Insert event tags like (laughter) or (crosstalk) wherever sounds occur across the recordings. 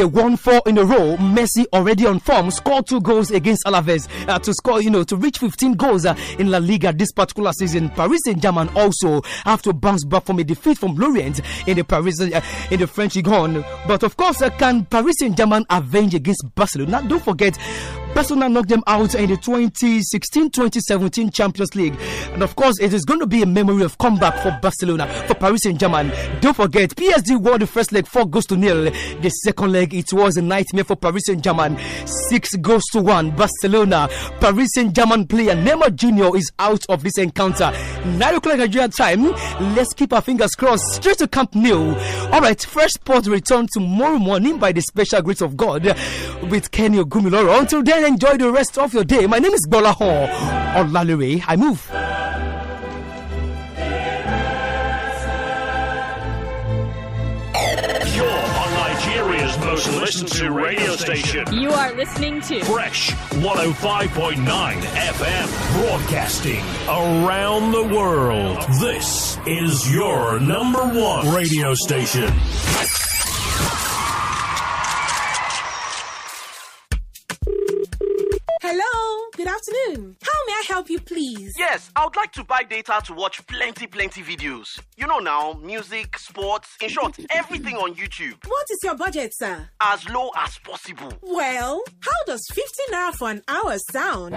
they won four in a row. Messi already on form, scored two goals against Alaves uh, to score, you know, to reach 15 goals uh, in La Liga this particular season. Paris Saint-Germain also have to bounce back from a defeat from Lorient in the Paris uh, in the French league But of course, uh, can Paris Saint-Germain avenge against Barcelona? Don't forget, Barcelona knocked them out in the 2016-2017 Champions League. And of course, it is going to be a memory of comeback for Barcelona, for Paris Saint-Germain. Don't forget, PSG won the first leg 4 goals to nil. The second leg, it was a nightmare for Paris Saint-Germain. 6 goals to 1. Barcelona, Paris Saint-Germain player Neymar Jr. is out of this encounter. 9 o'clock Nigeria time. Let's keep our fingers crossed. Straight to Camp Nou. Alright, fresh sport return tomorrow morning by the special grace of God with Kenny Ogumiloro. Until then, and enjoy the rest of your day. My name is Bola Ho Olalere. I move. You're on Nigeria's most listened to radio station. You are listening to Fresh 105.9 FM, broadcasting around the world. This is your number one radio station. Good afternoon. How may I help you, please? Yes, I would like to buy data to watch plenty, plenty videos. You know now, music, sports, in short, (laughs) everything on YouTube. What is your budget, sir? As low as possible. Well, how does 50 naira for an hour sound?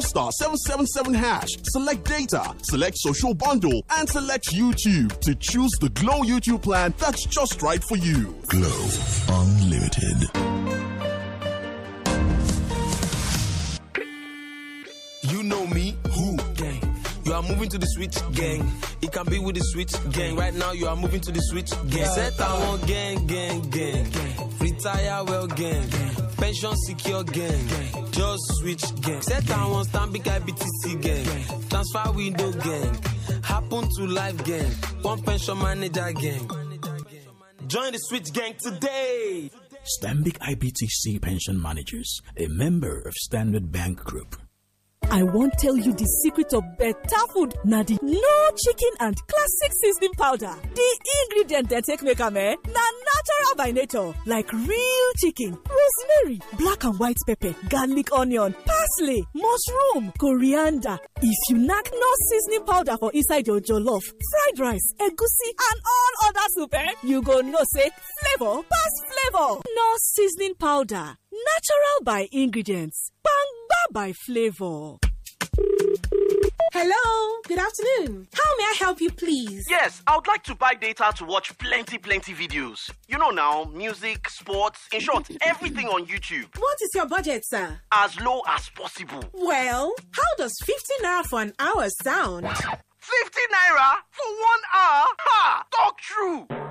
dial star 777 hash, select data, select social bundle, and select YouTube to choose the Glow YouTube plan that's just right for you. Glow Unlimited. You know me, who? Gang. You are moving to the switch gang. It can be with the switch gang. Right now, you are moving to the switch gang. Set our uh-huh. gang, gang, gang. gang. Retire well, gang. gang pension secure gang just switch gang set and one stand big ibtc gang transfer window gang happen to life gang one pension manager gang join the switch gang today Stanbic IBTC Pension Managers, a member of Standard Bank Group. I won't tell you the secret of better food na the no chicken and classic seasoning powder. The ingredient they take make am eh, na natural by nature like real chicken, rosemary, black and white pepper, garlic onion, parsley, mushroom, coriander. If you knack no seasoning powder for inside your jollof, fried rice, egusi and all other soup eh, you go no say flavor, pass flavor. No seasoning powder. Natural by ingredients, bangba by flavor. Hello, good afternoon. How may I help you, please? Yes, I would like to buy data to watch plenty, plenty videos. You know now, music, sports, in short, (laughs) everything on YouTube. What is your budget, sir? As low as possible. Well, how does 50 naira for an hour sound? 50 naira for one hour? Ha! Talk true!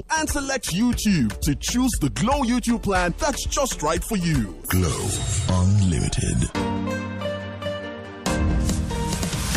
and select YouTube to choose the Glow YouTube plan that's just right for you. Glow Unlimited.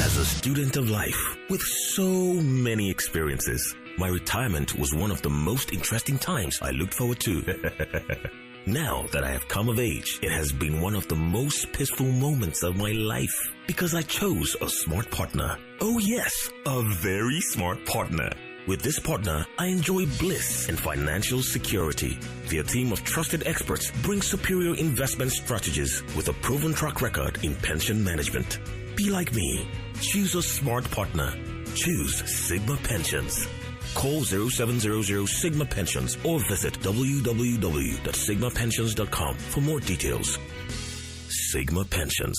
As a student of life with so many experiences, my retirement was one of the most interesting times I looked forward to. (laughs) Now that I have come of age, it has been one of the most peaceful moments of my life because I chose a smart partner. Oh yes, a very smart partner with this partner, I enjoy bliss and financial security. Their team of trusted experts brings superior investment strategies with a proven track record in pension management. Be like me. Choose a smart partner. Choose Sigma Pensions. Call 0700 Sigma Pensions or visit www.sigmapensions.com for more details. Sigma Pensions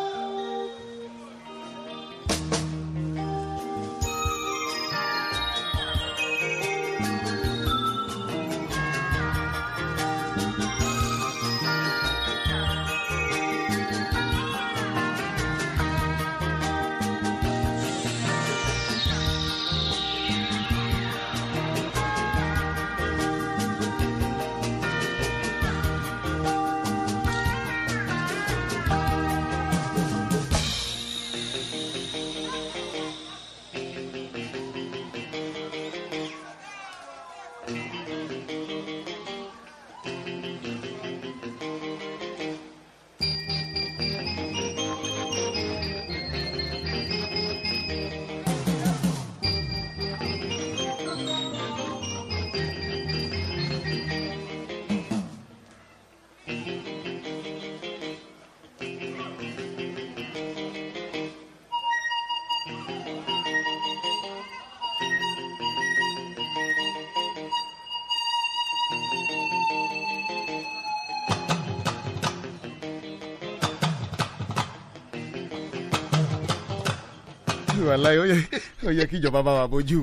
wàláyé ó yẹ kí ìjọba bá wa bójú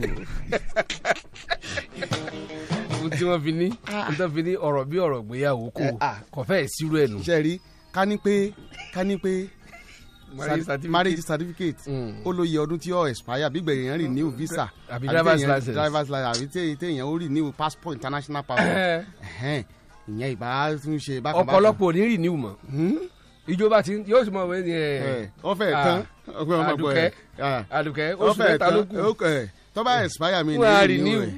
ohun tí wọ́n fi ní ah. ohun tí wọ́n fi ní ọ̀rọ̀ bí ọ̀rọ̀ gbéyàwó kò eh, ah. kò fẹ́ẹ̀ sírú ẹ̀ nù. sẹ́ẹ̀rí ká ní pé ká ní pé marriage certificate, hmm. ó ló ọdún tí ó expire bí gbẹ̀yìn renew visa àbí driver's license àbí téèyàn ó renew passport international passport eh. ìyẹn ìbá tún ṣe bákan bákan ọ̀pọ̀lọpọ̀ ò ní renew mọ́ hmm? ìjọba ti yóò sì mọ wẹ ni ẹ ọfẹ tán ọgbẹ ọmọ ọgbọ ẹ àdùkẹ́ oṣù mẹ́ta ló kù tọba ẹsipaya mi ni ìlú rẹ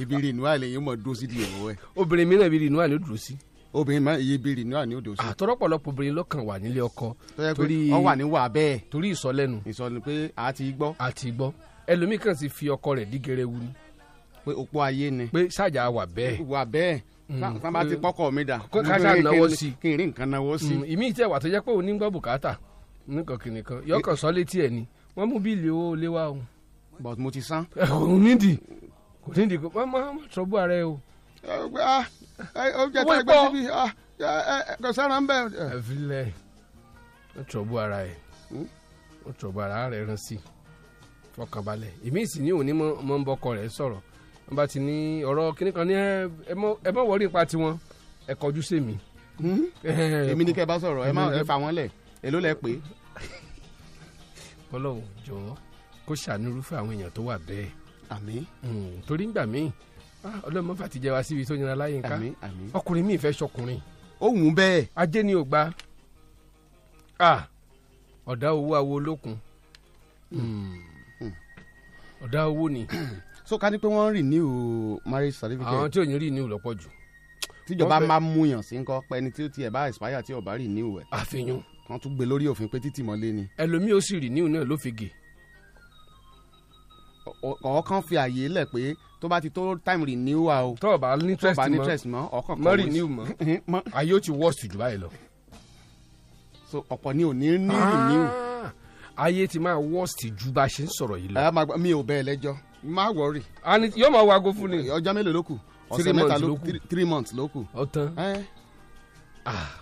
ibi renewal yìí mọ dúró sí di ìwọ ẹ. obìnrin mi náà ibi renewal ni ó dúró sí. obìnrin máa iye ibi renewal ni ó dúró sí. àtọrọpọlọpọ obìnrin lọkàn wà nílé ọkọ. torí ọ wà ní wà bẹ́ẹ̀. torí ìsọlẹ́nu. ìsọlẹ́nu pé a ti gbọ́. a ti gbọ́ ẹlòmíì kan sì fi ọkọ rẹ̀ dígẹrẹ wu ni. pé òpó ayé ni. pé sájà wà bẹ́ẹ̀. wà bẹ́ẹ̀ sábà mm. ti pọ́kọ̀ mi dà kó nǹkan náwó mm, sí. tó jẹ́ pé gbọ́ bùkátà nìkan kìnìkan yọkàn sọ létí ẹ̀ ni wọ́n mú bíìlì owó lé wa but mo ti san. kò kò o. ó jẹ́ a gbé síbi ah, kò sára ń bẹ̀. ara hmm? ó rẹ rán wọ́n bá ti ní ọ̀rọ̀ kíní kan ní ẹ mọ̀ wọ́rí ipa tiwọn ẹ kọjú sí mi. Hmm? èmi ni kẹ́ bá sọ̀rọ̀ ẹ má ẹ fà wọ́n lẹ̀ èló lẹ pé. ọlọ́run jọ̀ọ́ kó ṣàánúrúfẹ́ àwọn èèyàn tó wà bẹ́ẹ̀. àmín. Hmm, torí ngbà míì ah, ọlọ́run mọ́fà ti jẹ́ wá síbi tó nira láyé nǹkan ọkùnrin mi ìfẹ́ sọkùnrin. ohun bẹ́ẹ̀. ajé ni ò gba ah, ọ̀dà owó awo olókun hmm. ọ̀dà owó ni so ká ní pé wọ́n renew marriage certificate. àwọn tí ò ní renew lọ́pọ̀ jù. tíjọba máa mú yàn sí nǹkan pẹ́ni tí ó tiẹ̀ bá expire tí ò bá renew ẹ̀. àfihàn. kan tún gbé lórí òfin pé títì mọ́lé ni. ẹlòmíì ó sì renew náà ló fi gè. ọ̀ọ́kàn fi àyè lẹ̀ pé tó bá ti tó time renew wa o. tó o bá ní interest mọ́ ọ̀ọ́kàn kan mọ́ renew (laughs) mọ́ ayé ó ti worst jù báyìí lọ. so ọ̀pọ̀ ni ò ní ní renew. Ah! ayé ti máa worst ju bá a ṣe ń sọ̀rọ̀ yìí lọ. mi ò bẹ́ẹ̀ lẹ́jọ́ má wọrí. and yóò máa wo aago fún ni. ọjọ́ mélòó ló kù ọ̀sẹ̀ mẹ́ta ló kù three months ló kù. ọ̀tán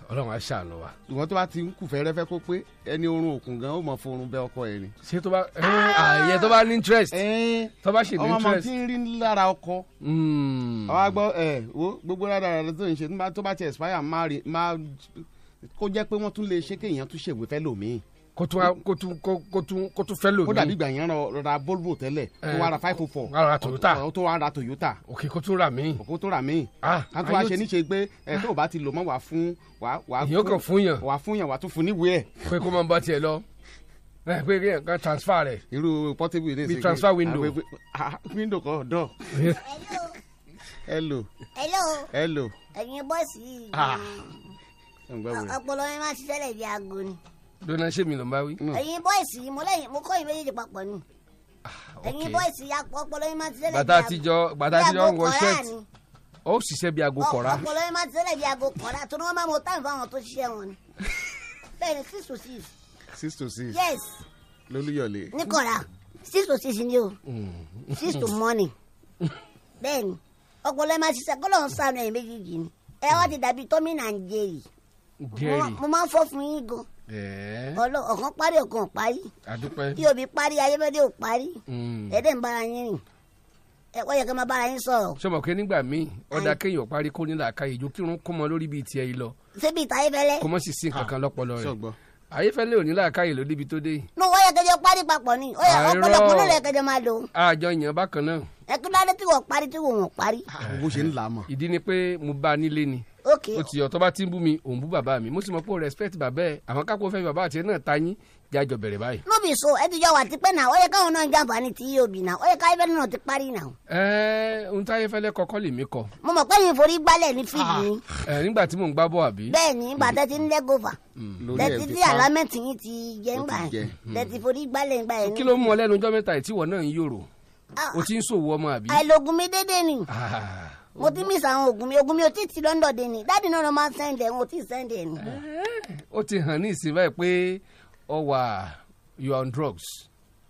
ọlọ́run á ṣàánú wa. ìwọ́n tó bá ti ń kù fẹ́rẹ́fẹ́ kó pé ẹni orun òkun gan ó mọ forun bẹ ọkọ ẹ ni. ṣé tó bá ààyè tó bá ní interest. tó bá ṣe ní interest. ọmọ tí ń rí lára ọkọ. Hmm. àwa gbọ́ ẹ̀ wo gbogbo rárá rẹ tó ń ṣe tó bá ti expire má rí má kó jẹ́ pé wọ́n tún lè ṣe kéèyàn tún ṣègbè fẹ́ lòmíì kó tún fẹ́ lò ní. ó dàbí ìgbà yẹn ra volvo tẹ́lẹ̀ kó eh, wá ra five oh four. ra toyota o tó wá ra toyota. òkè kó tún rà mí. Ah. tún rà mí. kan tó wá ṣe níṣe pé ẹ eh, tó o bá ti lò mọ́ wàá fún wàá fún ìyóò kan fún yàn wàá fún yàn wàá tún fún níwèé ẹ̀. pé kó máa bá tiẹ̀ lọ ẹ eh, pé kí ẹ ká transfer rẹ. irú portable ilé ìsèké bí transfer window. Ah, ah, window kọ dọ. hello. hello. hello. ẹ̀yin bọ́ọ̀sì yìí. Ah. ọpọlọ yẹn máa ṣiṣẹ́ lẹ̀ bí aago ni dọ́nà ṣé mi ló ń bá wí. Hmm. ẹ̀yin bọ́ìsì yìí mo lẹ́yìn mo kọ́ ìwé yìí papọ̀ ni ah, ẹ̀yin bọ́ìsì yà pọ̀ ọpọlọ yín máa ti tẹ́lẹ̀ bí aago kọ́ra ni. bàtà àtijọ́ ń wọ ṣẹ́ẹ̀tì ó ṣiṣẹ́ bí aago kọ́ra. ọpọlọ yín máa ti tẹ́lẹ̀ bí aago kọ́ra torí wọ́n máa mọ táìmù fáwọn tó ṣiṣẹ́ wọn ni. (laughs) bẹ́ẹ̀ six to six. six to six. yes. lolúyọ̀lé. ní kọ́ra six to six ni o hmm. six to morning. (laughs) bẹ́ẹ̀ ni ọpọlọ yín máa ṣiṣẹ́ kọ́lọ́ ń sànú ẹ̀yìn méjèèjì ni ẹ wá ti dàbí tọ́mìnà ń jẹ́rì. jẹ́rì mo máa ń fọ́ fún yín gan-an ọlọ́run ọ̀kan parí ọ̀kan parí tí òbí parí ayébẹ́dé ò parí ẹ̀dẹ̀ hmm. ń bára yín rìn ẹ̀kọ́ yẹ kí n máa bára yín sọ̀rọ̀. sọmọ pé nígbà míì ọ̀dà kéèyàn parí kó nílà ká ìjó kírun kó mọ lórí bíi tiẹ̀ yìí lọ. síbi ìta ayéfẹ́lẹ́. kó mọ̀ sí sí nǹkan ah, kan lọ́pọlọ rẹ̀ ayéfẹ́lẹ́ ò ní làákàyè ló débi tó dé. nù ó yẹ kẹjọ parí papọ̀ ni ó yẹ ọ̀pọ̀lọpọ̀ ló lẹ kẹjọ máa lò. àjọ yẹn bákan náà. ẹ̀kúndàdé tí wọ́n parí tí wọ́n parí. Ah, bó ṣe ń là ó ti yọ tó bá ti ń bú mi òun bú bàbá mi mo sì mọ pé o respect bàbá ẹ àwọn kápò fẹ́ bàbá àti ẹ náà ta yín jájọ bẹ̀rẹ̀ báyìí. ló bí so ẹ ti jọ wà tipẹ́ náà ó yẹ káwọn náà jàǹfà ní ti yóò bì náà ó yẹ káyọ̀ fẹ́lẹ́ náà ti parí náà. ẹ ẹ ohun táyé fẹ́lẹ́ kọ́kọ́ lè mí kọ. mo mọ̀ pé yín forí gbálẹ̀ ní fíìdì ah, ni. ẹ nígbà tí mò ń gbá bọ̀ àbí. bẹ́ẹ̀ ìgbà tẹ́ ti ń lẹ́gọ̀fà. Mm. tẹ́tí ti ti ń ṣòwò mo ti miss àwọn oògùn mi oògùn mi ò tí ti lọ́ńdọ̀ dé ni dáàdì náà ló máa ń sẹ́ndẹ̀ wọn ò tí sẹ́ndẹ̀ ni. ó ti hàn ní ìsìn báyìí pé ọ wà you are on drugs.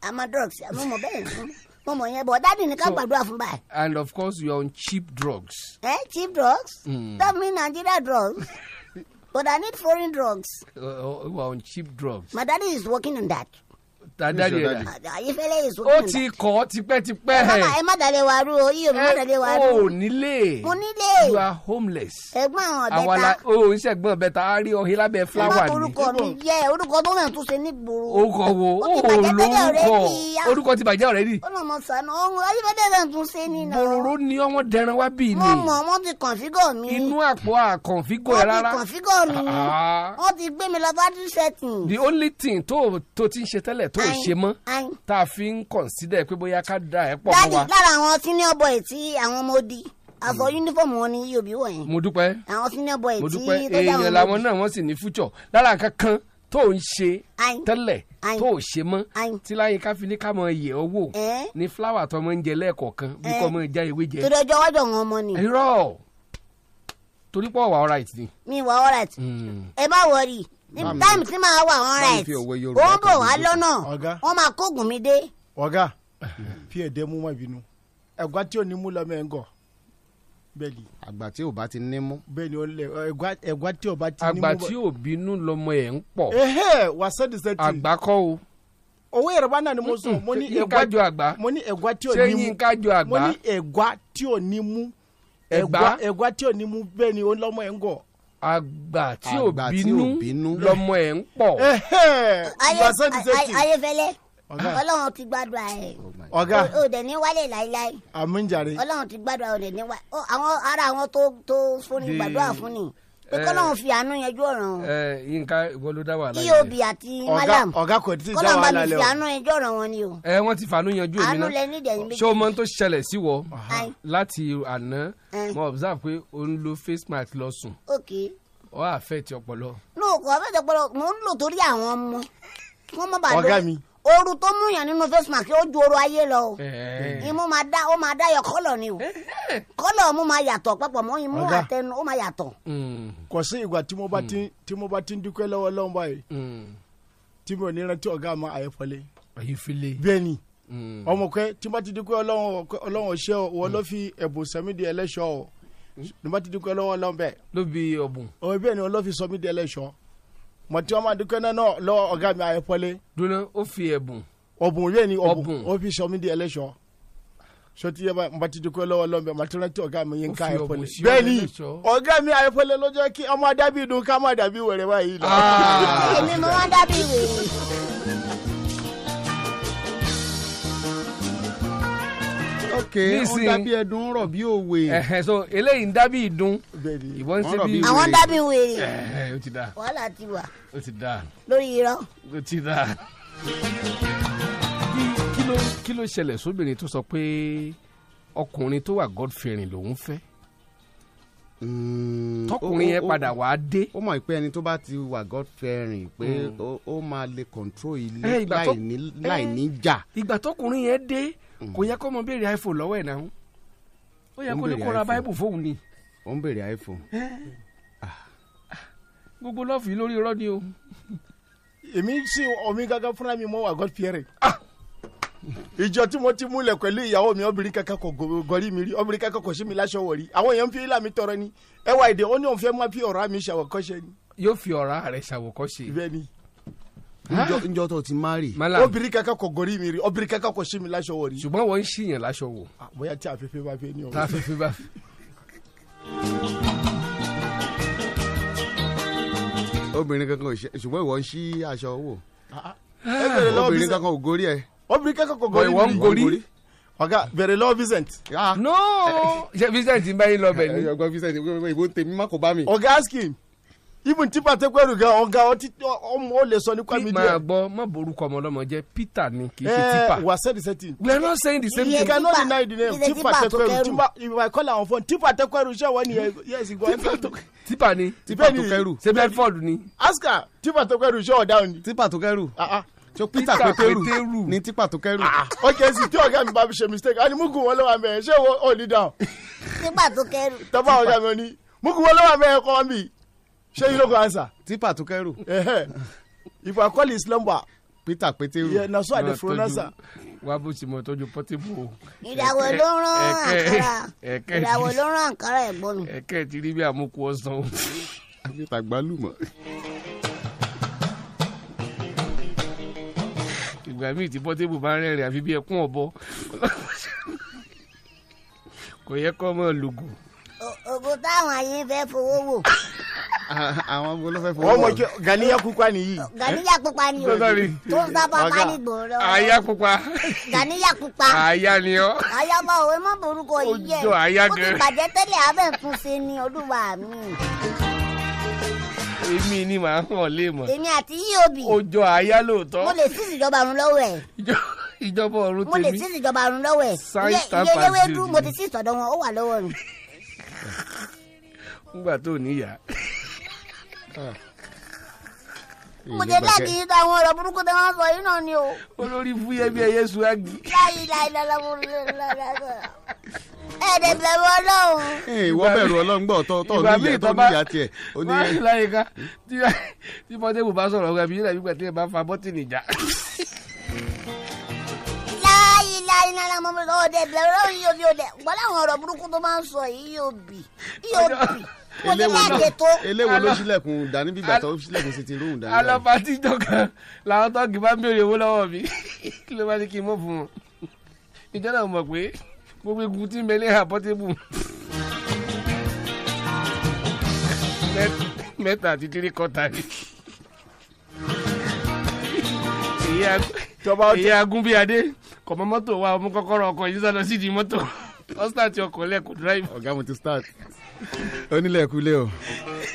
I'm on drugs àmọ́ mo bẹ́ẹ̀ ni mo mọ̀ yẹn bọ̀ dáàdì ní ká gbàdúrà fún báyìí. and of course you are on cheap drugs. ẹ eh, cheap drugs? Mm. that mean Nigeria drugs. (laughs) but I need foreign drugs. Uh, uh, you are on cheap drugs. My daddy is working on that tàdádì rẹ̀ ayífẹ́lẹ́ èso ó ti kọ́ tipẹ́tipẹ́ ẹ̀. ẹ má dalẹ̀ wa rú orí mi má dalẹ̀ wa rú. o nílé mo nílé you are homeless. ẹ̀gbọ́n àwọn bẹta àwọn la o ò ṣẹ̀gbọ́n bẹta a rí ọ̀hìn lábẹ́ fúláwà ni. orúkọ mi yẹ orúkọ tó náà tún ṣe nígboro. orúkọ wo o ò lórúkọ orúkọ ti bàjẹ́ ọ̀rẹ́dì. ó lọ́mọ sànù ọ̀hún ayífẹ́lẹ́ náà tún ṣe nínú. bòròró ni ọmọ dẹran wá bì ní. mo mọ̀ wọ́n ti kọ̀ǹfígọ̀ mi. inú àpò àkọ̀ǹfígọ̀ rárá. wọ́n ti kọ̀ǹfígọ̀ mi. Ah. wọ́n ti gbé mi lọ bá dí sẹ́tìn. the only thing tó tó ti ń ṣe tẹ́lẹ̀ tó ṣe mọ́ tá a fi ń consider pé bóyá ká dà ẹ́ pọ̀ mọ́ wa. dájú lára àwọn senior boy tí àwọn ọmọ odi àfọ yunifọ̀mù mm. wọn ni yóò bí wọ̀nyí. mo dúpẹ́ àwọn senior boy tí tó dáwọn ọmọ odi. èèyàn làwọn náà wọ́n sì ní future lára nǹkan kan tó ń ṣe tẹ́lẹ̀ tó ò ṣe mọ́ tí láyé ká fi ní ká mọ iye owó ní fúláwà tó mọ ń jẹ lẹ́ẹ̀kọ̀ọ̀kan bí kò mọ já ewé jẹ. torí ọjọ́ wájú àwọn ọmọ ni. irọ́ torí pọ̀ wà ọ́ráìtì ni. mi wà ọ́ráìtì mm. ẹ má wọrí Time tí màá wà on right ó ń bọ̀ wá lọ́nà wọ́n máa kógun mi dé. ọ̀gá fi ẹ̀dẹ́ mú wọn bínú ẹ̀gbá tí ò ní mú lọ́mọ ẹ̀ ń gọ̀ bẹ́ẹ̀ni. àgbà tí ò bá ti ní mú. bẹ́ẹ̀ni ọlẹ ẹ̀gbá tí ò bá ti ní mú. àgbà tí ò bínú lọ́mọ ẹ̀ ń pọ̀. ehe wàásù ẹ̀dí sẹ́tì. àgbà kọ́ o owó yorùbá náà ni mo sùn mo ní ẹ̀gbá jọ àgbà mo ní ẹ̀gbá tí ò ní mú mo ní ẹ̀gbá tí ò ní mú ẹ̀gbá ẹ̀gbá tí ò ní mú bẹ́ẹ̀ ó lọ́mọ ẹ̀ ń gọ̀ Agba tí ò bínú lọmọ ẹ̀ ń pọ̀. ayéfẹ́lẹ́ ọlọ́run ti gbàdúrà ẹ̀ ọ̀gá oh o dẹ̀ ní wálé láíláí àmújàre ọlọ́run ti gbàdúrà o dẹ̀ ní wálé àwọn ará àwọn tó tó fúnni gbàdúrà fúnni kọ́nà òun eh, fi àánú yanjú ọ̀ràn o. Eh, yínká ìwọ ló dá wàhálà yẹn. eob àti madam ọ̀gá kò tí ì dá wàhálà lẹ o. kọ́nà bá mi fi àánú yanjú ọ̀ràn wọn ni o. ẹ eh, wọ́n ti fàánú yanjú èmi náà àánú lẹ ní ìdẹ̀yìn méjì. ṣé o mọ tó ṣẹlẹ̀ sí wọ láti àná mo observe pé o ń lo face mask lọ sùn. ok. ọ àfẹ́ ti ọpọlọ. lóòkù àfẹ́ ti ọpọlọ mò ń lò torí àwọn ọmọ wọn mi ooru tó mú yàn nínú face mask ó ju ooru ayé lọ o eh, eh. imú máa dá ó máa dá yọ kọ́lọ̀ ni o eh, kọ́lọ̀ mú máa yàtọ̀ papọ̀ mọ́ imú àtẹnu ó máa yàtọ̀. Hmm. kò sí ìgbà tí mo bá hmm. ti tí mo bá ti ń dúpẹ́ lọ́wọ́ Ọlọ́run báyìí hmm. tí mi ò ní rántí ọ̀gá mi àyẹ̀fọ́lẹ́. àyẹ̀fọ́lẹ́. bẹ́ẹ̀ ni ọmọ kẹ tí mo bá ti dúpẹ́ Ọlọ́run ọ̀ṣẹ́ o wọ́n ló fi ẹ̀bùn sẹ́mi di ẹlẹ́ṣọ́ o ní mo bá ti dúpẹ́ lọ́wọ́ Ọlọ́run bẹ́ẹ̀. ló bi ọ̀bùn. ọ̀ mọ̀tí ọmọ àdúgbò náà náà lọ́wọ́ ọ̀gá mi àyẹ̀pọ̀lé. dunu ó fi ẹ̀bùn. ọ̀bùn yẹn ni ọ̀bùn ó fi sọ mí di ẹlẹ́ṣọ́ sọtí yẹ bá ti dúkọ lọ́wọ́ lọbẹ màtúrà tí ọ̀gá mi yín ká àyẹ̀pọ̀lé. bẹ́ẹ̀ni ọ̀gá mi àyẹ̀pọ̀lé ló jẹ́ kí ọmọ adábí dùn ká má dàbí wẹ̀rẹ̀ báyìí lọ. Ah. èmi mo wá dábí okay ó dàbí ẹdun rọ̀ bí òwe. so eléyìí ń dàbí ìdun ìwọ ń ṣe bí òwe. àwọn ń dàbí wèrè. ó ti da wàhálà ti wà. ó ti da. lórí irọ́. ó ti da. kí ló ṣẹlẹ̀ sóbìnrin tó sọ pé ọkùnrin tó wà god lòún fẹ́ hmm, tọkùnrin yẹn padà wá dé. ó mọ̀ pé ẹni tó bá ti wà god pé hmm. ó máa lè control ilé láì ní jà. ìgbà tọkùnrin yẹn dé Mm-hmm. kò yẹ kó mọ béèrè iphone lọ́wọ́ ẹ̀ náà ó yẹ kó lè kóra báíbù fóun ni. ó ń béèrè iphone. Ah. gbogbo lọ́ọ̀fù yìí lórí irọ́ ni o. èmi sì omi gángan fúnra mi mọ wà god fearing. Ah! ìjọ tí mo ti múlẹ̀ pẹ̀lú ìyàwó mi obìnrin kankan kò gọrí mi rí obìnrin kankan kò sí mi láṣọ wọ̀rí àwọn èèyàn ń fi ilà mi tọrọ ni ẹwà èdè ó ní òun fẹ́ máa fi ọ̀rá mi ṣàwọ̀kọ́ṣe ni. yóò fi ọ̀rá rẹ̀ ṣàwọ̀kọ́ṣe. bẹ́ẹ̀ ni njọ tó ti máa rì. obìnrin kankan kò gọrí mi rí obìnrin kankan kò sí mi láṣọ wọ rí. ṣùgbọ́n wọ́n ń ṣìyàn láṣọ ah, bóyá tí afẹ́fẹ́ bá fẹ́ ní o. tí afẹ́fẹ́ bá fẹ́. obìnrin kankan ò ṣe ṣùgbọ́n ìwọ ń aṣọ wò. Ah, ah. obìnrin kankan ò gorí ẹ. obìnrin kankan kò gọrí mi rí. ìwọ ń ọ̀gá bẹ̀rẹ̀ lọ Vincent. no Vincent ń bá yín lọ bẹ̀ ni. ọgbọ́n Vincent ìbò tèmi má kò bá mi. ọ̀gá ask even tí pàtẹ́kọ̀rù gan ọ̀gá ọmọ ó lè sọ ní kwami díẹ̀. máa gbọ́ má borúkọ ọmọ ọlọ́mọ jẹ́ peter ni kì í ṣe eh, tipa. ẹ wà sẹ́ the same we are not saying the same thing. you cannot deny the name tí pàtẹ́kọ̀rù tí pa ìkọ́ làwọn fọ́n tí pàtẹ́kọ̀rù ṣé wọ́n nìyẹn yes ìgbọ́ ẹ̀ tipa ni tipa tó kẹrù ṣe bedford ni. aska tí pàtẹ́kọ̀rù ṣé ọ̀dà ni. tí pàtẹ́kọ̀rù so peter peteru ni tipa tó kẹrù. Ah, ah. ok si tí ọ̀gá mi bá fi ṣe mistake alimugun wọn ló wà mẹ́rin ṣé o oh, ò ní dáhùn. tipa tó kẹrù. tọ́pọ̀ ọ̀gá mi ni mugun wọn ló wà mẹ́rin kọ́ mi ṣé you no go answer. tipa to kẹrù. if i call his number. peter peteru. yeah na so i dey for answer. wàá bó ṣe mọ tọjú pọtébù o. ìràwọ̀ ló rán àǹkárá ìràwọ̀ ló rán àǹkárá ẹ̀gbọ́n. ẹ̀kẹ́ ti rí bí àmúkú ọ̀sán o. àbí tàgbálùmọ̀. ìgbà míì tí pọ́tébù bá rẹ́rìn àfi bí ẹkún ọ̀bọ kò yẹ kọ́ mọ́ lùgù. ògùn táwọn ayé fẹ́ fowó wò àwọn wo ló fẹ́ fọwọ́ ọmọ jọ ganiya pupa nìyí. Eh? ganiya pupa ni o tó ń sábà bá ní gbòòrò. aya pupa. ganiya pupa. aya ni ọ. aya bá òwe má borúkọ yìí jẹ ó ti bàjẹ́ tẹ́lẹ̀ abẹ́ fún ṣe ni olúwa mi èmi ni màá hàn lè mọ. èmi àti yíyóbi. ó jọ àyà lóòótọ́. mo lè sí ìjọba ọ̀run lọ́wọ́ ẹ̀. ìjọba ọ̀run tèmi. mo lè sí ìjọba ọ̀run lọ́wọ́ ẹ̀. sáyẹ́ǹsì tàbí ìyẹn ewédú mo ti sí ìsọ̀dọ̀ wọn ó wà lọ́wọ́ Ah. mo jẹ bẹ́ẹ̀ kì í ta àwọn ọ̀rọ̀ burúkú tí wọ́n sọ yìí náà ni o. olórí fúyẹ́ bí ẹyẹ sùn ági. láyé láyé lọ́lọ́mọ ẹ̀ẹ́dẹ̀ bẹ̀rù ọlọ́run. ìwọ bẹ̀rù ọlọ́run gbọ́ tọ́ tọ́ ní ìyá tó ní ìyá tiẹ̀. ìgbà mi láyé ká tí pọ́tẹ́bù bá sọ̀rọ̀ ọ̀gá mi yìí lẹ́yìn pẹ̀tẹ́ bá fa bọ́tìnì já. láyé láyé náírà mo bẹ̀rù ọ̀dẹ̀ bẹ̀rù ọlọ́run yóò bí ọ̀dẹ̀ gbọ́dọ̀ àwọn ọ̀rọ̀ burúkú eléwo ló sílẹ̀kùn dání bíbà tó sílẹ̀kùn sí ti rúùn dání. alọ́ba tíjọ́ kan làwọn tọ́ọ̀gì bá ń béèrè owó lọ́wọ́ mi kí ló bá ní kí n mọ̀ fún wọn. ìjọ náà mọ̀ pé gbogbo igun tí mẹ́lẹ́ hà pọ́tébù mẹ́ta àti tírí kọ́ta ni. èyí agún bí adé kọ̀mọ́ mọ́tò wa ọmú kọ́kọ́rọ́ ọkọ̀ yìí sá lọ sídìí mọ́tò ọ́ start ọkọ̀ lẹ́kọ̀ọ́ drive. ọ̀gá mo ti start onílẹ̀kulé o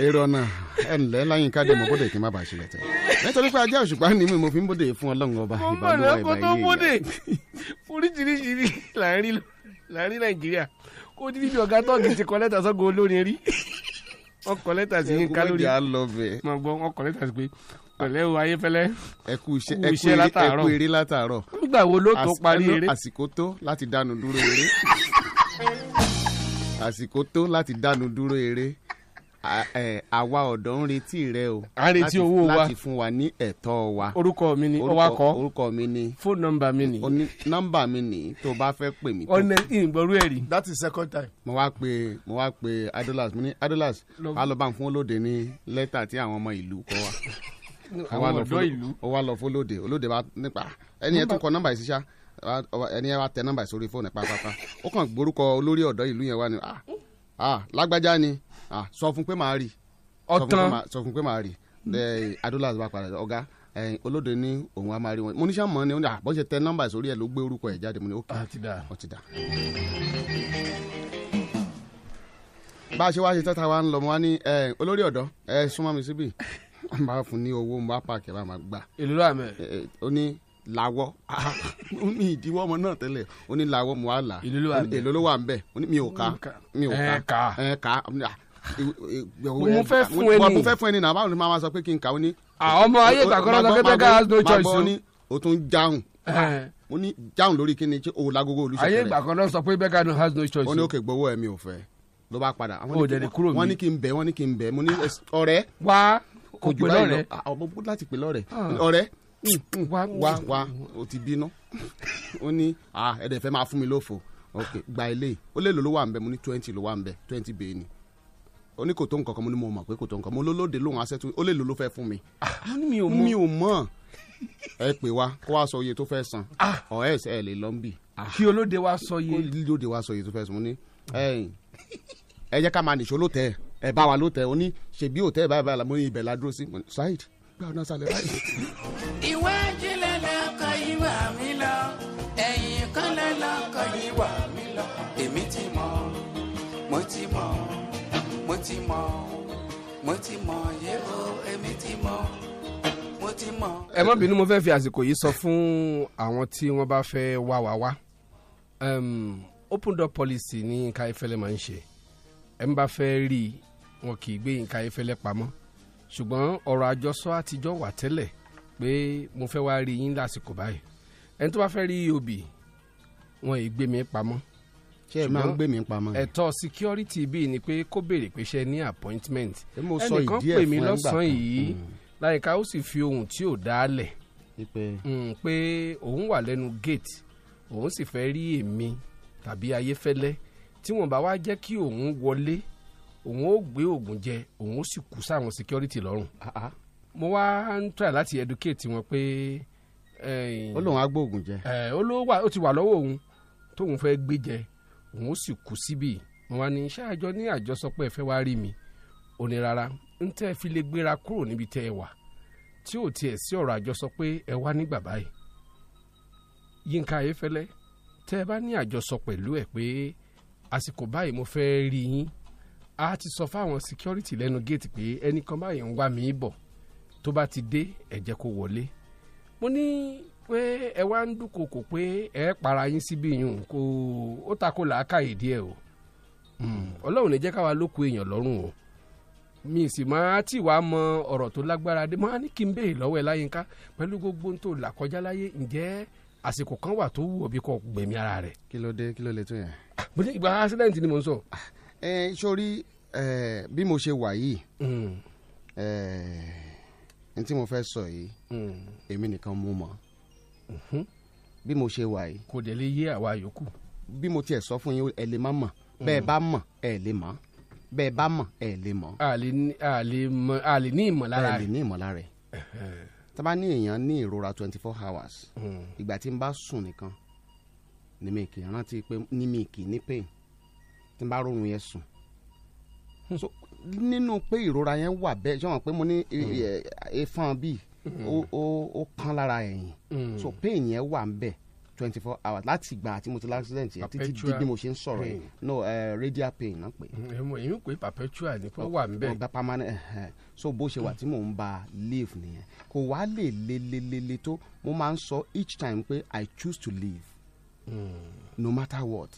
èrò ọ̀nà ẹnlẹ́ láyìn ká dẹ̀mọ́ bóde kí n má bàa ṣílẹ̀ tẹ̀ nítorí pé ajá òṣùpá ni mi mo fi ń bóde fún ọlọ́run ọba ìbálòwà ìbáyé ìyá. mo mọ̀ lọ́kọ́ tó bóde oríṣiríṣi láàrin nàìjíríà kó ní bíbí ọ̀gá tóògì ti kọ́ lẹ́tà sọ́gun olórin rí ọkọ̀ lẹ́tà sí yín kálórì mọ̀ gbọ́ ọkọ̀ lẹ́tà sí pé pẹ̀lẹ́ o ayéfẹ́lẹ́ ẹkú iṣẹ́ látàárọ̀ ẹkú eré látàárọ̀ nígbà wo ló tó parí eré àsìkò tó láti dánu dúró eré. (laughs) àsìkò tó láti dánu dúró eré àwa ọ̀dọ́ ń retí rẹ o. láti fún wa ní ẹ̀tọ́ wa. orúkọ mi ni ọwakọ orúkọ mi ni. fóònù nọ́mbà mi ni. oní mi ni tó bá fẹ́ pè mí. ọ̀nà ìgbọ̀rú ẹ̀ rí. that is second time. mo wá pe mo wá pe adolas mo ní adolas wà lọ bá ń fún olóde ní lẹ́tà tí àwọn ọmọ ìlú kọ wa. (laughs) àwọn ọ̀dọ́ ìlú. ó wá lọ fún olóde olóde bá nípa ẹni ẹ tún kọ nọ́mbà yìí sí sá ẹni yẹn wá tẹ nọ́mbà sórí fóònù pápápá ó kàn gborúkọ olórí ọ̀dọ́ ìlú yẹn wá ni ah, ah lágbájá ni ah, sọ fún pé màá rí ọtán sọ fún pé màá rí adúlá bá padà ọ̀gá olóde ní òun á máa rí wọn mo ní sá mọ ni ó ní àbọ̀ ah, ṣe tẹ nọ́mbà sórí ẹ̀ ló gbé orúkọ ẹ̀ jáde mo ní ó ti dà bá a ṣe wá ṣe tẹ́ta wa ń lọ mo wá ní olórí ọ̀dọ́ ẹ súnmọ́ mi síbí n bá fún ní owó mo bá pààkì bá máa gbà. èlò rà ó ní lawọ́ ó ah, ní ah, ìdíwọ́ ọmọ náà tẹ́lẹ̀ ó ní lawọ́ mo wá là èlò ló wà ń bẹ̀ ó ní mi ò ká mi ò ká ẹ ká ah, mo fẹ́ fún ẹni mo fẹ́ fún ẹni náà báwo ni màá sọ pé kí n kà ó ní. ọmọ ayé ìgbàkọ́rọ́ lọ kẹ́tẹ́ ká no choice o. o tún jáhùn mo ní jáhùn lórí kí ni o lagogo olùsọ̀tẹ̀lẹ̀. ayé ìgbàkọ́rọ́ sọ pé bẹ́ẹ̀ has no choice. ó ní òkè gbowó ẹ̀ mi ò fẹ́ ló bá padà. o jẹ ní kúrò mi. wọ́n ní kí n bẹ̀ wọ́n ní kí n bẹ̀ mo ní ọ̀rẹ́. wá kò jù báyìí lọ ọmọ láti pè lọ́rẹ̀ wá wá o ti bínú ó ní ẹ̀dẹ̀ fẹ́ máa fún mi lófo ok gba ilé ó lè lò ló wà ń bẹ mo ní twenty ló wà ń bẹ twenty bẹ́ẹ̀ ni ó ní kò tó nǹkan kan mo ní mo mọ̀ pé kò tó nǹkan mo lólóde lóhun aṣẹ́tú ó lè lò ló fẹ́ fún mi ah, mi ò mọ̀ ẹ pè wá kó wá sọ iye tó fẹ́ san ah. ọ̀ ẹ̀ ẹ̀ lè lọ́ ń bì. kí olóde wa sọ iye. kí olóde wa sọ iye tó fẹ́ san mo ní ẹ̀yìn ẹ jẹ́ ká máa nìṣó ló tẹ ẹ bá wa ló tẹ ó ní ṣèbí òtẹ́ báyìí báyìí mo ní ibẹ̀ la dúró sí ṣáìd gbà ọ̀nà sálẹ̀ báyìí. ti mọ̀ mo ti mọ̀ yé o èmi ti mọ̀ mo ti mọ̀. ẹ má bínú mo fẹ́ fi àsìkò yìí sọ fún àwọn tí wọ́n bá fẹ́ wá wá wá open door policy ni Yínká Ayéfẹ́lẹ́ máa ń ṣe ẹ ń bá fẹ́ rí i wọn kì í gbé Yínká Ayéfẹ́lẹ́ pamọ́ ṣùgbọ́n ọ̀rọ̀ àjọsọ àtijọ́ wà tẹ́lẹ̀ pé mo fẹ́ wá rí yín lásìkò báyìí ẹni tó bá fẹ́ rí e obì wọn ì gbé mi pamọ́ ṣé ẹ máa ń gbé mi pamọ́. ẹ̀tọ́ security bíi ni pé kó béèrè pé ṣe ní appointment ẹnìkan pè mí lọ́sàn-án yìí hmm. láyìíká ó sì fi ohun tí ò dá lẹ̀ hmm, pé òun wà lẹ́nu gate òun sì fẹ́ rí èmi tàbí ayéfẹ́lẹ́ tí wọ́n bá wá jẹ́ kí òun wọlé òun ó gbé òògùn jẹ òun ó sì kú sáwọn security lọ́rùn ah, ah. mo wá ń try láti educate wọn pé. Eh, ó lóun á gbóògùn jẹ. Eh, ó ló wà ó ti wà lọ́wọ́ òun tóun fẹ́ gbé jẹ òun ó sì kú síbí wọn wá ní ṣáàjọ ní àjọsọpọ̀ ẹ̀fẹ́ wá rí mi ò ní rárá ń tẹ́ fi lè gbéra kúrò níbi tẹ́ ẹ wà tí ò tiẹ̀ sí ọ̀rọ̀ àjọsọ pé ẹ wá nígbà báyìí Yínká Ayéfẹ́lẹ́ tẹ́ ẹ bá ní àjọsọ pẹ̀lú ẹ̀ pé àsìkò báyìí mo fẹ́ rí yín a ti sọ fáwọn security lẹ́nu gate pé ẹnìkan báyìí ń wá mi bọ̀ tó bá ti dé ẹ jẹ́ kó wọlé mo ní pé ẹ wá ń dúnkokò pé ẹ para yín síbí yùn kó ó takò làákàyè díẹ̀ o hmm, ọlọ́run ní jẹ́ káwa ló ku èèyàn lọ́rùn o mi sì máa tí wàá mọ ọ̀rọ̀ tó lágbára dé máa ní kí n béèrè lọ́wọ́ ẹ láyínká pẹ̀lú gbogbo tó là kọjá láyé ǹjẹ́ àsìkò kan wà tó wù ọ́ bí kò gbẹ̀mí ara rẹ̀. kí ló dé kí ló lè tó yẹn. Ah, mo ní ìgbà accident ni mo ń sọ. ẹ eh, sori eh, bí mo ṣe wà yìí hmm. eh, n tí mo fẹ́ sọ yìí hmm. èmi nìkan mo mọ̀ bí mo ṣe wà yìí. kò dé lè yé àwa yòókù. bí mo tiẹ̀ sọ fún yín ẹ lè má mọ̀ bẹ́ẹ̀ mm. bá mọ̀ ẹ lè mọ̀ bẹ́ẹ̀ bá mọ̀ ẹ lè mọ̀. a lè ní ìmọ̀lára rẹ̀. a lè ní ìmọ̀lára rẹ̀. tábà ní èèyàn ní ìrora twenty four hours mm. ìgbà tí n bá sùn nìkan ni mi kì í rántí pé ni mi kì í ní pain tí n bá rọrùn yẹn sùn hmm. nínú pé ìrora yẹn wà bẹ́ẹ̀ ṣé wọn pé mo ní hmm. eh, eh, eh, efan bíi ó kán lára ẹ̀yìn mm. so pain yẹn wà ń twenty four hours láti ìgbà àti mo ti la accident yẹn títí di bí mo ṣe ń sọ̀rọ̀ yìí no eh, radial pain náà pé. Mm, èmi pé perpetual ni kò wà ń bẹ̀. permanent eh, eh. so bó ṣe wà tí mò ń ba live nìyẹn kò wá lè lelelele tó mo máa ń sọ each time pé i choose to live mm. no matter what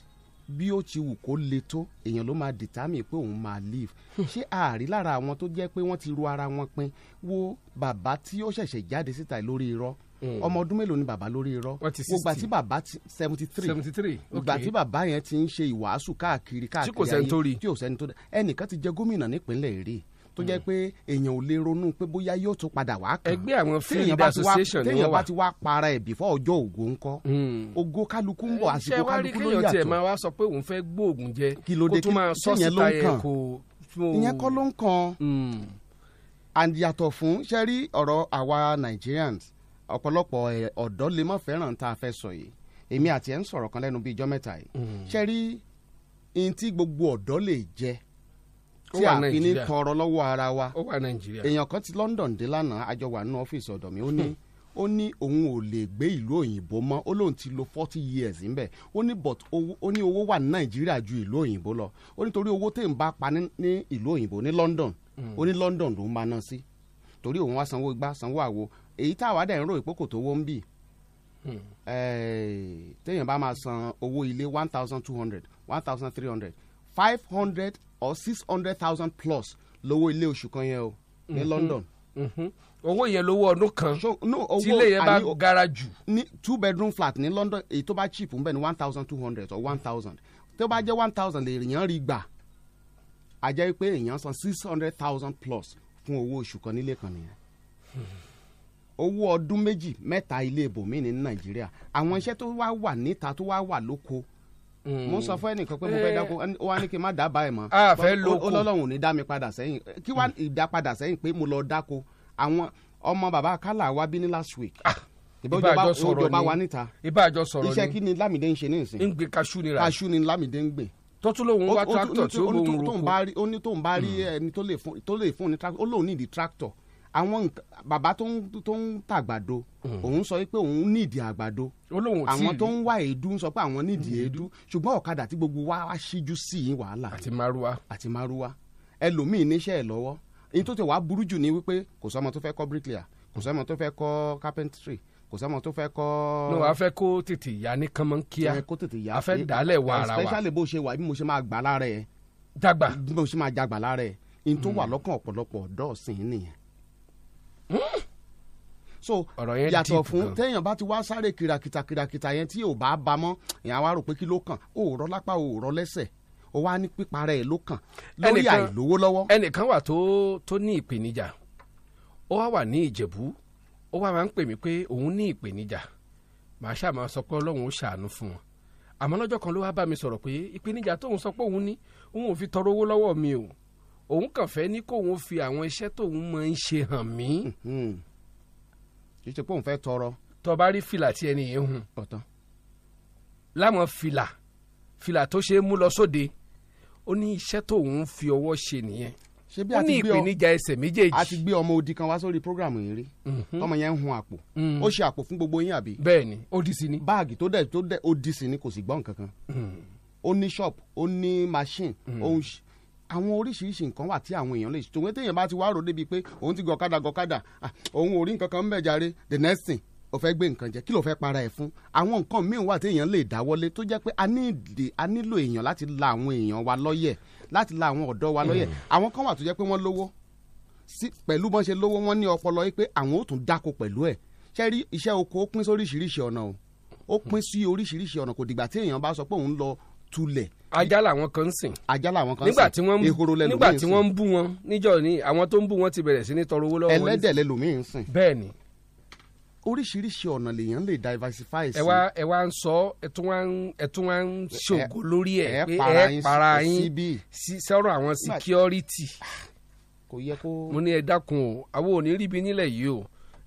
bí ó ti wù kó le tó èèyàn ló máa determine pé òun máa live hmm. ṣé àárí lára àwọn tó jẹ́ pé wọ́n ti ro ara wọn pin wo bàbá tí ó ṣẹ̀ṣẹ̀ jáde síta lórí irọ́ hmm. ọmọ ọdún mélòó ni bàbá lórí irọ́ gbogbo àti bàbá seventy three seventy three ok gbogbo àti bàbá yẹn ti ń ṣe ìwàásù káàkiri káàkiri ayé tí kò sẹ́ni tó rí ẹnìkan ti jẹ gómìnà nípínlẹ̀ Èrè tó jẹ́ hmm. pé èèyàn ò lè ronú pé bóyá yóò tún padà wá kàn. ẹgbẹ́ àwọn field association ni wọ́n wà téèyàn bá ti wá para ẹ̀ bífọ́ ọjọ́ ògo ń kọ́. Hmm. ògo kálukú ń bọ̀ eh, àsìkò kálukú ló yàtọ̀. ṣé wàá rí kéèyàn tiẹ̀ máa wá sọ pé òun fẹ́ gbóògùn jẹ kó tún máa sọ síta yẹ kó. ìyẹn kọ́ ló ń kan hmm. àyàtọ̀ fún ṣe rí ọ̀rọ̀ àwa Nigerians ọ̀pọ̀lọpọ̀ eh, ọ̀dọ́ lè má fẹ́ràn tá a fẹ́ sọ yìí èmi àti ẹ̀ ń sọ̀rọ̀ kan lẹ́nu bíi ijọ́ mẹ́ta yìí ṣe rí ihun tí gbogbo ọ̀dọ́ lè jẹ́ tí a fi ní tọrọ lọ́wọ́ ara wa èèyàn kan ti London dé lánàá àjọ wà nínú ọ́fíìsì ọ̀dọ̀ mi ó ní ó ní òun ò lè gbé ìlú òyìnbó mọ́ ó lóun ti lo forty years ńbẹ̀ ó ní but ó ní owó wà ní Nàìjíríà ju ìlú òyìnbó lọ ó nítorí owó tẹ̀ ń bá pa ní ìlú òyìnbó ní London ó ní London ló ń máa ná sí torí òun wá sanwó igbá sanwó àwo èyí táwa dẹ̀ ń rò ìpókò tó wọ́n ń bì hmm. téèyàn bá máa san owó ilé one thousand two hundred one thousand three hundred five hundred or six hundred thousand plus lówó ilé oṣù kan yẹn o ní mhm. London. Mhm. owó yẹn lówó ọdún kan tí ilé yẹn bá gara jù. ní two bedroom flat ní London èyí tó bá cheap ń bẹ one thousand two hundred or one thousand tó bá jẹ́ one thousand èèyàn rí gbà á jẹ́ pé èèyàn san six hundred thousand plus fún owó oṣù kan nílé kan nìyẹn owó ọdún méjì mẹ́ta ilé ibòmíì ní Nàìjíríà àwọn iṣẹ́ tó wá wà níta tó wá wà lóko Mm. mo sọ fún ẹnìkan pé mo fẹ́ eh. dáko wá ní kí n má dábàá ẹ̀ mọ́ a ah, fẹ́ lóko ọlọ́run ò ní dá mi padà sẹ́yìn kí wá ìdá padà sẹ́yìn pé mo lọ dáko àwọn ọmọ bàbá kálá wa bí ní last week ah, ìbájọ sọ̀rọ̀ ni ìbájọ sọ̀rọ̀ ni iṣẹ́ kí ni Lámìdé ń ṣe ní ìsìn ń gbé kaṣú ni ra kaṣú ni Lámìdé ń gbé tó tún lòun wá tractor tí ó lòun roko ó ní tóun bá rí mm. ẹni tó lè fún ní tractor ó lòun ní ìdí tractor àwọn bàbá tó ń tó ń tàgbàdo hmm. òun sọ pé òun nídìí àgbàdo àwọn tó ń wá èédú sọ pé àwọn nídìí hmm. èédú ṣùgbọ́n ọ̀kadà tí gbogbo wa wá síjú sí i wàhálà àti márúwá àti márúwá ẹlòmíì níṣẹ́ ẹ̀ lọ́wọ́ ní tó ti wàá burú jù ní wípé kò sọmọ tó fẹ́ kọ́ bricklayer kò sọmọ tó fẹ́ kọ́ carpentry kò sọmọ tó fẹ́ kọ́. no a fẹ́ kó tètè yá ní kánmọ́ kíá kó tètè yá a fẹ́ dálẹ̀ wà ara wa especially bó ṣe wà bí mo ṣe máa gbà lára ẹ̀. dàgbà so yàtọ̀ fún téèyàn bá ti wá sáré kìràkìtà kìràkìtà yẹn tí ò bá ba mọ́ èèyàn wá rò pé kí ló kàn ó rọ lápá ó rọ lẹ́sẹ̀ ó wá ní pípa rẹ̀ ló kàn lórí àìlówó lọ́wọ́. ẹnìkan wà tó tó ní ìpèníjà ó wá wà ní ìjẹ̀bú ó wá máa ń pè mí pé òun ní ìpèníjà màá ṣáà sọ pé ọlọ́run ó ṣàánú fún wọn àmọ́ lọ́jọ́ kan ló wá bá mi sọ̀rọ̀ pé ìpèníjà tóun sọ pé òun ní òun ò fi tọrọ owó lọ́wọ́ mi òun kàn fẹ́ ní kóun fi àwọn iṣẹ́ tóun máa ń ṣe hàn mí. Hmm. kì í ṣe pé òun fẹ́ tọrọ. tọba rí fìlà tí ẹni yẹn hùn. ọ̀tán. lámọ̀ fìlà fìlà tó ṣe é mú lọ sóde ó ní iṣẹ́ tóun fi ọwọ́ ṣe nìyẹn ó ní ìpèníjà ẹsẹ̀ méjèèjì. a ti gbé ọmọ odi kan wá sórí programu yìí rí mhm. ọmọ yẹn ń hun àpò mhm. ó ṣe àpò fún gbogbo yín àbí. bẹ́ẹ̀ni ó sí ni. báàgì tó dẹ tó dẹ ó sí ni kò sì gbọ́ nǹkan mhm. ó ní shop ó ní machine ó àwọn oríṣiríṣi nǹkan wà tí àwọn èèyàn lè ṣe tòun téèyàn bá ti wá rò débi pé òun ti gọ̀kadà gọ̀kadà ah, òun ò rí nǹkan kan mbẹ̀ jàre the next thing ó fẹ́ gbé nǹkan jẹ kí ló fẹ́ para ẹ̀ fún àwọn nǹkan míì wà téèyàn lè dáwọ́lé tó jẹ́ pé a nílò èèyàn láti la àwọn èèyàn wa lọ́yẹ̀ láti la àwọn ọ̀dọ́ wa lọ́yẹ̀ hmm. àwọn kan wà tó jẹ́ pé wọ́n lówó pẹ̀lú bọ́n ṣe lówó wọ́n ní ọpọlọ yìí pé àwọn ò tún dáko pẹ̀lú ẹ̀ ṣe rí iṣẹ́ oko ó pín sí oríṣiríṣi ọ̀nà o ó pín sí oríṣiríṣi ọ̀nà kò dìgbà tí bá sọ pé òun lọ tulẹ̀ ajá làwọn kan ń sìn. ajá làwọn kan ń sìn nígbà tí ehoro lẹ́lòmíì ń sìn nígbà tí bú wọn níjọ́ ni àwọn tó ń bú wọn ti bẹ̀rẹ̀ sí ní tọrọ owó lọ́wọ́ wọn. ẹlẹ́dẹ̀ lẹ́lòmíì ń sìn. bẹ́ẹ̀ ni. oríṣiríṣi ọ̀nà lèèyàn lè diversify sí. ẹ wá ẹ wá ń sọ ẹ tún wá ń ẹ tún wá ń ṣògo lórí ẹ pé ẹ para yín sọ̀rọ̀ àwọn security. kò yẹ kó. mo ní ẹ dákun o àwọn ò ní ríbi nílẹ̀ yìí o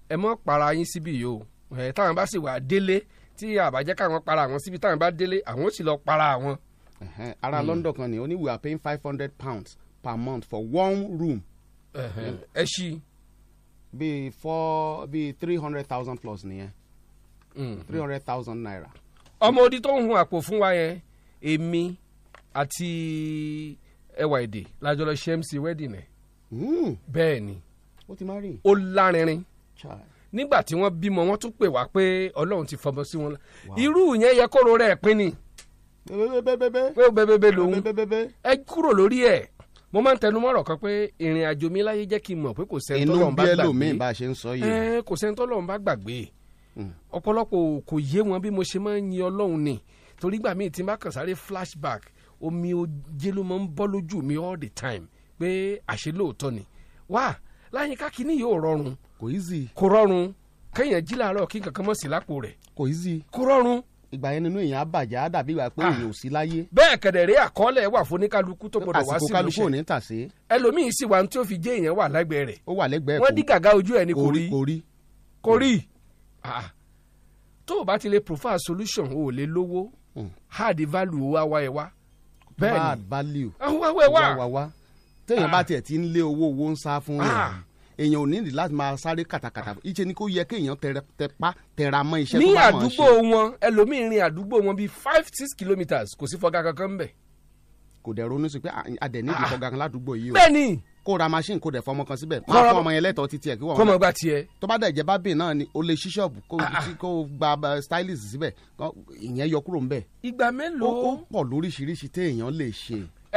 ẹ mọ́ para yín síbí yìí o ẹ táwọn bá sì wà délé tí àbájẹ́ káwọn para àwọn síbi táwọn bá délé àwọn ó sì lọ para àwọn ara hmm. London kan ni ó ní we are paying five hundred pounds per month for one room. Hmm. ẹ ṣí. bíi four bíi three hundred thousand plus nìyẹn hmm. three hundred thousand naira. ọmọ odi tó ń hun àpò fún wa yẹn èmi àti ẹwà èdè lájọ lọ ṣe mc wedding ẹ bẹ́ẹ̀ ni ó ti máa rí ó lárinrin nígbà tí wọ́n bímọ wọ́n tún pè wá pé Ọlọ́run ti fọmọ sí wọn irú yẹn yẹ kóró rẹ̀ pín ni. Wow pé ó bẹ́bẹ́bẹ́ lòun ẹ kúrò lórí ẹ̀ mo máa ń tẹnu mọ́rọ̀ kan pé ìrìn àjò mi láyé jẹ́ kí n mọ̀ pé kò sẹ́ni tọ́lọ́run bá gbàgbé inú bí ẹlòmíín bá ṣe ń sọ yìí kò sẹ́ni tọ́lọ́run bá gbàgbé ọ̀pọ̀lọpọ̀ kò yé wọn bí mo ṣe máa ń yin ọlọ́run ni torí gbà míì tí n bá kàn sáré flashback omi ojé ló máa ń bọ́ lójú mi all the time pé àṣé lóòótọ́ ni wá láyé kákínní yóò rọrùn kò rọrùn kéèyàn jí làárọ̀ kí nǹkan kan mọ̀ sí lápò rẹ̀ kò rọrùn ìgbà yẹn nínú èèyàn á bàjẹ́ á dàbí ìgbà pé ah. èèyàn ò sí láyé. bẹ́ẹ̀ kẹ̀dẹ̀rẹ́ àkọọ́lẹ̀ wà fún oníkàlùkù tó gbọdọ̀ wá sí ìmúṣẹ àsìkò kálukú ò ní ẹlòmíín sì wà ní tí ó fi jẹ́ èèyàn wà lẹ́gbẹ̀ẹ́ rẹ̀. ó wà lẹ́gbẹ̀ẹ́ kò wọ́n dí gàgá ojú ẹ̀ kò rí kò rí kò rí ah. tó o bá ti lè prefer solution o lè lówó hmm. hard value wa wa ẹ wa bẹ́ẹ̀ hard value wa wa wa wa téèyàn ah. bá tiẹ̀ ti ń lé owó owó ń sá fún yẹn èèyàn ò nídìí láti máa sáré kàtàkàtà ìṣe ni kò yẹ kí èèyàn tẹpá tẹra mọ́ iṣẹ́ tó bá wọn ṣe. ní àdúgbò wọn ẹlòmíín rin àdúgbò wọn bíi five six kilometres kò sí fọgá kankan ń bẹ̀. kò dẹ̀ ronú sí pé adẹ̀ nídìí ah. fọgá kan ládùúgbò yìí o. bẹ́ẹ̀ni kó ra machine kó dẹ̀ fọmọ kan síbẹ̀ máa fọ ọmọ yẹn lẹ́tọ̀ọ́ títí ẹ̀ kí wọ́n. fọmọ gba tiẹ̀. tó bá dẹ̀ jẹ́ bá náà ni o lè ṣí ṣọ́ọ̀bù kó ah, ah. gba stylist síbẹ̀ ìyẹn yọ kúrò ń bẹ̀. ìgbà mélòó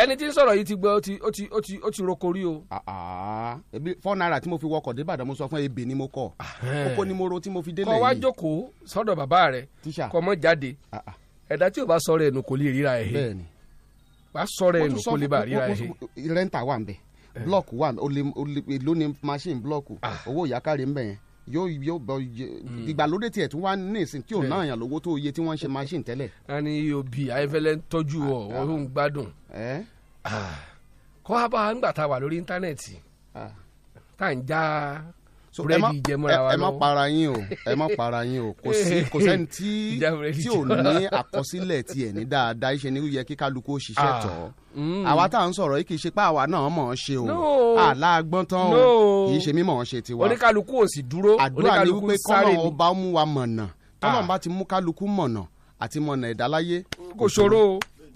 ẹni tí ń sọ̀rọ̀ yìí ti gbọ́ ó ti ó ti ó ti ó ti roko rí o. Ah, ah. ebi four naira tí mo fi wọkọ̀ débàdàn mo sọ fún ebè ni mo kọ̀ kókó ni mo ro tí mo fi délẹ̀ yìí. kọ́ wá jókòó sọ́dọ̀ bàbá rẹ̀ kọ́ mọ́ jáde ah, ẹ̀dá tí o bá sọ̀rọ̀ ẹnu kò lè ríra ẹ̀ he wà á sọ̀rọ̀ ẹnu kò lè bá ríra ẹ̀ he. rẹ́ńtà wà ń bẹ̀ eh. blọ́ọ̀kù wà ń bẹ̀ lónìí machine blọ́ọ̀kù owó ìyákàrí ń bẹ̀ yẹn yóò yóò bọ hmm. ìgbàlódé tiẹ̀ tún wá ní ìsìn tí ò ná àyàn lówó tó iye tí wọ́n ń ṣe machine tẹ́lẹ̀. a ní iobi ayẹfẹlẹ ń tọ́jú ọ wọn ah, ah. gbádùn ah, kọ́ abá ńgbà tá a wà lórí íńtánẹ́ẹ̀tì tá à ń já so jẹ mọ́ra wa lọ́wọ́ ẹ má para yín o ẹ má para yín o kò sí kò (laughs) sẹ́ni tí tí ò ní àkọsílẹ̀ tiẹ̀ ní dáadáa iṣẹ́ ni ó yẹ kí kálukú ó ṣiṣẹ́ ah. tọ̀ mm. àwa tá à ń sọ̀rọ̀ yìí kì í ṣe pé àwa náà mọ̀ ọ́ ṣe o aláàgbọ́n tán o kì í ṣe mí mọ̀ ọ́ ṣe tiwa oníkálukú ò sì dúró oníkálukú sáré ni àdúrà ni wípé kọ́nà ọba mú wa mọ̀nà tọ́lọ́n ah. bá ti mú kálukú mọ̀nà àti o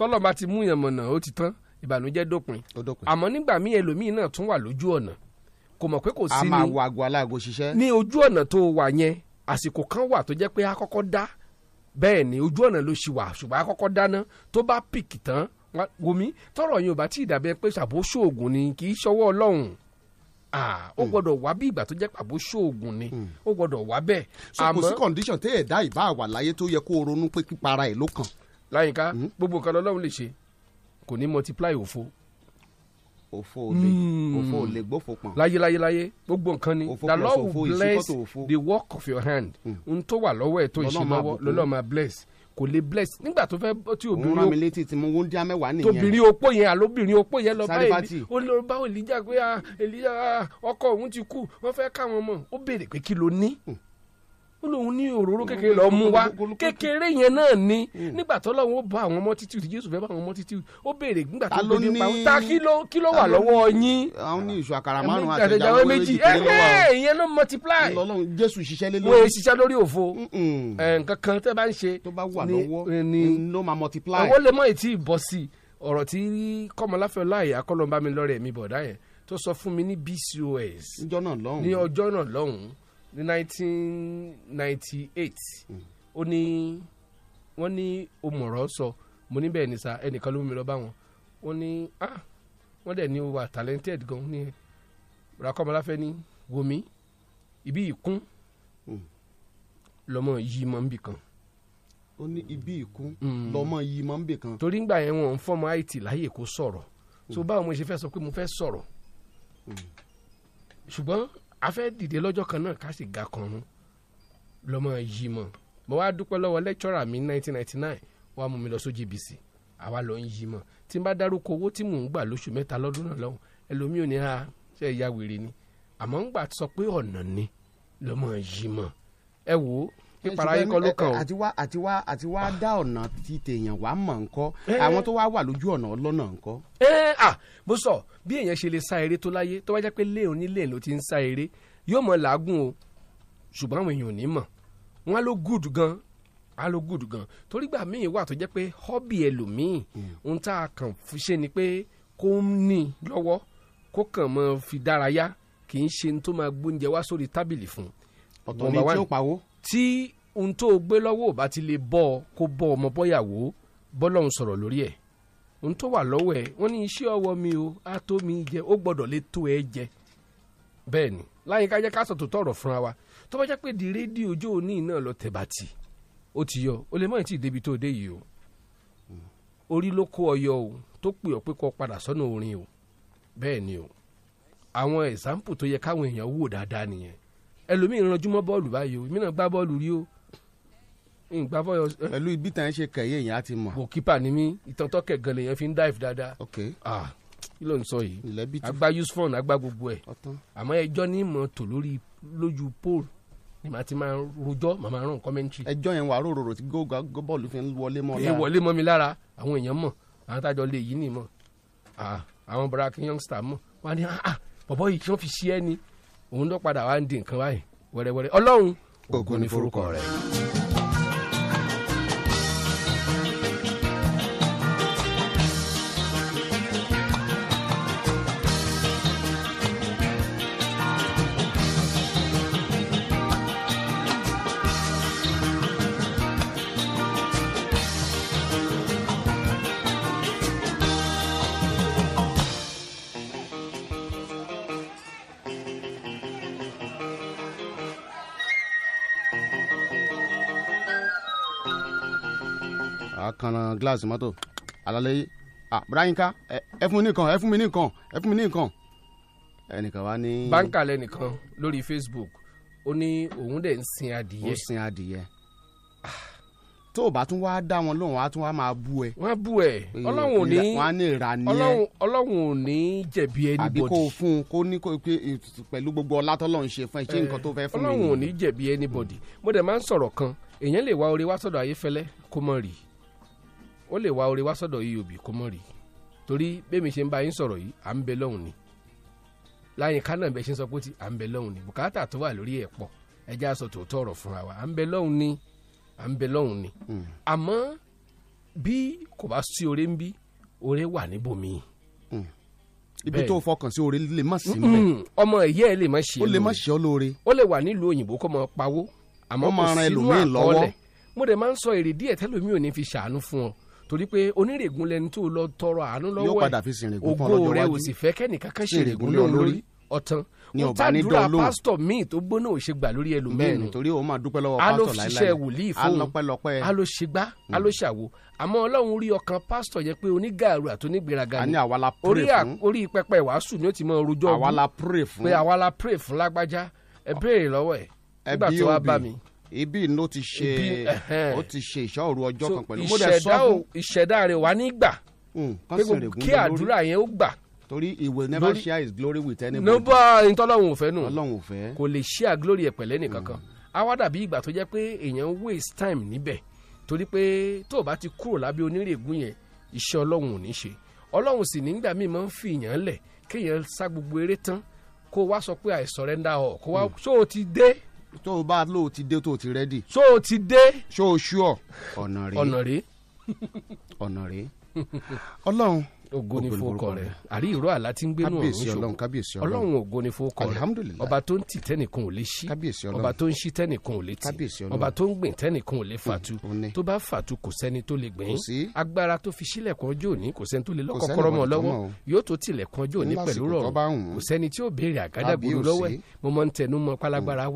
tọ́lọ́n bá ti mú yàn mọ̀nà ó ti tán kò mọ̀ pé kò sí ni a máa wọ àgọ́ aláàgọ́ ṣiṣẹ́. ní ojú ọ̀nà tó wà yẹn àsìkò kan wà tó jẹ́ pé a kọ́kọ́ dá bẹ́ẹ̀ ni ojú ọ̀nà ló ṣì wà ṣùgbọ́n a kọ́kọ́ dáná tó bá pìkì tán wọmi tọrọ yẹn ò bá tí ì dàbẹ pé ṣàbó ṣoògùn ni kì í ṣọwọ́ ọlọ́run ó hmm. gbọ́dọ̀ wá bí ìgbà tó jẹ́ pàbó ṣoògùn ni hmm. ó gbọ́dọ̀ wá bẹ́ẹ̀. so kò sí condition tẹ́ ẹ̀ dá ìbá àwà láyé tó yẹ kó o ronú pé pípara ẹ̀ ló kàn. láyìnká hmm. gbogbo nǹkan lọ́lọ́run lè ṣe kò ní multiply òfo òfò olè hmm. òfò olè gbófò pọ̀n. láyé láyé láyé gbogbo nǹkan ni the Lord will bless the work of your hand hmm. n tó wà lọ́wọ́ ẹ̀ tó ìṣe lọ́wọ́ lọ́lọ́ máa bless kò lè bless nígbà tó fẹ́ tí obìnrin o. òun rán mi létí tí mo ń dá mẹ́wàá nìyẹn. tóbìnrin opó yẹn àlóbìnrin opó yẹn lọ bá èlì ó pé èlìjà ah, ọkọ òun ti kú wọ́n fẹ́ káwọn mọ̀ ó béèrè pé kí ló ní. Hmm ó lóun ní òróró kékeré lọ mú wá kékeré yẹn náà ni hmm. nígbà tó lọ́wọ́ ó bá àwọn ọmọ títí tí Jésù fẹ́ bá àwọn ọmọ títí ó béèrè nígbà tó gbé nípa ta kí ló wà lọ́wọ́ yín. àwọn ní ìṣù àkàrà márùn àtẹjáwé méjì ẹhẹ ìyẹn ló multiply. lọ́lọ́run Jésù ṣiṣẹ́ lé lórí. wọ́n ṣiṣẹ́ lórí òfo nǹkan kan tẹ́ bá ń ṣe. tó bá wà lọ́wọ́ eh, ni ló máa multiply. owó lè mọ ètí ìbọ̀ ní nineteen ninety eight hmm. ó ní wọ́n ní òmùrọ̀ sọ mo ní bẹ́ẹ̀ sa ẹnìkan ló mú mi lọ bá wọn wọ́n ní ah wọ́n dẹ̀ ní o wà talented gan ní ẹ rakọ́mọláfẹ́ ní wòmí ibi ìkún hmm. lọ́mọ yìí mọ́ níbì kan. ó ní ibi ìkún hmm. lọ́mọ yìí mọ́ níbì kan. torí ngbà yẹn wọn ń fọmọ it láyè kó sọ̀rọ̀ so báwo mo ṣe fẹ́ sọ pé mo fẹ́ sọ̀rọ̀ ṣùgbọ́n a fẹ́ dìde lọ́jọ́ kan náà ká sì ga kanrun lọ́mọ yìí mọ̀ mo wá dúpẹ́ lọ́wọ́ lẹ́kítọ́rà mi nineteen ninety nine wá mú mi lọ sójú ibc àwa lọ ń yí mọ̀ tí n bá dárúkọ owó tí mò ń gbà lóṣù mẹ́ta lọ́dún náà lọ́hùn ẹlòmíì ò ní ha ṣe ìyá wèrè ni àmọ́ ń gbà sọ pé ọ̀nà ni lọ́mọ yìí mọ̀ ẹ wò ó pípara yín kọ́ ló kàn ó. àti wá àti wá àti wá dá ọ̀nà ti tèèyàn wá mọ̀ ńkọ́ àwọn tó wá wà lójú ọ̀nà ọlọ́nà ńkọ́. ẹ ẹ à bó sọ bí èèyàn ṣe lè sá eré tó láyé tó bá jẹ́ pé léèrè onílé ló ti ń sá eré yóò mọ làágùn o ṣùgbọ́n àwọn èèyàn ò ní mọ̀ wọ́n á ló good gan á ló good gan torí gbà míì wà tó jẹ́ pé hobby ẹlòmíì hmm. ohun tá a kàn fi ṣe ni pé kó ń ní lọ́wọ́ kó kàn mọ́ fi dárayá kì í ṣe ní tó máa gbóúnjẹ wá sórí tábìlì fún. ọ̀tọ̀ ni tí ó pawó tí ohun tó gbé lọ́wọ́ ò bá ti lè bọ́ ọ kó bọ́ ọmọ bọ́yàwó bọ́lọ́hún sọ̀rọ̀ lórí ẹ̀ ohun tó wà lọ́wọ́ ẹ̀ wọ́n ní iṣẹ́ ọwọ́ mi o á tó mi jẹ ó gbọ́dọ̀ lè tó ẹ jẹ bẹ́ẹ̀ ni láyé ká jẹ́ ká sọ tòótọ́ ọ̀rọ̀ wa tó bá jẹ́ pé di rédíò ọjọ́ òní náà lọ tẹ̀ bá tì ó ti yọ ó lè mọ̀ tí ì débi tó dé yìí o orí ló kó ọyọ o tó pè ọ́ pé kó padà sọ́nà orin o bẹ́ẹ̀ ni o àwọn ẹ̀sáǹpù tó yẹ káwọn èèyàn wò dáadáa nìyẹn ẹlòmíì ranjú mọ́ bọ́ọ̀lù báyìí o èmi náà gbá bọ́ọ̀lù rí o nǹkan fọyọ. pẹ̀lú ibi tàn ṣe kẹ̀yé èèyàn á ti mọ̀. wò kípa ni mí ìtàn tọ́kẹ̀ gan fi ń dive dáadáa. ok ah kí ló ń sọ yìí agbá use phone agbá gbogbo ẹ̀ àmọ́ ẹjọ́ ní mọ̀ tò lórí lójú pole ni màá ti máa rojọ́ màá máa ràn kọ́mẹ́ntì. ẹjọ́ yẹn wà á rorò tí bọ́ọ̀lù fi ń wọlé mọ́ lára. wọlé mọ́ mi lára àwọn èèyàn mọ̀ àwọn tájọ lè yí ni mọ̀ àwọn barakin youngster mọ̀ wọ́n ní ah, ah, bọ̀bọ̀ yìí tí wọ́n fi ṣí ẹni òun ló padà wá ń di nǹkan báyìí wẹ́rẹ́wẹ́rẹ́ ọlọ́run ògo ni forúkọ rẹ̀. àwọn gíláàsì mọ́tò alálẹ́ ah bùrọ̀ ẹ fún mi nìkan ẹ fún mi nìkan ẹ fún mi nìkan ẹnìkan wá ní. báńkà lẹnìkan lórí Facebook ó ní òun dẹ̀ ń sin adìyẹ. ó sin adìyẹ tó o bá tún wá dá wọn lóhùn á tún wá máa bú ẹ. wọn á bú ẹ ọlọ́run ò ní wọn á ní ìra ní ẹ ọlọ́run ò ní jẹ̀bi ẹni àbí kò fún un kó ní kó pé eh, pẹ̀lú gbogbo ọlá tọ́lọ́ ń ṣe fún ẹ ṣé eh, nǹkan tó fẹ́ fún mi. ọlọ́run ò ní jẹ̀bi ẹni mo dẹ̀ máa ń sọ̀rọ̀ kan èèyàn lè wá oore wá sọ̀dọ̀ ayé fẹ́lẹ́ kó mọ̀ rí i ó lè wá oore wá sọ́dọ̀ eob kó mọ̀ rí torí bẹ́mi ṣe ń bá yín sọ̀rọ̀ yìí à ń bẹ lọ́hùn ni láyìn ká náà bẹ ṣe ń sọ pé à ń bẹ lọ́hùn ni bùkátà tó wà lórí ẹ̀ pọ̀ ẹja sọ tòótọ́ ọ̀rọ̀ fúnra wa à ń bẹ lọ́hùn ni à ń bẹ lọ́hùn ni hmm. àmọ́ bí kò bá sí oore ń bí oore wà níbòmíì hmm. ibi tó fọkàn sí oore lè má sí mbẹ. Hmm, ọmọ ìyá ẹ lè má ṣe é. ó lè má ṣe ọ́ lóore. ó lè wà nílùú òyìnbó kó máa pawó. àmọ́ kò sínú àkọọ́lẹ̀ mo dẹ̀ máa ń sọ èrè díẹ̀ tẹ́lómi ò ní fi ṣàánú fún ọ torí pé onírègùn lẹni tó lọ tọrọ àánú lọ́wọ́ ẹ̀ Ogo rẹ̀ ò sì fẹ́ kẹ́nìkankan ṣèrègùn lé òun lórí ọ̀tàn ó tàdúrà pásítọ̀ míì tó gbóná ò ṣe gbà lórí ẹlòmẹ́rin nítorí òun máa dúpẹ́ lọ́wọ́ pásítọ̀ láìláì a ló ṣiṣẹ́ wòlíì fóun a ló ṣe gbá a ló hmm. ṣàwo àmọ́ ọlọ́run rí ọkàn pásítọ̀ yẹn pé onígàrú àtúnígbèraga ni orí pẹpẹ wàásù ni ó ti mọ orojọ́ bu pé àwa la pray fún lágbájá ẹ béèrè lọ́wọ́ ẹ̀ nígbà tó wá bá mi ibi ni ó ti ṣe ó ti ṣe ìṣọ́ òru ọjọ́ kan pẹ̀lú. ìṣẹ̀dá ìṣẹ̀dá rẹ̀ wà nígbà hmm, kí àdúrà yẹn ó gbà torí he will never share his glory with anybody. níbo ntọ́lọ́hún ò fẹ́ nù ọlọ́hun ò fẹ́. kò lè share glory ẹ̀ pẹ̀lẹ́ nìkankan hmm. á wá dàbí ìgbà tó jẹ́ pé èèyàn waste time níbẹ̀ torí pé tó o bá ti kúrò lábẹ́ onírègùn yẹn iṣẹ́ ọlọ́hun ò ní ṣe ọlọ́hun sì nígbà míì máa ń fi èèyàn lẹ̀ kéèyàn sá gbogbo eré tán kó wá sọ pé I surrender all kó wá sọ hmm. ti dé tó o bá lò ó ti dé tó o ti rẹ́dì. so o ti dé. so o ṣú ọ ọ̀nà rèé ọ̀nà rèé ọ̀nà rèé ọlọ́run ògo ni fowókọ rẹ àrí ìró àlá tí ń gbénu ọ̀run ṣòro kábíyèsí ọlọ́run ọlọ́run ògo ni fowókọ rẹ ọba tó ń tì tẹ́nìkan ò lè ṣí ọba tó ń ṣí tẹ́nìkan ò lè tì ọba tó ń gbìn tẹ́nìkan ò lè fàtu tó bá fàtu kò sẹ́ni tó lè gbìn agbára tó fi sílẹ̀kùn ọjọ́ òní kò sẹ́ni tó lè lọ́kọ̀ kọ́rọ́ mọ́ lọ́wọ́ yóò tó tilẹ̀kùn ọjọ́ òní pẹ̀lú rọrùn kò sẹ́ni tí ó béèrè àgádágodo lọ́wọ́ mo mọ tẹnu mọ́ pálágbára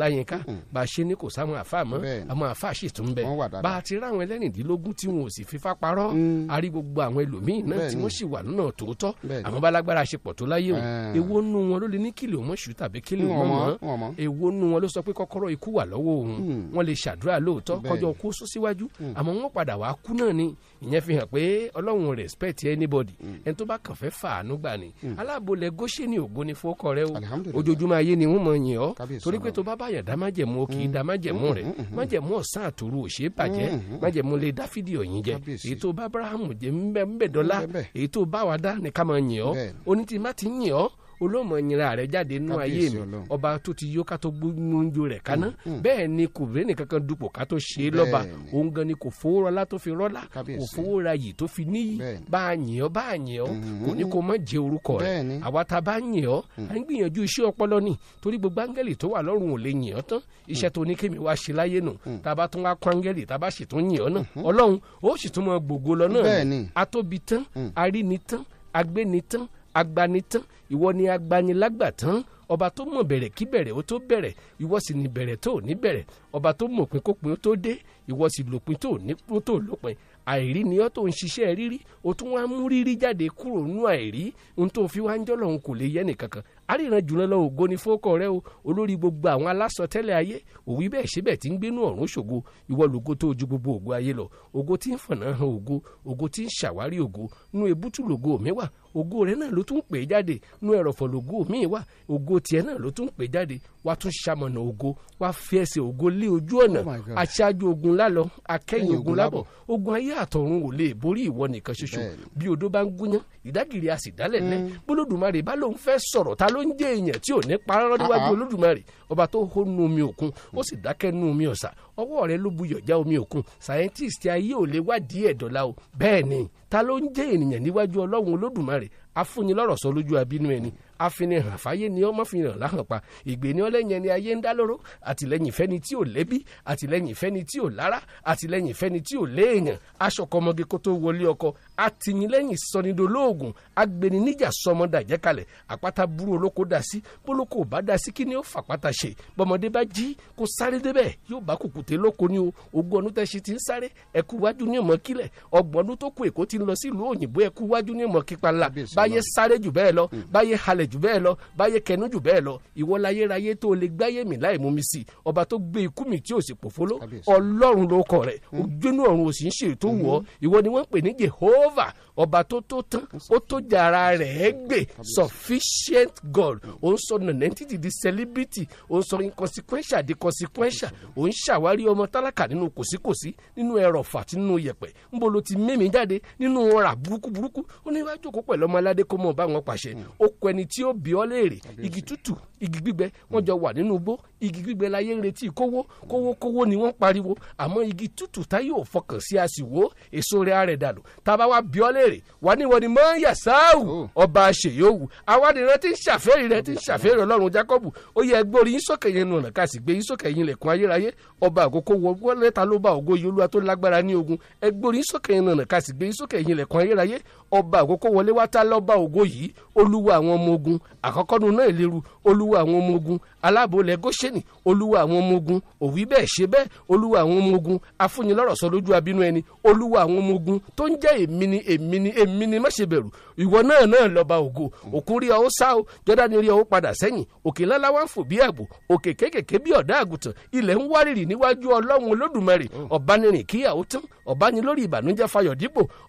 mm yínká hmm. bá a ṣe ní kò sáwọn àfa mọ́ àwọn àfa sì tún bẹ bá a ti ráwọn ẹlẹ́rìndínlógún tí wọn ò sì fipá parọ́ hmm. a rí gbogbo àwọn ẹlòmíín náà tí wọ́n sì wà lọ́nà tòótọ́ àwọn balagbára ṣe pọ̀ tó láyé o èwo nu wọn ló lè ní kílè ọmọ ṣù tàbí kílè ọmọ mọ́ nu wọn ló sọ pé kọ́kọ́rọ́ ikú wà lọ́wọ́ òun hmm. wọ́n lè ṣàdúrà lóòótọ́ kọjọ́ kó sún síwájú àmọ́ wọ́n padà wàá kú náà ni ìyẹn fi hàn pé ọlọ́run respect anybody ẹni tó bá kàn fẹ́ fàánú gbà ni alábòlẹ̀ góṣẹ́ni ògbóni fọ́kọ rẹ o ojoojúmọ́ ayé ni wọ́n mọ̀ yìn ọ́ torí pé tó bá báyàn ẹ̀dá májẹ̀mú o kì í da májẹ̀mú rẹ̀ mm-hmm. Mm-hmm. májẹ̀mú ọ̀sán àtòru òṣè bàjẹ́ mm-hmm. májẹ̀mú lè dáfídì òyìn jẹ ètò bá abrahamu jẹ ńbẹ dọ́là ètò bá dá ni máa yìn ọ́ oní ti yìn ọ́ olóòmọ nyira rẹ jáde nínú ayé mi ọba tó ti yó ká tó gbóngbó rẹ kaná mm, mm. bẹ́ẹ̀ ni kò bẹ́ẹ̀ nìkan kan dupò ká tó ṣe é lọ́ba òun gan ni kò fowó rọlá tó fi rọ́lá kò fowó ra yìí tó fi níyì bá a yìn ọ́ bá a yìn ọ́ mm-hmm. kò ní kó má jẹ orúkọ rẹ àwa ta bá yìn ọ́ mm. à ń gbìyànjú iṣẹ́ ọpọlọ ni torí gbogbo áńgẹ́lì tó wà lọ́rùn ò lè yìn ọ́ tán iṣẹ́ tó ní kémi wá ṣe láyé nù taba tún wá kó áńgẹ́lì taba sì tún yìn ọ́ náà mm-hmm. ọlọ́run ó sì tún mọ gbogbo lọ náà atóbi tán aríni tán agbéni tán agbanitán ìwọ ni agbanilágbàtán ọba tó mọ̀ bẹ̀rẹ̀ kí bẹ̀rẹ̀ ó tó bẹ̀rẹ̀ ìwọ sì ní bẹ̀rẹ̀ tó ní bẹ̀rẹ̀ ọba tó mọ̀ pín kópin ó tó dé ìwọ sì lòpin tó ní tó lòpin àìrí ni ọ́ tó ń ṣiṣẹ́ rírí o tún wá mú rírí jáde kúrò nú àìrí n tó fi wá ń jọ́ lọ́hùn kò lè yẹ nìkankan àríran jùlọ lọ ògo ni fọ́kọ rẹ o olórí gbogbo àwọn alásọtẹ́lẹ̀ ayé òwí bẹ́ẹ̀ ṣe bẹ́ẹ̀ tí ń gbénú ọ̀run ṣògo ìwọ lògo tó ju gbogbo ògo ayé lọ ògo tí ń fọ̀nà hàn ògo ògo tí ń ṣàwárí ògo nú ebútú lògo mi wà ògo rẹ náà ló tún pè jáde nú ẹrọ̀fọ̀ lògo míì wà ògo tiẹ̀ náà ló tún pè jáde wá tún ṣamọ̀nà ògo wá fi ẹsẹ̀ ògo lé ojú ọ̀nà oh aṣáájú ogun lálọ akẹ́yìn ogun lábọ̀ ogun ayé àtọ̀run ò lè borí ìwọ nìkan ṣoṣo bí odó bá ń gúnyán ìdágìrì a sì dálẹ̀ lẹ́ mm. bólódùmarè bá lóun fẹ́ sọ̀rọ̀ ta ló ń jẹ́ èèyàn tí ò ní parọ́ níwájú ah, ah. olódùmarè ọba tó hó nu omi òkun ó sì dákẹ́ nu omi ọ̀sà ọwọ́ rẹ ló buyọ̀ já omi òkun scientist ayé ò lè wádìí ẹ̀dọ́lá o bẹ́ẹ̀ ni ta ló ń jẹ́ ènìyàn níwájú ọlọ́run olódùmarè afúnilọ́rọ̀ sọ lójú abínú ẹni afinihàn fáyé ni ọ mọ́fìnrán láhàn pa ìgbéni ọlẹ́yìn ẹni ayé ń dá lóró àtìlẹ́yìn fẹ́ni tí ò lẹ́bí àtìlẹ́yìn fẹ́ni tí ò lára àtìlẹ́yìn fẹ́ni tí ò léèyàn aṣọ kọmọge kó tó wọlé ọkọ àtìyìnlẹ́yìn sọnidolóògùn agbẹniníjà sọmọdàjẹ́ kalẹ̀ àpáta burú olóko dà sí bólóko ò bá dà sí kí ni ó fàpáta ṣe bọ́mọdé bá jí kó sáré débẹ̀ yóò bá kùkùté lóko ni o ogún ọdún tẹ́sí ti ń sáré ẹkú wájú ní ọmọ kílẹ̀ ọgbọ̀n ọdún tó kù èkó ti ń lọ sílùú òyìnbó ẹkú wájú ní ọmọ kípa ńlá báyé sáré jù bẹ́ẹ̀ lọ hmm. báyé halẹ̀ jù bẹ́ẹ̀ lọ báyé kẹnu jù bẹ́ẹ̀ lọ ìwọ láyéráyé tó lè gbáyé mi láì mú mi sí ọba tó gbé ikú mi tí ò sì pòfóló ọlọ́run ló kọ rẹ̀ hmm. ojúnú ọ̀run ò sì ń ṣe ètò wọ̀ hmm. ìwọ ni wọ́n ń pè ní Jehovah ọba tó tó tán ó tó jàrá rẹ̀ ẹ́ gbè sufficient God ó ń sọ nonentity di celebrity ó ń sọ inconsequential di consequential ó ń ṣàwárí ọmọ tálákà nínú kòsíkòsí nínú ẹrọ̀fà tí nínú yẹ̀pẹ̀ níbo ló ti mímí jáde nínú ọ̀rà burúkú burúkú ó ní iwájú òkú pẹ̀lú ọmọ aládé kó mọ̀ bá wọn pàṣẹ ó kọ ẹni tí ó bí ọ léèrè igi tútù igi gbígbẹ wọn jọ wà nínú igbó igi gbígbẹ láyé ń retí kówó kówó kówó ni wọ́n pariwo àmọ́ igi tútù táyé ò fọkàn sí àsìwò èso rẹ̀ àrẹ̀dàlù tá a bá wá léèrè wà ní ìwọ ni mọ́ ń yà sáàwù oh. ọba ṣèyówù àwádìí rẹ ti ń ṣàfẹ́rì rẹ ti ń oh. ṣàfẹ́rì ọlọ́run Jákọ́bù ó yẹ ẹgbẹ́ orí yín sókè yẹn nù ọ̀nà káàsì gbé yín sókè yín lẹ̀kùn ayérayé ọba àkókò wọlé ta ló bá ògo yìí olúwa tó lágbára ní ogun ẹgbẹ́ orí yín sókè yẹn nù ọ̀nà káàsì gbé yín sókè yín lẹ̀kùn ayérayé ọba àkókò wọlé wá tá lọ́ba ògo yìí olúwa àwọn ọmọ ogun àkọ́kọ́ nu náà ìléru olúwa àwọn ọmọ ogun alábòólẹ̀ Góṣẹ́nì olúwa àwọn ọmọ ogun òwí bẹ́ẹ̀ ṣe bẹ́ẹ̀ olúwa àwọn ọmọ ogun afúnilọ́rọ̀ sọ lójú abínú ẹni olúwa àwọn ọmọ ogun tó ń jẹ́ èmi ni èmi èmi ni èmi ni má ṣe bẹ̀rù ìwọ náà náà lọ́ba ògo òkun rí ọ ó sá o jọ́dá rí ọ ó padà sẹ́yìn òkè ńláńlá wá ń fò bí ààbò òkè kékèké bí ọ̀dà àgùntàn ilẹ̀ ń wárìrì níwájú ọlọ́run olódùmarè ọ̀bánirìn kíyàwó tán ọ̀bánilórí ìbànújẹ́ fayọ̀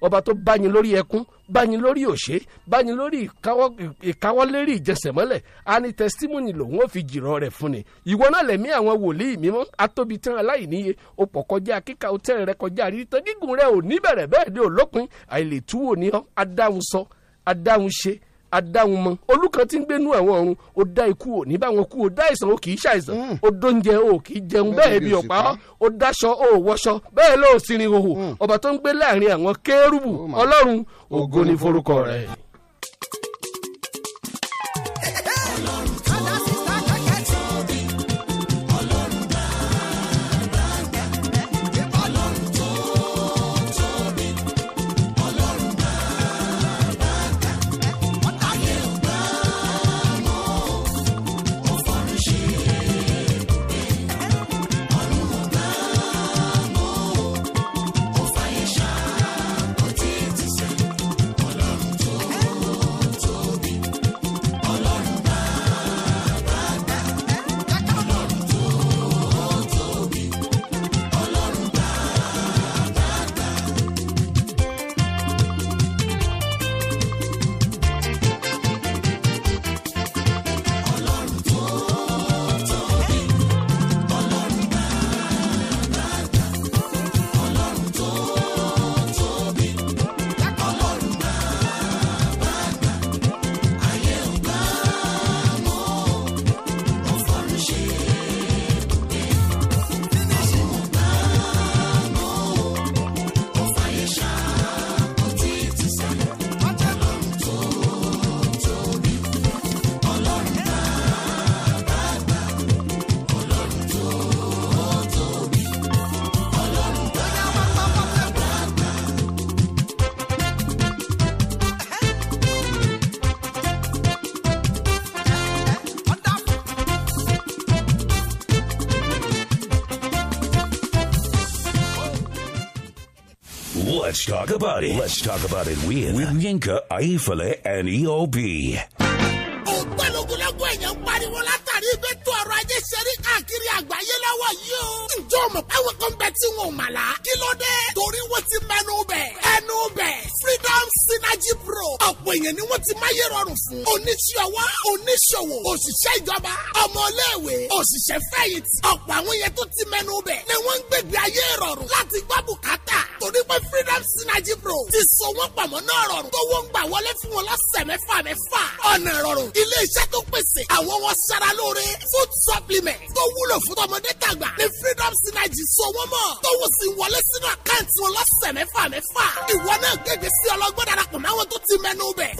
ọba tó báni báni lórí òṣè báni lórí ìkáwọ́lérí ìjẹsẹ̀mọ́lẹ̀ a ní tẹsítímọ́nì lòun ò fi jìrọ̀ rẹ̀ fún ni ìwọ náà lẹ̀mí àwọn wòlíì mímọ́ atóbi tán aláìníye o pọ̀ kọjá kíkà o tẹ́ rẹ kọjá rírí tán gígùn rẹ ò ní bẹ̀rẹ̀ bẹ́ẹ̀ ni ò lópin àìlètúwò ni ọ́ adáhùn sọ adáhùn ṣe adáhùn mọ olùkan tí ń gbénú àwọn ọ̀run ó dá ikú ò ní báwọn kú ó dá ìsàn o, kì í ṣàìsàn hmm. ó dóúnjẹ o kì í jẹun bẹ́ẹ̀ bí ọ̀pá ó dáṣọ ó wọṣọ bẹ́ẹ̀ ló sinrin hòhò hmm. ọba tó ń gbé láàrin àwọn kérúbù oh ọlọ́run ògo ni forúkọ rẹ̀. about it. Let's talk about it with, with Yinka, Aifale, and EOB. ògbólógúnlógún èèyàn pariwo látàrí ìgbẹ́tọ̀ ọ̀rọ̀ ajé ṣẹ́rí káàkiri àgbáyé lọ́wọ́ yìí o. ǹjọ́ mọ̀ báwọn kan bẹ tí wọn ò mà lá. kí ló dé? torí wọ́n ti mẹ́nu bẹ̀. ẹnu bẹ̀. freedom synergy pro. ọ̀pọ̀ èèyàn ni wọ́n ti máyé rọrùn fún. oníṣòwò oníṣòwò òṣìṣẹ́ ìjọba ọmọléèwé òṣìṣẹ́ fẹ̀yìntì ọ̀pọ̀ àwọn yẹn tó ti mẹ́nu b mọ̀nàmọ́ná rọrùn tó wọ́n gbà wọlé fún wọn lọ́sẹ̀ mẹ́fà mẹ́fà. ọ̀nà rọrùn ilé iṣẹ́ tó pèsè àwọn wọn sara lóore food supplement tó wúlò fún tọmọdé tàgbà ní freedom synergy so wọ́n mọ̀ tó sì wọlé sínú àkáǹtì wọn lọ́sẹ̀ mẹ́fà mẹ́fà. ìwọ náà gègé sí ọlọ́gbọ́n darapọ̀ máwọn tó ti mẹ́nu bẹ̀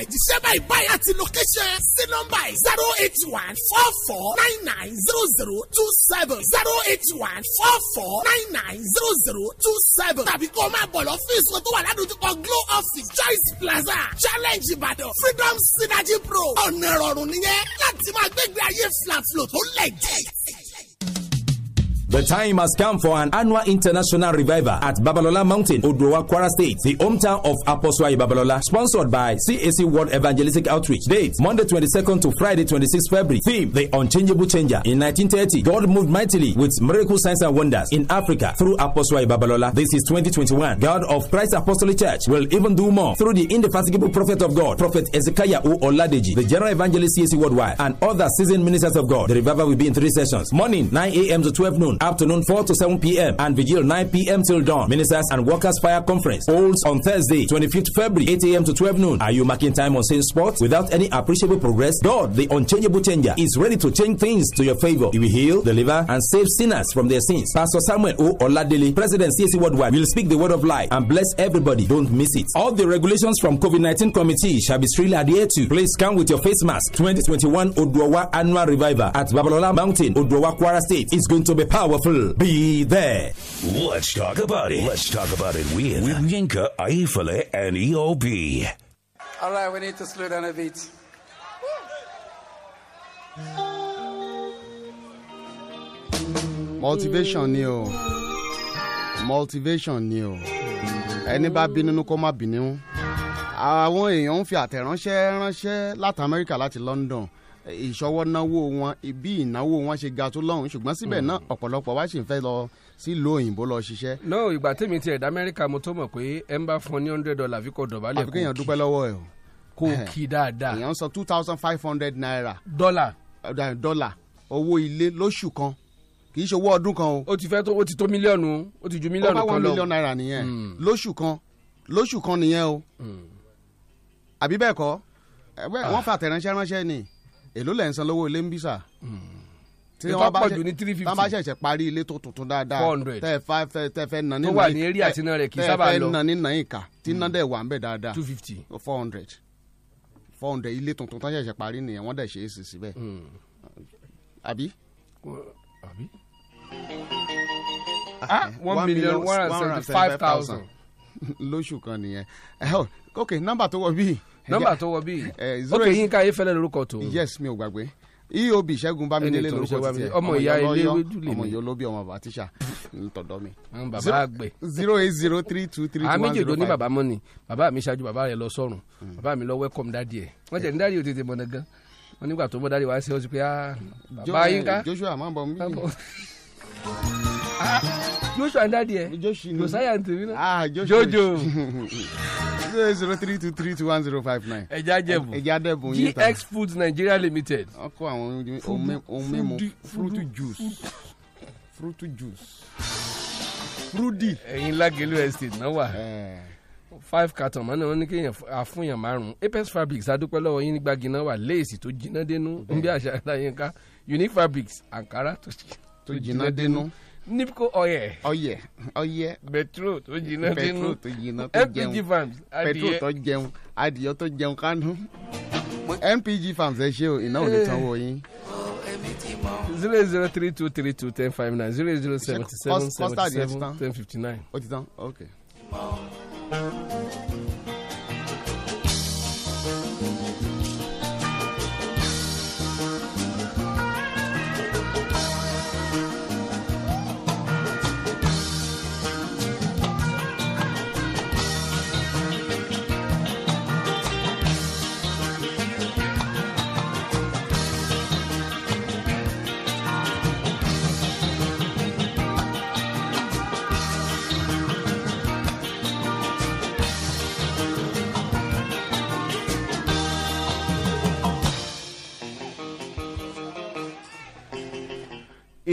àtẹ̀jíṣẹ́ báyìí báyìí àti location sí nọ́mbà yìí zero eight one four four nine nine zero zero two seven zero eight one four four nine nine zero zero two seven tàbí kó o máa bọ̀ lọ́fíìsì kan tó wà ládùúgbò Glo office Choice Plaza Challenge Ìbàdàn Freedom Synergy Pro ọ̀nà ìrọ̀rùn nìyẹn láti máa gbégbé ayé flaflo tó lẹ̀ jẹ́. The time has come for an annual international revival at Babalola Mountain, Odrowa, Kwara State, the hometown of Apostle Babalola, sponsored by CAC World Evangelistic Outreach. Date Monday 22nd to Friday 26th February. Theme The Unchangeable Changer. In 1930, God moved mightily with miracle signs and wonders in Africa through Apostle Babalola. This is 2021. God of Christ Apostolic Church will even do more through the indefatigable prophet of God, Prophet Ezekiah U Oladeji, the general evangelist CAC Worldwide, and other seasoned ministers of God. The revival will be in three sessions morning 9 a.m. to 12 noon afternoon 4 to 7 p.m. and vigil 9 p.m. till dawn. Ministers and Workers Fire Conference holds on Thursday, 25th February, 8 a.m. to 12 noon. Are you marking time on same spot without any appreciable progress? God, the unchangeable changer, is ready to change things to your favor. He will heal, deliver, and save sinners from their sins. Pastor Samuel O. Oladele, President CSC Worldwide, will speak the word of life and bless everybody. Don't miss it. All the regulations from COVID-19 committee shall be strictly adhered to. Please come with your face mask. 2021 Odwawa Annual Revival at Babalola Mountain, Odwawa, Kwara State. is going to be powered. powerful. Be there. Let's talk about it. Let's talk about it with, with Yinka, Aifale, and EOB. All right, we need to slow down a bit. motivation ni motivation ni Anybody ẹni bá bí nínú kó má bí nínú àwọn èèyàn ń fi àtẹ̀ránṣẹ́ ránṣẹ́ láti Amẹ́ríkà láti London ìṣọwọ́ náwó wọn ibi ìnáwó wọn ṣe ga tó lọ́hùn ṣùgbọ́n síbẹ̀ hmm. náà ọ̀pọ̀lọpọ̀ wá sì ń fẹ́ lọ sílùú òyìnbó lọ ṣiṣẹ́. no ìgbà tèmi ti ẹ̀dá amẹ́ríkà mo tó mọ̀ pé ẹ ń bá fún ọ ní hundred dollar fi kò dọ̀bálẹ̀ kò kí èèyàn dúpẹ́ lọ́wọ́ ẹ̀ kò kí dáadáa. èèyàn sọ two thousand five hundred naira. Dollar. Dollar. owó ilé lóṣù kan kì í ṣe owó ọdún kan o. ó ti fẹ́ tó ó ti tó mílíọ̀nù ó ti ju mílíọ̀nù kan lọ. ó bá wọn mílíọ̀nù náírà nìyẹn hmm. lóṣù kan lóṣù kan nìyẹn o. Hmm. àbí bẹ́ẹ̀ kọ́ wọ́n ah. fà tẹ̀ránṣẹ́ ránṣẹ́ èló lẹ̀ ń san lówó ilé ń bí sà. tí wọ́n bá jù ní three fifty. tí ṣẹ̀ṣẹ̀ parí ilé tó tuntun dáadáa. four hundred tẹ́ ẹ tẹ́ fẹ́ nà ní. tó ní eré àti náà rẹ̀ kì í sábà tẹ́ fẹ́ nà ní nà ìka tí iná dẹ̀ wà ń bẹ̀ dáadáa. two fifty. four hundred four hundred ilé tuntun tó ṣẹ̀ṣẹ̀ parí nìyẹn wọ́n dẹ̀ ṣe é sì síbẹ̀. Hmm. àbí. àbí. Ah, ah, eh, one million one hundred seventy five thousand. (laughs) lóṣù kan nìyẹn eh, oh, ok nọ́mbà tó wọ bíi nọ́mbà tó wọ bíi ok Yínká Ayéfẹ́lẹ́ lórúkọ tó. yes mi ò gbàgbé eob ṣẹ́gun bámidélé lórúkọ tiẹ̀ ọmọ ìyá ilé wédúlé mi ọmọ ìyá olóbi ọmọ bàbá tíṣà ntọ̀dọ̀ mi. àwọn bàbá zero eight zero three two three two one zero five. àmì jòdò ní bàbá mọ́ ni bàbá mi ṣáájú baba rẹ̀ lọ sọ́run mm. bàbá mi lọ welcome dádì ẹ̀ wọ́n jẹ̀ eh. ní dádì ò tètè mọ̀ nà gan wọ́n nígbà tó mọ́ dádì wá sí ọ sí pé ah bàbá Yínká. Eh, Joshua máa bọ̀ mí. (laughs) joshua ndadie eh? josiah ntẹ̀mí náà ah, jojo. (laughs) zero three two three two one zero five nine. ẹja jẹbu ẹja jẹbu yìí tán gx foods nigeria limited. wọn àwọn ohun mímu fruit juice fruit juice fruity. ẹyin lagelu estate náà wà eh. five carton mọ́nà wọn ní kéèyàn àfúnyàn márùn-ún apex fabrics adúpẹ́ lọ́wọ́ yín nígbà gíná wà léèsì tó jiná dénú ń bí àṣà àdáyínká unique fabrics àǹkárá tó jiná dénú. NIPCO ọyẹ. ọyẹ ọyẹ. petrol tó jiná tí nù. petrol tó jiná tó jẹun NPG farms adìyẹ. petrol tó jẹun adìyẹ tó jẹun kánú. NPG farms ẹ ṣe o iná ò lè tán eh. wọ yín. zero zero three two three two ten five nine zero zero seventy seven seventy seven ten fifty nine. o ti tán ok.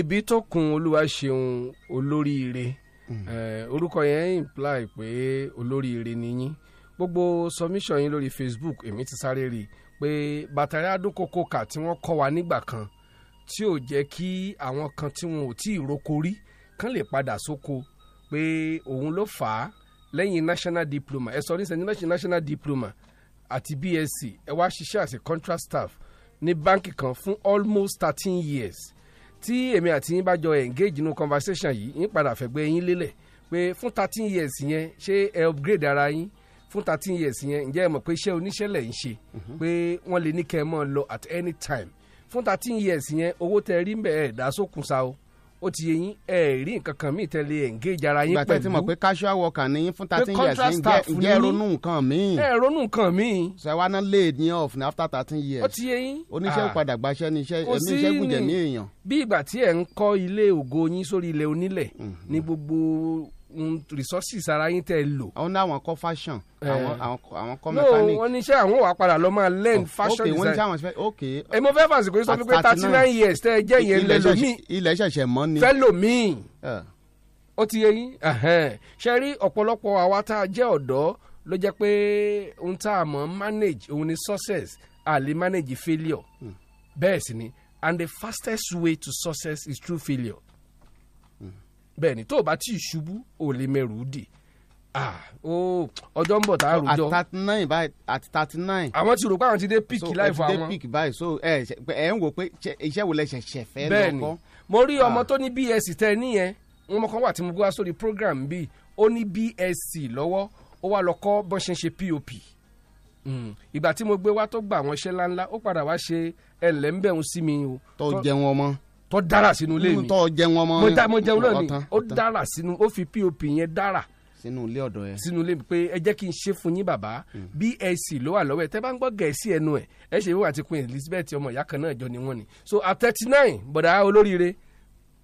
ibi tó kun olúwa ṣeun olóríire hmm. orúkọ yẹn imply pé olóríire nìyí gbogbo submission yín lórí facebook èmi ti sáré rí i pé bàtàrí adókòkò kà tí wọ́n kọ́ wa nígbà kan tí ò jẹ́ kí àwọn kan tí wọn ò tí ì roko rí kán lè padà sóko pé òun ló fà á lẹ́yìn national diploma ẹ sọ nísìnyí national diploma àti bsc ẹ wá ṣiṣẹ́ as a contract staff ní báǹkì kan fún almost thirteen years tí èmi àti yín bá jọ engage nínú conversation yìí yín padà fẹ̀gbẹ́ yín lélẹ̀ pé fún thirteen years yẹn ṣé ẹ upgrade ara yín fún thirteen years yẹn ǹjẹ́ ẹ mọ̀ pé iṣẹ́ oníṣẹ́lẹ̀ ń ṣe mhm. pé wọ́n lè ní kẹ́ ẹ mọ́ lọ at any time fún thirteen years yẹn owó tẹ rí mbẹ́ ẹ̀ dá sókun sa o ó ti yẹ yín ẹ rí nǹkan kan míì tẹ́lẹ̀ engage ara yín pẹ̀lú. gbàtẹ́ ti mọ̀ pé casual worker ní fún thirteen years ní ǹjẹ́ ronú nǹkan míì. ẹ ronú nǹkan míì. sẹ́wá náà lè ní off ní after thirteen years. ó ti yẹ yín. oníṣẹ́ padà gbaṣẹ́ ní iṣẹ́ oníṣègùn jẹ̀mí èèyàn. bí ìgbà tí ẹ̀ ń kọ́ ilé ògo yín sórí ilẹ̀ onílẹ̀ mhm. ní gbogbo resources ara yín tẹ́ lò. àwọn náà àwọn kọ́ fashion eh. àwọn àwọn mechanic. no wọ́n ní iṣẹ́ àwọn wà padà lọ máa learn oh, fashion design. ok wọ́n ní sáwọn fẹ́ ok. ẹ eh, mo fẹ́ fàṣìkò yìí sọ pé thirty nine years tẹ́ ẹ jẹ́ yẹn lẹ́lòmíì. ilẹ̀ ṣẹ̀ṣẹ̀ mọ́ ni. fẹ́lòmíì eh. ó ti yé yín ṣe rí ọ̀pọ̀lọpọ̀ àwa tá a jẹ́ ọ̀dọ́ ló jẹ́ pé ohun tá a mọ̀ manage òun ni success a manage failure hmm. bẹ́ẹ̀ sì ni and the fastest way to success is through failure bẹ́ẹ̀ni tó o bá tí ì ṣubú o lè mẹrù dì ọjọ́ ń bọ̀ tá a rojọ́. at thirty nine by at thirty nine. àwọn ti rò pé àwọn ti dé peak life àwọn. so ẹ ti dé peak báyìí so ẹ ẹ ń wò pé iṣẹ́ wo lẹ ṣẹ̀ṣẹ̀ fẹ́ lọ́kọ́. bẹ́ẹ̀ni mo rí ọmọ tó ní bsc tẹ níyẹn wọn kàn wà tí mo gbé wá sórí program bíi ó ní bsc lọ́wọ́ ó wá lọ kọ́ bó ṣe ń ṣe pop hmm. ìgbà tí mo gbé wá tó gba àwọn iṣẹ́ ńláńlá ó padà wá ṣe ẹlẹ́ńbẹ̀hún sí mi o. tó jẹun ọmọ tó dára sínú ilé mi tó jẹun ọmọ mo mo jẹun lónìí ó dára sínú ó fi pop yẹn dára sínú ilé ọ̀dọ̀ yẹn sínú ilé pé ẹ jẹ́ kí n ṣe fún yín bàbá hmm. bsc ló wà lọ́wọ́ ẹ tẹ́ bá ń gbọ́ gẹ̀ẹ́sì ẹnu ẹ̀ ẹ ṣe wíwà ti Queen Elizabeth ọmọ ìyá kan náà jọ ni wọ́n ni so at thirty nine bọ̀dá olóríire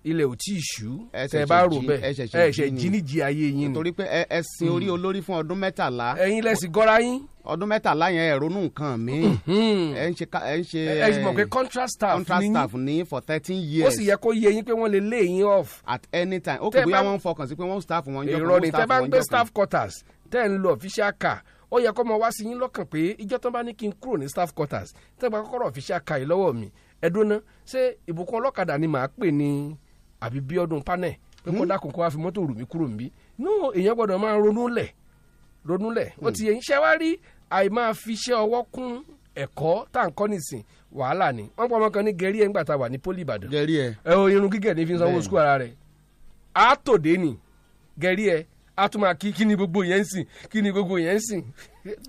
ilẹ̀ ò tí ì ṣú tẹ bá rò bẹ́ẹ̀ ẹ̀ṣẹ̀ jí níjì ayé yín ni. torí pé ẹ sin orí hmm. olórí fún ọdún mẹ́tàlá. ẹ̀yin lẹ́sìn gọ́ra yín. ọdún mẹ́tàlá yẹn ẹ ronú nǹkan mi. Hmm, hmm. ẹ ń ṣe ẹ ń ṣe ẹ ẹ mọ̀ pé contract staff ni contract staff ni for thirteen years. ó sì yẹ kó yẹ yín pé wọ́n lè lé yín off. at any time ó kò bóyá wọ́n ń fọkàn sí pé wọ́n staff wọn jọ kan wọ́n staff wọn jọ kan. ìrọ̀lẹ́ tẹ́ bá ń gbé staff quarters tẹ́ ń lo official car ó yẹ kó mọ wá sí yín lọ́kàn pé ìjọ́ tán bá ní kí n kúrò ní staff quarters tẹ́ bá kọ́kọ́rọ́ official car yìí lọ́wọ́ mi ẹ̀dùn náà ṣé ìbùkún ọlọ́kadà ni màá pè ní àbí bí ọdún panẹ pé kọ́ hmm? dákun kó wá fi mọ́tò rù kúrò níbí no èèyàn gbọ́dọ̀ máa ronú lẹ̀ ronú lẹ̀ ó hmm. ti yẹn iṣẹ́ wá rí àì máa fi iṣẹ́ ọwọ́ kún ẹ̀kọ́ tá à ń kọ́ nìsín wàhálà ni wọ́n pọ̀ ọmọ kan ní gẹ̀rí ẹ̀ ńgbà tá a wà ní poli ìbàdàn gẹ̀rí ẹ̀ ẹ̀ o irun gígẹ̀ ní fi sanwó sukú ara rẹ̀ á tòde nì gẹ̀rí ẹ̀ á tún máa kí kí ni gbogbo yẹn ń sìn kí ni gbogbo yẹn ń sìn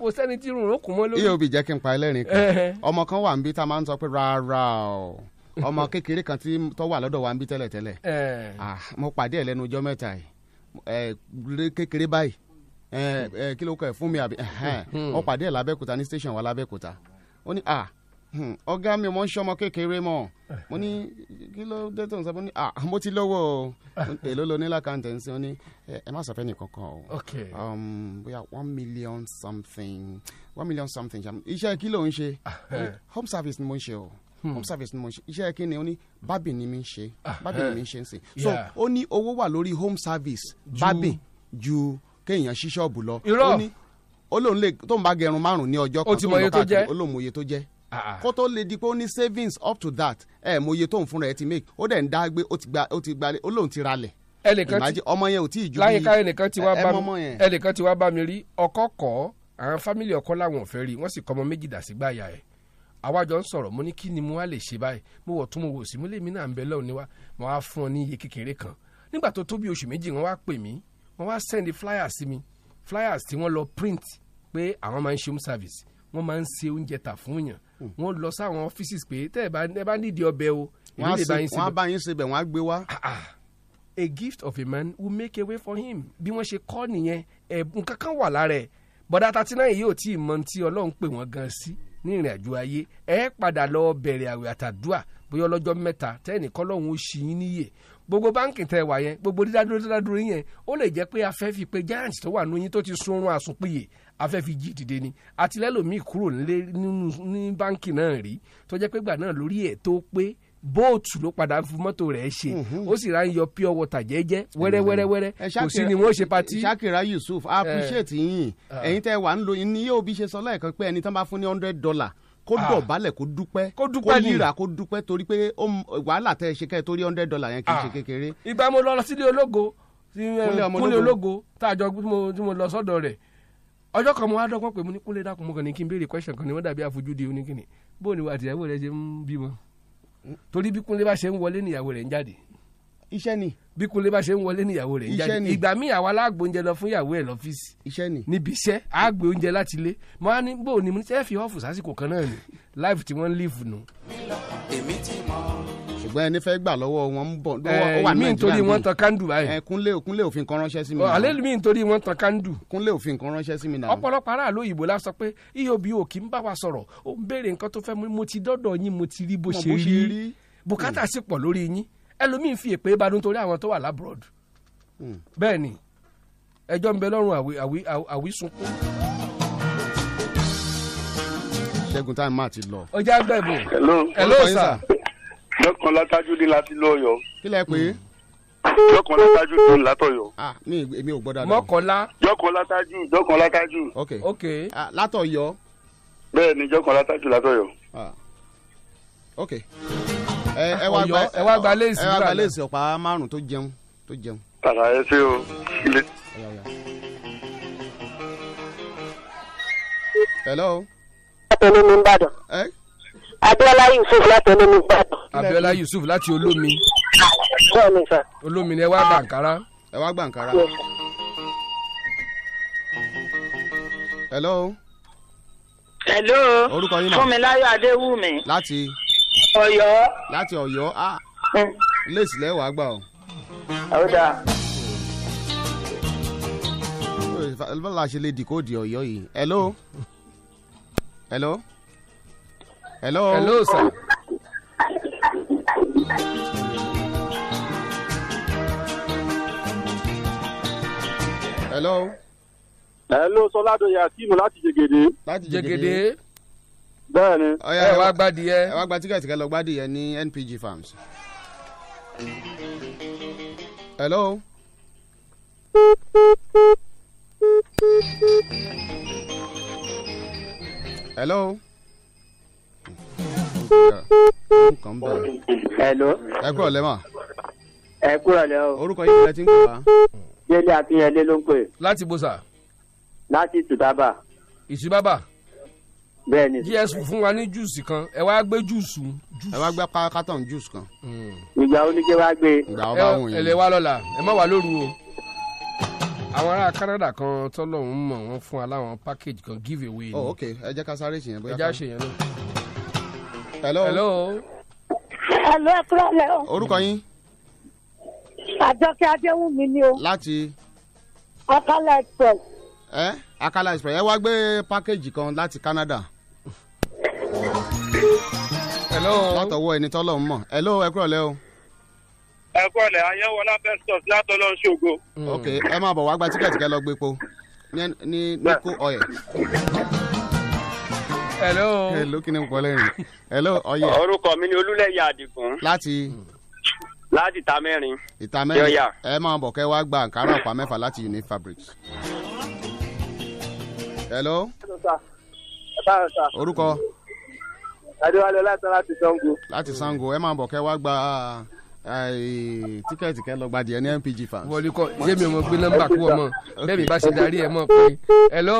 kò sẹ́ni tí irun rẹ̀ kù mọ́ lórí. iye òbí jẹ́ kí n pa ẹlẹ́rìn kan ọmọ kan wà níbi tá a máa ń sọ pé rárá o ọmọ kékeré kan tí tó wà lọ́dọ̀ wa ń bí tẹ́lẹ̀ tẹ́lẹ̀ mo pàdé ẹ̀ lẹ́nu ọjọ́ mẹ́ta yìí kékeré báyìí kí ló kọ ẹ̀ fún mi àbí hmm. mo pàdé ẹ̀ lábẹ́kúta ní station wa lábẹ́kúta ó ní ah ọ̀gá mi mo ń ṣọmọ kékeré mọ́ mo ní kí ló dé tó ń sọ mo ní ah mo ti lówó o èló lo ní lákàntẹ̀ ń sìn ó ní ẹ má sọ nìkan kan o um, bóyá one million something one million something iṣẹ́ kí ló ń ṣe ah, home service ni mo ń ṣe o. Hmm. observice ni mo ń ṣe iṣẹ́ kí ni ó ní bábì ni mi ń ṣe ah, bábì ni eh. mi ń ṣe ń sìn so ó ní owó wà lórí home service babi, ju kéèyàn ṣí ṣọ́ọ̀bù lọ ó ní ó lóun lè tóun bá gẹrun márùn ní ọjọ́ kan tó lọ káàkiri ó lóun mọ iye tó jẹ́ ah, ah. kó tó lè di pé ó ní savings up to that ẹ mọ iye tóun fúnra ẹ ti make ó dẹ̀ ń dá gbé ó ti gba ó ti gbalẹ̀ ó lóun ti ralẹ̀ ẹnìkan ti ọmọ yẹn ò tí ì ju bíi ẹnìkan ti wá ẹnìkan ti wá bá mi rí ọkọ kọ àwọn fámìlì ọkọ làwọn ò fẹ́ rí wọ́n sì kọ́ ọmọ méjì dà sí gbáyà ẹ̀ àwájọ ń sọ̀rọ̀ mo ní kí ni mo wá lè ṣe báyìí mo wọ̀ tún mo wò sí mo lè mí náà ń bẹ lọ́wọ́ níwá mo wá fún ọ ní iye kékeré kan nígbà tó tó oṣù méjì wọ́n wá pè mí wọ́n wá send flyers sí mi flyers tí wọ́n lọ print pé àwọn máa ń ṣe home service wọ́n máa ń ṣe oúnjẹ tà fún yàn wọ́n lọ sáwọn offices pé tẹ́ ẹ bá nídìí ọbẹ̀ o èmi lè bá wọ́n á bá yín síbẹ̀ wọ́n á gbé wá. Ah, ah. a gift of a man will make a way for him bí wọ́n ṣe kọ́ nìyẹn ẹ̀bùn kankan wà lára ẹ̀ bọ́dá thirty nine yìí tí ì mọ ti ọlọ́run pè wọ́n gan sí. Si ní ìrìn àjò ayé ẹ padà lọ bẹ̀rẹ̀ àwẹ̀ àtàdúà bóyá ọlọ́jọ́ mẹ́ta tẹ́ẹ̀nì kọ́lọ́hún ó ṣì yín níyè gbogbo báǹkì tẹ wà yẹn gbogbo dídádúró dídádúró yẹn ó lè jẹ́ pé afẹ́ fi pé giant tó wà lóyún tó ti sunrun àsùnpìyè afẹ́ fi jí dìde ni àtìlẹ́lòmíì kúrò ní báǹkì náà rí tó jẹ́ pé gbà náà lórí ẹ̀ tó pé bóòtù ló padà fi mọ́tò rẹ̀ ṣe mhm. ó sì ra ń yọ pure water jẹ́jẹ́ mhm. wẹ́rẹ́wẹ́rẹ́wẹ́rẹ́ kò sí ni wọ́n ṣe patí. Shakira Yusuf I eh. appreciate yín ah. ẹ̀yin tẹ́ wà ń lo ní yóò bí ṣe sọ lẹ́ẹ̀kan pé ẹni tán bá fún ní hundred dollar kó ah. dọ̀bálẹ̀ kó dúpẹ́ kó yíra kó dúpẹ́ torí pé wàhálà tẹ́ ẹ ṣe kẹ́ ẹ torí hundred dollar yẹn kì í ah. ṣe kékeré. ìgbà mo lọ sílé ológo eh, kúnlé ológo tá a jọ tí mo lọ sọ́dọ̀ rẹ̀ ọjọ́ kan mo wá dọ́gbọ́n pé mo ní kúnlé dákun mo kàn ní kí n béèrè question kan ní wọ́n dàbí àfojúdi oníkìnnì bóun ni wà á tìyàwó rẹ ṣe ń bímọ torí bí Kúnlé bá ṣe ń wọlé níyàwó rẹ̀ ń jáde. iṣẹ́ ni. bí Kúnlé bá ṣe ń wọlé níyàwó rẹ̀ ń jáde. iṣẹ́ ni. ìgbà míì àwa alágbó oúnjẹ lọ fún ìyàwó ẹ̀ lọ́fíìsì. iṣẹ́ ni. níbi iṣẹ́ àgbè oúnjẹ láti lé mo á ní bò ní mo ní sẹ́ẹ̀fì ọ̀fù sásìkò kan náà ni láìfù tí wọ́n ń lífù nù. èmi ti mọ̀ ọ́ ṣùgbọ́n ẹni fẹ́ gbà lọ́wọ́ wọn ń bọ̀ lọ́wọ́ eh, wà nàìjíríà mi nítorí wọn tan kandu báyìí. Eh, kúnlé kúnlé òfin kan ránṣẹ́ sí mi. Oh, àlẹ́ mi nítorí wọn tan kandu. kúnlé òfin kan ránṣẹ́ sí mi náà. ọ̀pọ̀lọpọ̀ aráàlú òyìnbó la sọ pé eob ò kì í bá wa sọ̀rọ̀ ó ń béèrè nǹkan tó fẹ́ mo ti dọ́dọ̀ yín mo ti rí bó ṣe rí bùkátà hmm. sì pọ̀ lórí yín ẹlòmíín fi èpè bá nítorí àwọn tó wà lábúròdù hmm. bẹ́ẹ̀ ni ẹjọ́ ń lọ. ọjà bẹ̀bù. hello hello sir lọ́kàn látájú ní láti hmm. lọ́yọ̀. kílẹ̀ pé. jọ́kan látájú tó ń látọ̀yọ̀. ah mi èmi ò gbọ́ dáadáa. mọ́kànlá. jọ́kan látájú jọ́kan látájú. ok ok ah, látọ̀yọ̀. bẹ́ẹ̀ ni jọ́kan látájú látọ̀yọ̀. ah ok. ẹ ẹ wá gba ẹ wá gba léèsì ẹ wá gba léèsì ọ̀pá márùn-ún tó jẹun tó jẹun. tàrà ẹ ṣe o. hello. látọ̀ ní mi ń bàdàn abiola yusuf láti olómi gbàdàn. abiola yusuf láti olómi. bẹ́ẹ̀ni sà. olómi ni ẹ wá gbàǹkárá. ẹ wá gbàǹkárá. hello. hello. orúkọ yín náà. fúnmiláyọ̀ adéwùmí. láti. ọ̀yọ́. láti ọ̀yọ́ a. Ah. léèsì lẹ́wàá gbà o. ó dáa. bọ́lá ṣe lè dìkóòdì ọ̀yọ́ yìí. hello. hello hello. hello sir. hello. hello sọládọ̀yà akíìmù láti Jegede. láti Jegede. bẹ́ẹ̀ni. ẹ wá gbadìyẹ. ẹ wá gba tíkẹ́ẹ̀tì kẹ́ lọ gbadìyẹ ní NPG Farms. hello. hello kàn bẹ̀rẹ̀. hello. ẹ kúrò lẹ́mà. ẹ kúrò lẹ́ o. orúkọ yìí lẹ ti ń pè wá. délé akínyẹlé ló ń pè. láti bòsà. láti ìtùbábà. ìtùbábà. bẹ́ẹ̀ni. gs fún wa ní júùsì kan ẹ wá gbé júùsù. ẹ wá gbé kátọ̀n júùsù kan. Hmm. ìgbà oníke wá gbé. ìgbà ọba òun yìí. ẹ lè wá lọ́la ẹ má wà lóru o àwọn ará Canada kan tọ́lọ́hún mọ̀ wọ́n fún wa láwọn package kan give away. oh ok ẹ jẹ́ ká sáré ṣèyẹn bóyá ká ẹ jẹ́ àṣeyẹn náà hello. hello. hello ẹ kúrò lẹ o. orúkọ yín. àjọkẹ́ adéwùmí ni o. láti. akala express. ẹ akala express ẹ wá gbé pákéjì kan láti Canada. hello. látọwọ́ ẹni tọ́lọ̀ ń mọ̀ hello ẹ kúrò lẹ o. ẹ kúrò lẹ ayéwọlá festus látọlọ́ ṣògo. ok ẹ máa bọ̀ wá gba tíkẹ́ẹ̀tì kẹ́ lọ gbé po ní ní ní kó ọyẹ hello. hello kí ni n hello ọyẹ. orúkọ mi ni olúlẹ̀yà àdìgún. láti. láti ìta mẹ́rin. ìta mẹ́rin ẹ máa bọ̀ kẹ́ wá gba àǹkárá ọ̀pá mẹ́fà láti unique fabrics. hello. orúkọ. adéwálé láti láti sango. láti sango ẹ máa bọ̀ kẹ́ wá gba tíkẹ́ẹ̀tì kẹ́ lọ díẹ̀ ní MPG fans. wọlé kọ yémi ọmọ gbé nọ́mbà kú ọmọ (laughs) bẹ́ẹ̀ mi bá ṣe darí ẹ mọ̀ pé hello.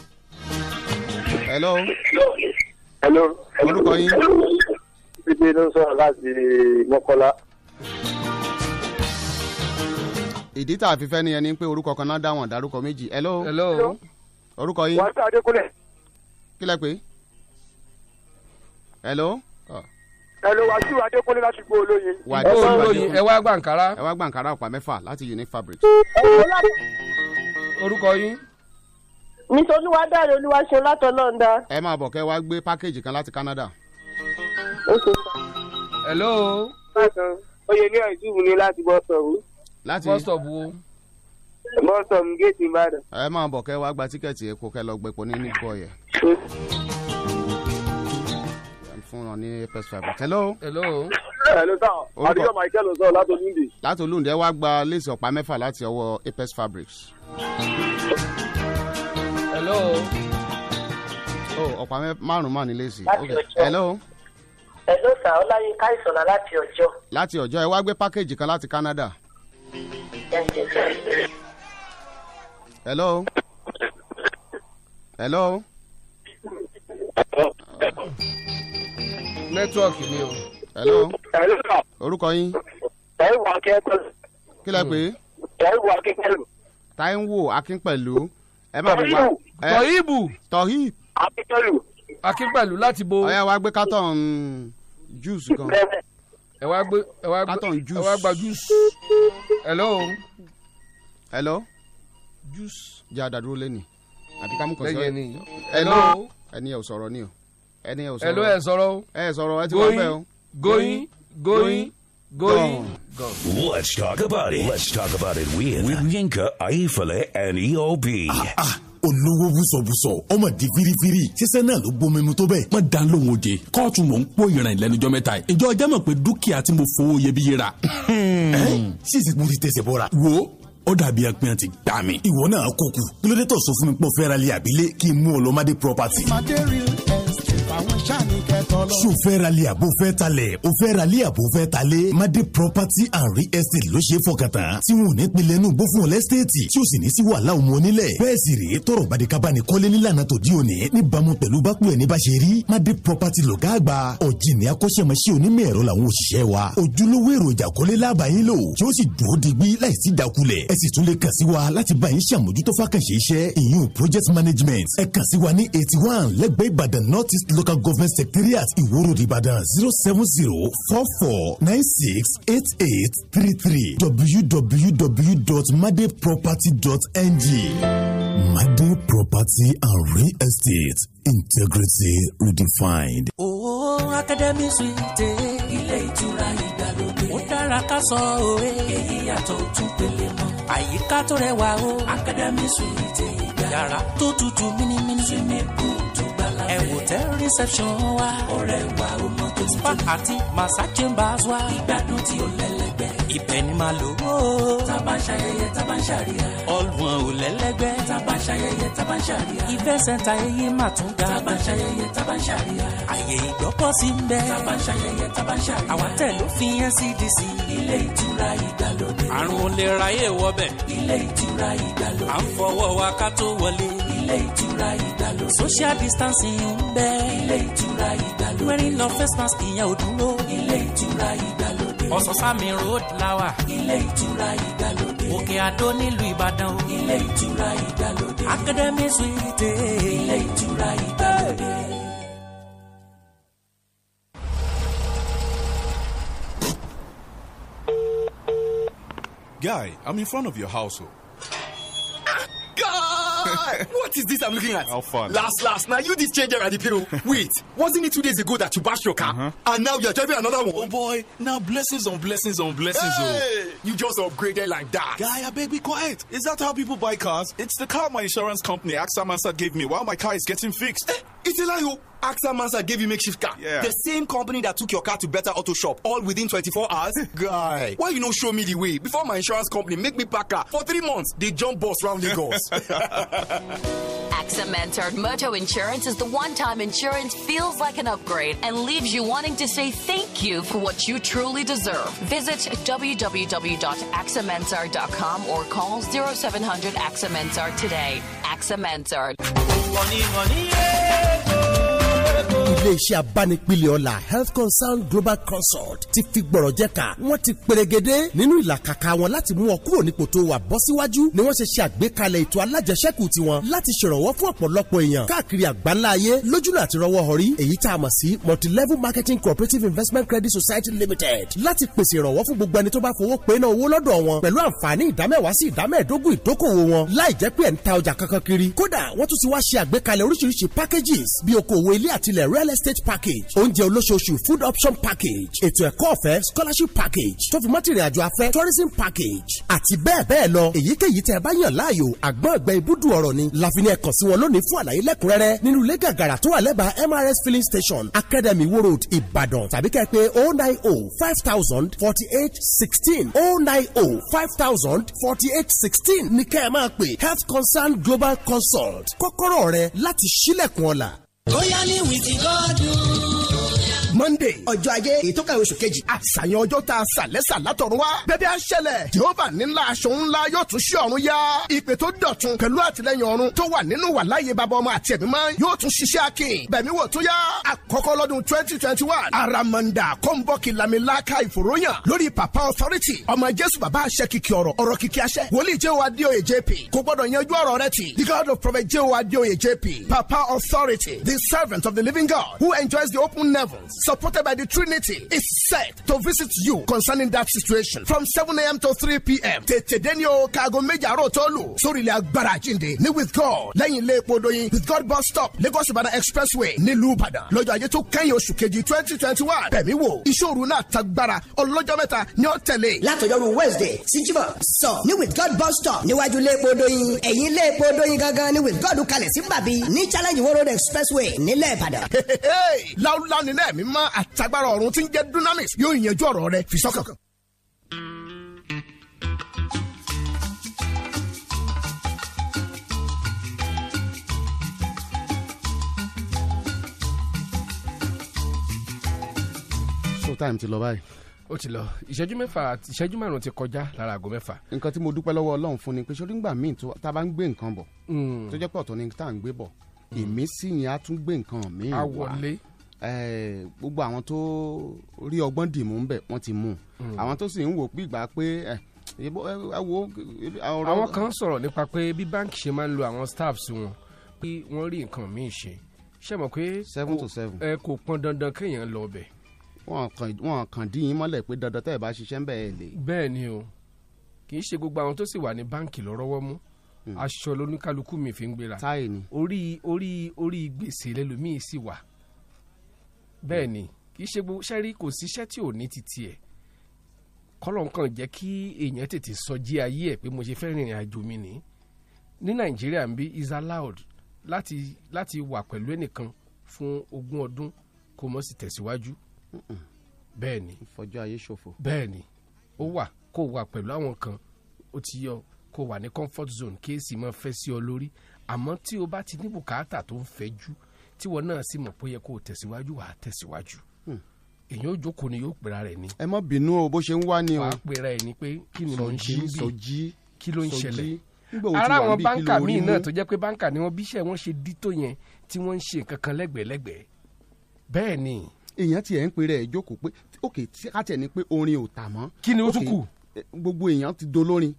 hello. hello. orúkọ yín. bíbí ló sọ̀rọ̀ láti mọ́kọ́lá. ìdí tá a fi fẹ́ ni ẹni pé orúkọ kan náà dáwọn dárúkọ méjì. hello. hello. orúkọ yín. wàá sáré kúlẹ̀. kí lẹ pé. hello. Hello. ẹ̀lò wàásù adékúnlé láti gbó olóyin. wàásù olóyin ẹ wá gbàǹkárá. ẹ wá gbàǹkárá ọ̀pá mẹ́fà láti unique fabric. orúkọ yín mi dáre olúwa ṣe látọlọ́ńdà. ẹ máa bọ̀ kẹ́ wá gbé pákéjì kan láti Canada. hello. bákan ní ọ̀jú mi ní láti bọ́ sọ̀rọ̀. láti bọ́ sọ̀rọ̀ wo. bọ́ sọ̀rọ̀ géètì Ìbàdàn. ẹ máa bọ̀ kẹ́ wá gba tíkẹ́ẹ̀tì epo kẹ́ lọ gbẹ̀pọ̀ ní nìkọ́ yẹ. fún ní first five. hello. hello. hello sir. àdìgbò Michael sọ látolúndé. látolúndé wá gba léèsì ọ̀pá mẹ́fà láti ọwọ́ Apex Fabrics. hello. Oh, ọ̀pá márùn-ún mà nílé sí. hello. hello sir ọláyínká ìsọ̀lá láti ọjọ́. láti ọjọ́ ẹ wá gbé pákéjì kan láti Canada. hello. hello. Network ni o. hello. hello sir. orúkọ yín. Táíwò Akínpẹ̀lú. kí lẹ pé. Táíwò Taiwo Akin Akínpẹ̀lú. ẹ má bọ̀ wá. tọ̀híbù. tọ̀híb. akínpẹ̀lú. akínpẹ̀lú láti bo. ọ̀yá wa gbé kátọ̀n um, juice kan. ẹ wá gbé ẹ wá gbé kátọ̀n juice. ẹ wá gba juice. hello. hello. juice. jẹ́ àdàdúró lẹ́nìí. àti ká mú kàn sọ́ọ́ lẹ́yìn hello. ẹni ẹ ò sọ̀rọ̀ ni o. ẹni ẹ ò sọ̀rọ̀. hello ẹ sọ̀rọ̀ o. ẹ sọ̀rọ̀ ẹ ti wá bẹ́ẹ̀ o. going going going. Going. Going. Let's talk about it. Let's talk about it with, with Yinka Aifale and EOB. Ah, ah. olówó búsọ̀búsọ̀ ọmọ di firifiri ṣiṣẹ́ náà ló gbóminú tó bẹ́ẹ̀. wọ́n dán lóhùn òde kóòtù mò ń pò ìrìn lẹ́nujọ́ mẹ́ta yìí ìjọ ọjà mọ̀ pé dúkìá tí mo fowó iyebíye rà. Hmm. ṣíṣe kúrò tẹsẹ̀ bọ́ra. wo ó dàbí apẹ́yàn ti gbà mí. ìwọ náà kókù kí ló dé tó sọ fún mi pé o ilé àbílẹ̀ kí n mú ọ lọ property àwọn sani kẹtọ lọ. sofẹ́ rali àbò fẹ́ talẹ̀ o fẹ́ rali àbò fẹ́ talẹ̀ madi property and real estate ló ṣe fọkàntán tí wọn ò ní pilẹ̀ inú bó fún ọ lẹ́sítẹ́ẹ̀tì tí o sì ní sí wàhálà òun onílẹ̀ bẹ́ẹ̀ sì rèé tọrọ badikaba ni kọ́lé nílànà tó di òní níbàámu pẹ̀lú bákú ẹni bá ṣe rí madi property lọ́gá àgbà ọ̀jìnì akọ́ṣẹ́mọṣẹ́ onímọ̀ làwọn òṣìṣẹ́ wa ojúlówó èròjà kọ́lé lába yín lò tí ó sì dúró digbí láìsí ìjákulẹ̀ ẹ sì tún lè kàn sí wa láti bá yín ṣàmójútó fákànṣe project management ẹ kàn eighty one lẹ́gbẹ̀ẹ́ Ìbàdàn north east local local government secretariat ìwòrò ìbàdàn zero seven zero four four nine six eight eight three three www.madeproperty.ng Made Property and Real Estate Integrity Redefined. Owó oh, Akademi Suite. Ilé ìtura ìgbàlódé. Ó dára ká sọ òwe. Èyí yàtọ̀ ojú pele mọ́. Àyíká tó rẹwà o. Akademi Suite Yàrá tó tutù mímímí. Swimming pool tó ẹ wò tẹ́ reception wa. ọ̀rẹ́ wa ó mọ tó ti tó. spa àti massa chambers wa. ìgbádùn tí ó lẹ́lẹ́gbẹ́. ibẹ̀ ni màá lò ó. tábà ń ṣayẹyẹ tábà ń ṣàríyá. ọlùwọ̀n ò lẹ́lẹ́gbẹ́. tábà ń ṣayẹyẹ tábà ń ṣàríyá. ìfẹ́ sẹ́ńtà eyé mà tún ga. tábà ń ṣayẹyẹ tábà ń àyè ìgbọ́pọ̀ sí ń bẹ. tábà ṣayẹyẹ tábà ń àwa tẹ̀ ló fi NCDC. ilé ìtura ìgbàlódé. àrùn olè ra wọbẹ̀. ilé ìtura ìgbàlódé. à ń fọwọ́ wa ká tó wọlé ilé ìtura social distancing ń bẹ. ilé ìtura wearing no face mask ìyẹn ò dúró. ilé road lawa. ilé ìtura òkè àdó nílùú ìbàdàn. ilé ìtura academy ilé ìtura Guy, I'm in front of your household. Oh what is this I'm looking at? How fun. Last, last, now you this changer at the pillow. Wait, wasn't it two days ago that you bashed your car? Uh-huh. And now you're driving another one? Oh boy, now blessings on blessings on blessings. Oh. Hey! You just upgraded like that. Guy, I beg be quiet. Is that how people buy cars? It's the car my insurance company, AXA Mansard, gave me while my car is getting fixed. Eh, it's Elayo. Oh. AXA Mansa gave you makeshift car. Yeah. The same company that took your car to Better Auto Shop, all within 24 hours. (laughs) Guy, why you no show me the way? Before my insurance company make me pack car for three months, they jump boss round Lagos. (laughs) AXA mentored moto insurance is the one-time insurance feels like an upgrade and leaves you wanting to say thank you for what you truly deserve. Visit www.axamentor.com or call 0700 AXA Mentor today. AXA Mentor. Money, money, yeah. iléeṣẹ́ abánipilẹ̀ ọ̀la health concern global consult ti fi gbọ̀rọ̀ jẹ́ ká wọ́n ti pèrègede nínú ìlàkàkà wọn láti mú ọ kúrò nípò tó wà bọ́ síwájú ni wọ́n ṣe ṣe àgbékalẹ̀ ètò alájẹsẹ́kù tiwọn láti ṣèrànwọ́ fún ọ̀pọ̀lọpọ̀ èèyàn káàkiri àgbáńlá ayé lójúnà àti rọwọ́ ọ̀rí èyí tá a mọ̀ sí multilevel marketing cooperative investment credit society limited láti pèsè ìrànwọ́ fún gbogbo ẹni tó bá fowó pe náà owó lọ́dọ̀ wọn pẹ̀lú àǹfààní ìdámẹ́wàá sí ìdámẹ́ẹ̀dógún ìdókòwò wọn láì jẹ́ pé ẹ̀ ń ta ọjà kankan kiri kódà wọ́n tún ti wá ṣe estate package oúnjẹ olóṣooṣù food option package ètò ẹ̀kọ́ ọ̀fẹ́ scholarship package tó fi mọ́tìrìn àjò afẹ́ tourism package àti bẹ́ẹ̀ bẹ́ẹ̀ lọ èyíkéyìí tẹ́ ẹ bá yàn láàyò àgbọ̀n ẹgbẹ́ ibùdó ọ̀rọ̀ ni láfi ní ẹ kàn sí wọn lónìí fún àlàyé lẹ́kùnrẹ́rẹ́ nínú ilé gàgàrà tó wà lẹ́bàá MRS filling station Academy Iwo Road Ìbàdàn tàbí kẹ́ pé oh nine oh five thousand forty eight sixteen oh nine oh five thousand forty eight sixteen ni kẹ́ ẹ máa pè Health Concern Global Consult kọ́kọ́rọ́ rẹ láti ṣílẹ̀kùn ọ̀la bóyá ní wìsí gọ́dún monday ọjọ́ ajé ìtọ́kàwé oṣù kejì àṣàyàn ọjọ́ ta sàlẹ́sà látọ̀run wá bẹ́ẹ̀ bí a ṣẹlẹ̀ jehova nílá aṣọ ńlá yóò tún ṣí ọ̀run yá ìpè tó dọ̀tun pẹ̀lú àtìlẹyìn ọ̀run tó wà nínú wà láàyè bàbá ọmọ àti ẹ̀mí máa yóò tún ṣiṣẹ́ akin bẹ̀mí wò tún yá àkọ́kọ́ lọ́dún twenty twenty one aramanda kọ́ńbọ́ọ̀kì lamilaka ìfòròyàn lórí papa authority ọmọ jésù bàbá àṣẹ kìkì ọ̀rọ̀ ọ̀rọ̀ kìkì àṣẹ wòlíì jẹ́ wa dí oyè kò gbọ́dọ̀ yanjú ọ̀rọ̀ rẹ ti the god of prophet jẹ́ wa dí oyè papa authority the servant of the living god who enjoys the open heavens supported by the Trinity, is set to visit you concerning that situation from 7 a.m. to 3 p.m. Tètèdé ní o kaago méjì àárọ̀ tó lù sórílẹ̀ agbára àjíǹde ní with God lẹ́yìn ilé epo doyin with God bus stop Lagos Ibadan expressway nílùú Ìbàdàn lọ́jọ́ ajé tó kẹ́yìn oṣù kejì twenty twenty one bẹ̀mí wò ìṣòro náà tagbára ọlọ́jọ́ mẹ́ta ni ó tẹ̀lé. látọjọ́rú Wednesday sí jímọ̀ sọ ní with God bus stop níwájú ilé epo doyin ẹ̀yìn ilé epo doyin gangan ni with God kalẹ̀ sí bàbí ní challenge world expressway hey hey. láúláú nílẹ̀ mímọ́ ìmọ̀ àtagbára ọ̀run tí ń jẹ́ dunamis yóò yanjú ọ̀rọ̀ rẹ fi sọ́kàn. so time ti lọ báyìí ó ti lọ ìṣẹ́jú mẹ́fà ìṣẹ́jú márùn-ún ti kọjá lára aago mẹ́fà. nǹkan tí mo dúpẹ́ lọ́wọ́ ọlọ́run fún ni pé sórí ńgbà míì tá a bá ń gbé nǹkan bọ̀ hmm. tó jẹ́ pé ọ̀tọ̀ ni tá à ń gbé bọ̀ hmm. ìmísí yẹn á tún gbé nǹkan míì wá. Eh, gbogbo àwọn tó rí ọgbọ́n dìmú ń bẹ̀ wọ́n ti mú un hmm. àwọn tó sì ń wò pé ìgbà pé eh, àwọn kan sọ̀rọ̀ nípa pé bí báńkì ṣe máa ń lo àwọn staffs wọn pé wọ́n rí nǹkan míì ṣe ṣe mọ̀ pé seven to seven ẹ kò pọn dandan kéèyàn lọ bẹ̀. wọn kàn dín mọ́lẹ̀ pé dandan tẹ́ ẹ bá ṣiṣẹ́ ń bẹ̀ ẹ bẹ́ẹ̀ ni o kì í ṣe gbogbo àwọn tó sì wà ní báńkì lọ́rọ́wọ́ mú hmm. aṣọ lóníkálukú mi fi ń gbéra. táyì ni. orí orí orí gbèsè lẹ́lòmíì sì wà bẹ́ẹ̀ ni kì í ṣe gbogbo ṣẹ́rí kò sí iṣẹ́ tí ò ní titi ẹ̀ kọ́lọ̀ nǹkan jẹ́ kí èèyàn tètè sọjí ayé ẹ̀ pé mo ṣe fẹ́ rìnrìn àjò mi ní ní nàìjíríà ń bí is allowed láti láti wà pẹ̀lú ẹnìkan fún ogún ọdún kó mọ̀ sí tẹ̀síwájú bẹ́ẹ̀ ni ìfọjọ́ ayé ṣòfò bẹ́ẹ̀ ni ó wà kó wà pẹ̀lú àwọn kan ó ti yọ kó wà ní comfort zone kí èsì máa fẹ́ sí ọ lórí àmọ́ tí o bá ti ní tó ń fẹ́ jù tíwọ náà sì mọ̀ pé yẹ kó o tẹ̀síwájú wàá tẹ̀síwájú hmm. èyàn òjòkó ni yóò pera rẹ̀ ni. ẹ má bínú o bó ṣe ń wá ni o. wàá pera ẹ ni pé kí ni mo ń ṣe bí kí ló ń ṣẹlẹ̀ ara àwọn báńkà míì náà tó jẹ́ pé báńkà ni wọ́n bíṣẹ́ wọ́n ṣe dítò yẹn tí wọ́n ń ṣe nǹkan kan lẹ́gbẹ̀ẹ́lẹ́gbẹ̀ẹ́ bẹ́ẹ̀ ni. èèyàn tiẹ̀ ń pèrè ẹ̀ jókòó pé òkè tí a tẹ̀ ni pé orin ò tà mọ́. kí ni ó tún kù. Eh, gbogbo èèyàn ti dolórin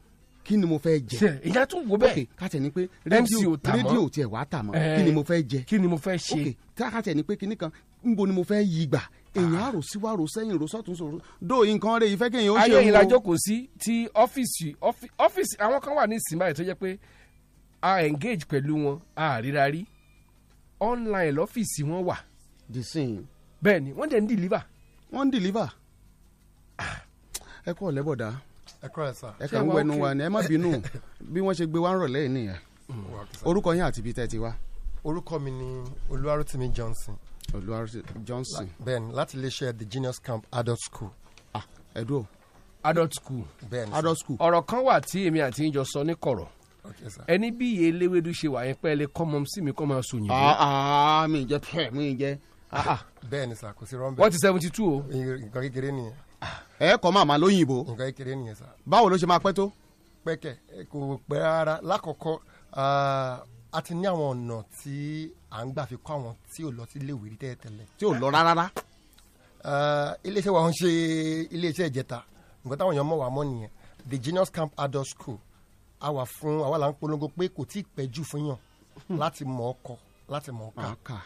kí ni mo fẹ́ jẹ. ṣe ìyá tún wo bẹ́ẹ̀. ok káṣẹ ni pé rédíò rédíò tiẹ̀ wá tà mọ́ kí ni mo fẹ́ jẹ. kí ni mo fẹ́ ṣe. ok káṣẹ ni pé kíní kan nbo ni mo fẹ́ yí gbà èèyàn àrò ah. síwárò sẹ́yìn rò sọ́tún sọ̀rọ̀ dó nǹkan rẹ̀ ìfẹ́ kéèyàn ó ṣe wò. ayé ìlàjọ kò sí ti ọ́fíìsì ọ́fíìsì àwọn kan wà ní ìsìnbá yìí tó jẹ́ pé a engage pẹ̀lú wọn a ríra rí online lọ́fíìsì wọn wà. the same. bẹ́ẹ̀ni wọ́n dẹ̀ ń deliver. wọ́n ń deliver. Ah. ẹ kọ́ ọ̀lẹ́bọ̀dá ẹ kàn ń wẹnu wa ni ẹ má bínú bí wọ́n ṣe gbé wa ń rọ̀lẹ́ yìí nìyẹn mm. orúkọ yín àti ibi tẹ́ ti wá. orúkọ mi ni olúwarotimi johnson. olúwarotimi johnson. bẹ́ẹ̀ni láti iléeṣẹ́ the genius camp adult school. ah ẹdùn o. adult school. bẹ́ẹ̀ni adult school. ọ̀rọ̀ kan wà tí èmi àti yín jọ sọ ní kọ̀rọ̀ ẹni bí iye eléwédú ṣe wà yẹn pẹ́ lè kọ́ mọ́ sí mi kọ́ máa sùn yìí. Ah, ah, mi jẹ pẹ mi jẹ. bẹ́ẹ̀ni sà kò sí rọmbẹ. wọ́n ti seventy two o. nǹkan kékeré nìyẹn ẹ kọ́ màmá lóyìnbó. nǹkan kékeré nìyẹn sá. báwo ló ṣe máa pẹ́ tó. pẹ́kẹ́ kò pẹ́ rárá lákọ̀ọ́kọ́ a ti ní àwọn ọ̀nà tí à ń gbà fi kọ́ àwọn tí ò lọ sí iléèwé rí tẹ́lẹ̀tẹ́lẹ̀. tí ò lọ rárá. iléeṣẹ́ wa ń ṣe iléeṣẹ́ ìjẹta nǹkan táwọn èèyàn mọ̀ wá mọ́ nìyẹn the genius camp adult school a wà fún àwa là ń polongo pé kò tí ì pẹ́ jù fún yàn láti mọ̀ ọ́ kọ́ láti mọ̀ ọ́ kà.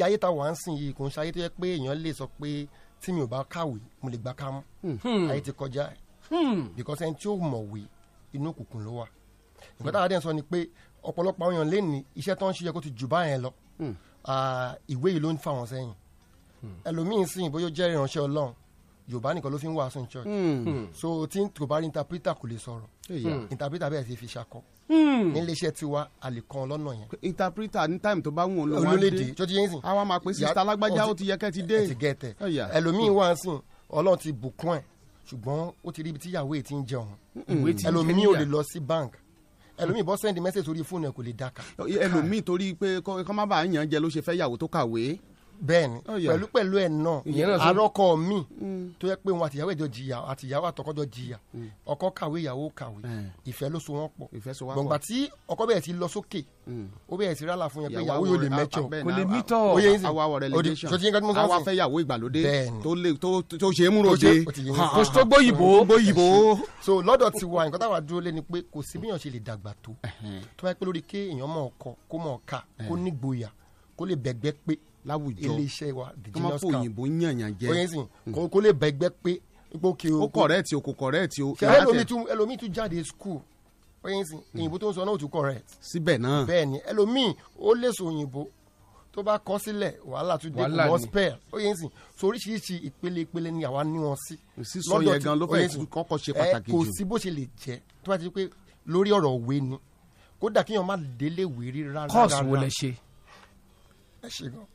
yáyé táwọn à ń sìn yìí kò ń ṣayé tó yẹ pé èèyàn lè sọ pé tí mi ò bá kàwé mo lè gba kámú hmm. hmm. ayé ti kọjá hmm. because ẹni tí ó mọ̀wé inú òkùnkùn ló wà nǹkan tá a dẹ́n sọ ni pé ọ̀pọ̀lọpọ̀ àwọn èèyàn lé ní iṣẹ́ tó ń ṣe yẹ kó ti jù báyẹn lọ ìwé yìí ló ń fà wọ́n sẹ́yìn ẹlòmíín sìn bóyá ó jẹ́ ìránṣẹ́ ọlọ́run yorùbá nìkan ló fi ń wàásù ní church so tí kò bá rí interpreter kò lè sọ̀rọ̀ interpreter bẹ́ẹ̀ sì fi ṣakọ Hmm. nílé iṣẹ́ tiwa àlìkan lọ́nà yẹn. interpreter ní time tó bá wù ú lọ wọn dé tó ti yẹn sìn. àwa máa pè sista alágbájá ó ti yẹ kẹ́ ti dé. ẹ ti gẹ tẹ ẹlòmíín wà ń sìn ọlọ́run ti bùkún ẹ̀ ṣùgbọ́n ó ti rí ibi tíyàwó ẹ̀ ti ń jẹun hmm. ẹlòmíín ò lè lọ sí bank ẹlòmíì bọ́ sẹ́ndì mẹ́sẹ̀ torí fóònù ẹ̀ kò lè dáka. ẹlòmíì torí pé kọ́ má bàa yàn jẹ ló ṣe fẹ́ yàwó tó kàwé bẹ́ẹ̀ni oh, pẹ̀lú pẹ̀lú ẹ náà arọkọ mi mm. tó yẹ pé wọn àtìyàwó ẹjọ jìyà àtìyàwó àtọkọ jọ jìyà mm. ọkọ kàwé ìyàwó kàwé eh. ìfẹ́ ló so wọn pọ̀ gbọngbà tí ọkọ bẹ̀rẹ̀ ti lọ sókè mm. ó bẹ̀rẹ̀ ti rálà fún yẹn pé ìyàwó yóò lè mẹjọ kò lè mí tọ oye ń sè odi sọtí yín kájú mọ sáwọn sè àwa fẹ́ ìyàwó ìgbàlódé tó ṣe é múrò de tó gbóyìnbó gbóyìnbó. so lọ́dọ̀ ti wa nǹkan táwa dúró lé ni pé kò sí bí èèyàn ṣe lè dàgbà tó tó bá yẹ pé lórí kéèyàn mọ̀ ọkọ kó mọ̀ ọ̀ka kó eh. nígboyà kó lè bẹ̀gbẹ́ pé láwùjọ iléeṣẹ́ wa the genius camp kọ́mọ́pọ̀ òyìnbó yànyàn jẹ́ oyin sìn hmm. kó lè bẹ ẹgbẹ́ pé ipò kí o. ó correct o kò correct o. kí o tún ẹlòmíì tún jáde school oyin sìn hmm. òyìnbó tó ń sọ náà ó tún correct. síbẹ̀ náà bẹ́ẹ̀ ni ẹlòmíì ó lè sọ òyìnbó tó bá kọ sílẹ̀ wàhálà tún dé kò lọ spẹ́ẹ̀ ó yẹn sìn so oríṣiríṣi ìpele ìpele ni àwa ní wọn sí. sísọ yẹn gan ló fẹ́ẹ́ tún kọ́kọ́ ṣe pàtàkì jù. kò sí bó ṣe lè jẹ́ tó bá ti pé lórí ọ̀rọ̀ òwe ni kódà kíyàn má délé wèrí rárá. kọ́ọ̀sì wo lẹ ṣe. ẹ ṣe gan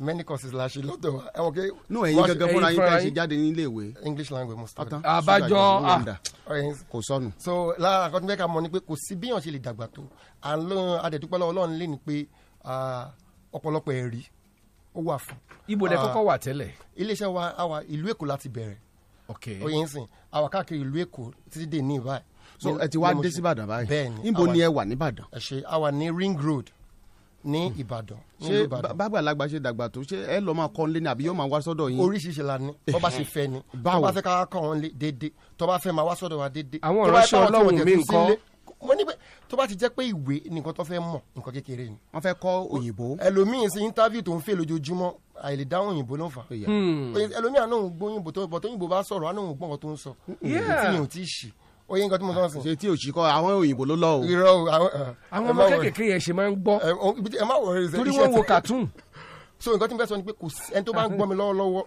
many courses la ṣe lọ́dọ̀ wa ẹ̀wọ̀n kẹ́. no ẹ̀yin gẹ́gẹ́ fúnra yín fẹ́ ṣe jáde nílé ìwé. english language must study. àbájọ ah. kò sọnù. so lára àkọ́tún bẹ́ẹ̀ ká mọ̀ ni pé kò sí bíyàn ṣe lè dàgbà tó à ń lọ́n adẹ̀dúpẹ́lẹ́ ọlọ́run lé ni pé ọ̀pọ̀lọpọ̀ ẹ̀rí ó wà fún. ibo lẹ kọ́kọ́ wà tẹ́lẹ̀. iléeṣẹ́ wa àwa ìlú èkó láti bẹ̀rẹ̀. ok oye ń sìn àwa káàkiri ìlú èkó títí dé ní ìbáyìí. so ẹ ti wá dé sí báyìí. bẹ́ẹ̀ni àwa níbo ni ẹ wà ní ẹ ṣe àwa ní ring road ní hmm. ìbàdàn. ṣé bàgbàlagbà ṣe dàgbà tó ṣé ẹ lọ́ọ́ máa kọ́ ọ́n lé ní àbí yóò máa wá sọ́dọ̀ yín. oríṣiríṣi la ní tó bá hmm. fẹ́ ni tó fẹ́ ká kọ́ ọ́n lé déédéé tó fẹ́ máa wá sọ́dọ̀ wa déédéé. àwọn ìránṣẹ́ ọlọ́run mi nǹkan. mo ní ti jẹ́ pé ìwé nìkan tó fẹ́ mọ̀ nǹkan kékeré ni. wọ́n fẹ́ kọ́ òyìnbó. ẹlòmíín sí interview tó ń fẹ́ lójoojúmọ́ àìlè ó nǹkan tí mo sọ sìn. ṣe tí òṣì kọ àwọn òyìnbó ló lọ o. irọ́ o àwọn. àwọn ọmọ kékèké yẹn ṣe máa ń gbọ́. ẹ má wọrí iṣẹ́ torí wọ́n wo cartoon. so nǹkan tí mo fẹ́ sọ ni pé kò sí ẹni tó bá ń gbọ́ mi lọ́wọ́lọ́wọ́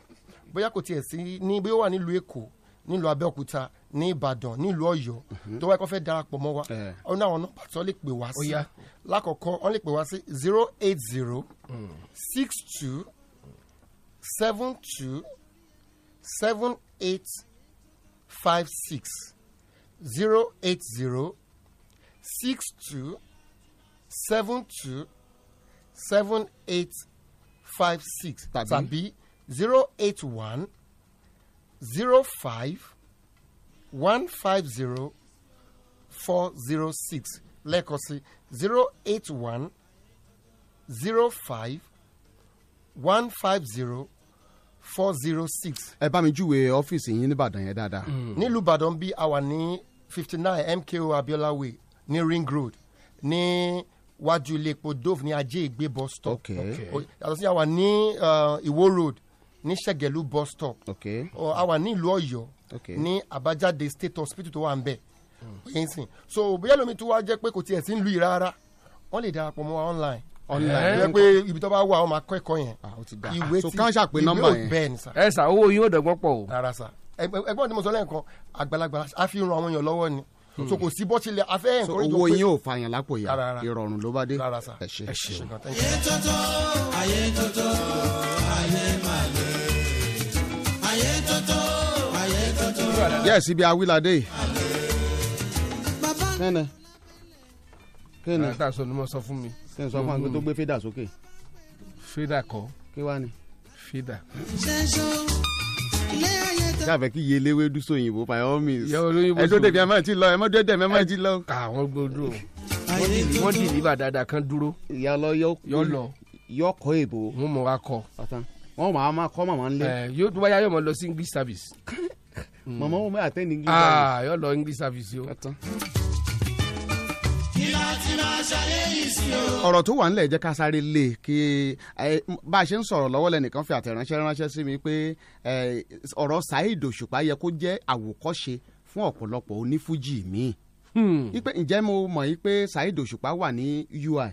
bóyá kò tiẹ̀ sí ní bóyá wà nílùú Èkó nílùú Abẹ́òkúta ní Ìbàdàn nílùú Ọ̀yọ́ mhm. tó wáyé kó fẹ́ darapọ̀ mọ́ wa ọ̀nà àwọn nọ́mbà tó lè pè wá sí lákọ̀ọ́kọ́ wọ́n lè pè wá sí zero eight zero mm. six two seven two seven eight five six zero eight zero six two seven two seven eight five six tàbí zero eight one zero five one five zero four zero six lẹ́ẹ̀kan sí zero eight one zero five one five zero four zero six. ẹ bá mi júwe ọ́fíìsì yín ní Ìbàdàn yẹn dáadáa. Hmm. nílùú Ìbàdàn bí a wà ní fifty nine MKO Abiola Way ní Ring Road ní wájú ilé epo Dove ní ajé ìgbé bus stop yàtọ̀ sí àwa ní uh, Ìwó Road ní Ṣẹ̀gẹ̀lú bus stop àwa ní ìlú Ọ̀yọ́ ní àbájáde state hospital tó wà ń bẹ̀ so bóyá lómi tó wá jẹ́ pé kò tiẹ̀ sí ń rárá wọ́n lè darapọ̀ mọ́ wa online online yẹ pé ibi tó bá wà ọ máa kọ́ ẹ̀kọ́ yẹn ah, ìwé tí ìwé ò bẹ́ẹ̀ ni sà. ẹ sà owó yín ò dọ́gbọ́n o. rárá sà ẹgbọ́n tí mo sọ lẹ́ẹ̀kan àgbàlagbà a fi ran àwọn èèyàn lọ́wọ́ ni hmm. so kò sí bọ́sílẹ̀ afẹ́ ẹ̀ kọ́rí owó yín ò fààyàn lápò yá ìrọ̀rùn ló bá dé ẹ ṣe ẹ ṣe. ayé tótó ayé kẹ́nẹ̀ kẹ́nẹ̀. sọ ni mo sọ fún mi. kẹ́nẹ̀ sọ fún mi tó gbé fídà sókè. fídà kọ́. kí wàá ni. fídà sáfẹ́ kí iye eléwé dúsó òyìnbó by all means ẹ tó débi ẹ má ti lọ ẹ má dé dẹ̀ ẹ má ti lọ. àwọn ah, gbọdọ wọn dì níbà dáadáa kan dúró. ìyá lọ yọ yọ kọ èbó. wọn mọ wa kọ. wọn mọ àwọn akọ màmá ń lé. Eh, yóò tó báyà yóò mọ lọ sí english service. (laughs) màmá hmm. wọn bẹ àtẹ ní english ah, service. yóò lọ english service o ọ̀rọ̀ tó wà nílẹ̀ jẹ́ ká sáré lé e, kí bá a ṣe ń sọ̀rọ̀ lọ́wọ́ lẹ́nìkan fi àtẹ̀ránṣẹ́ ránṣẹ́ sí mi pé ọ̀rọ̀ Saheed Òṣùpá yẹ kó jẹ́ àwòkọ́ṣe fún ọ̀pọ̀lọpọ̀ onífújì míì. Hmm. ipe ǹjẹ́ mo mọ̀ yí pé Saheed Òṣùpá wà ní UI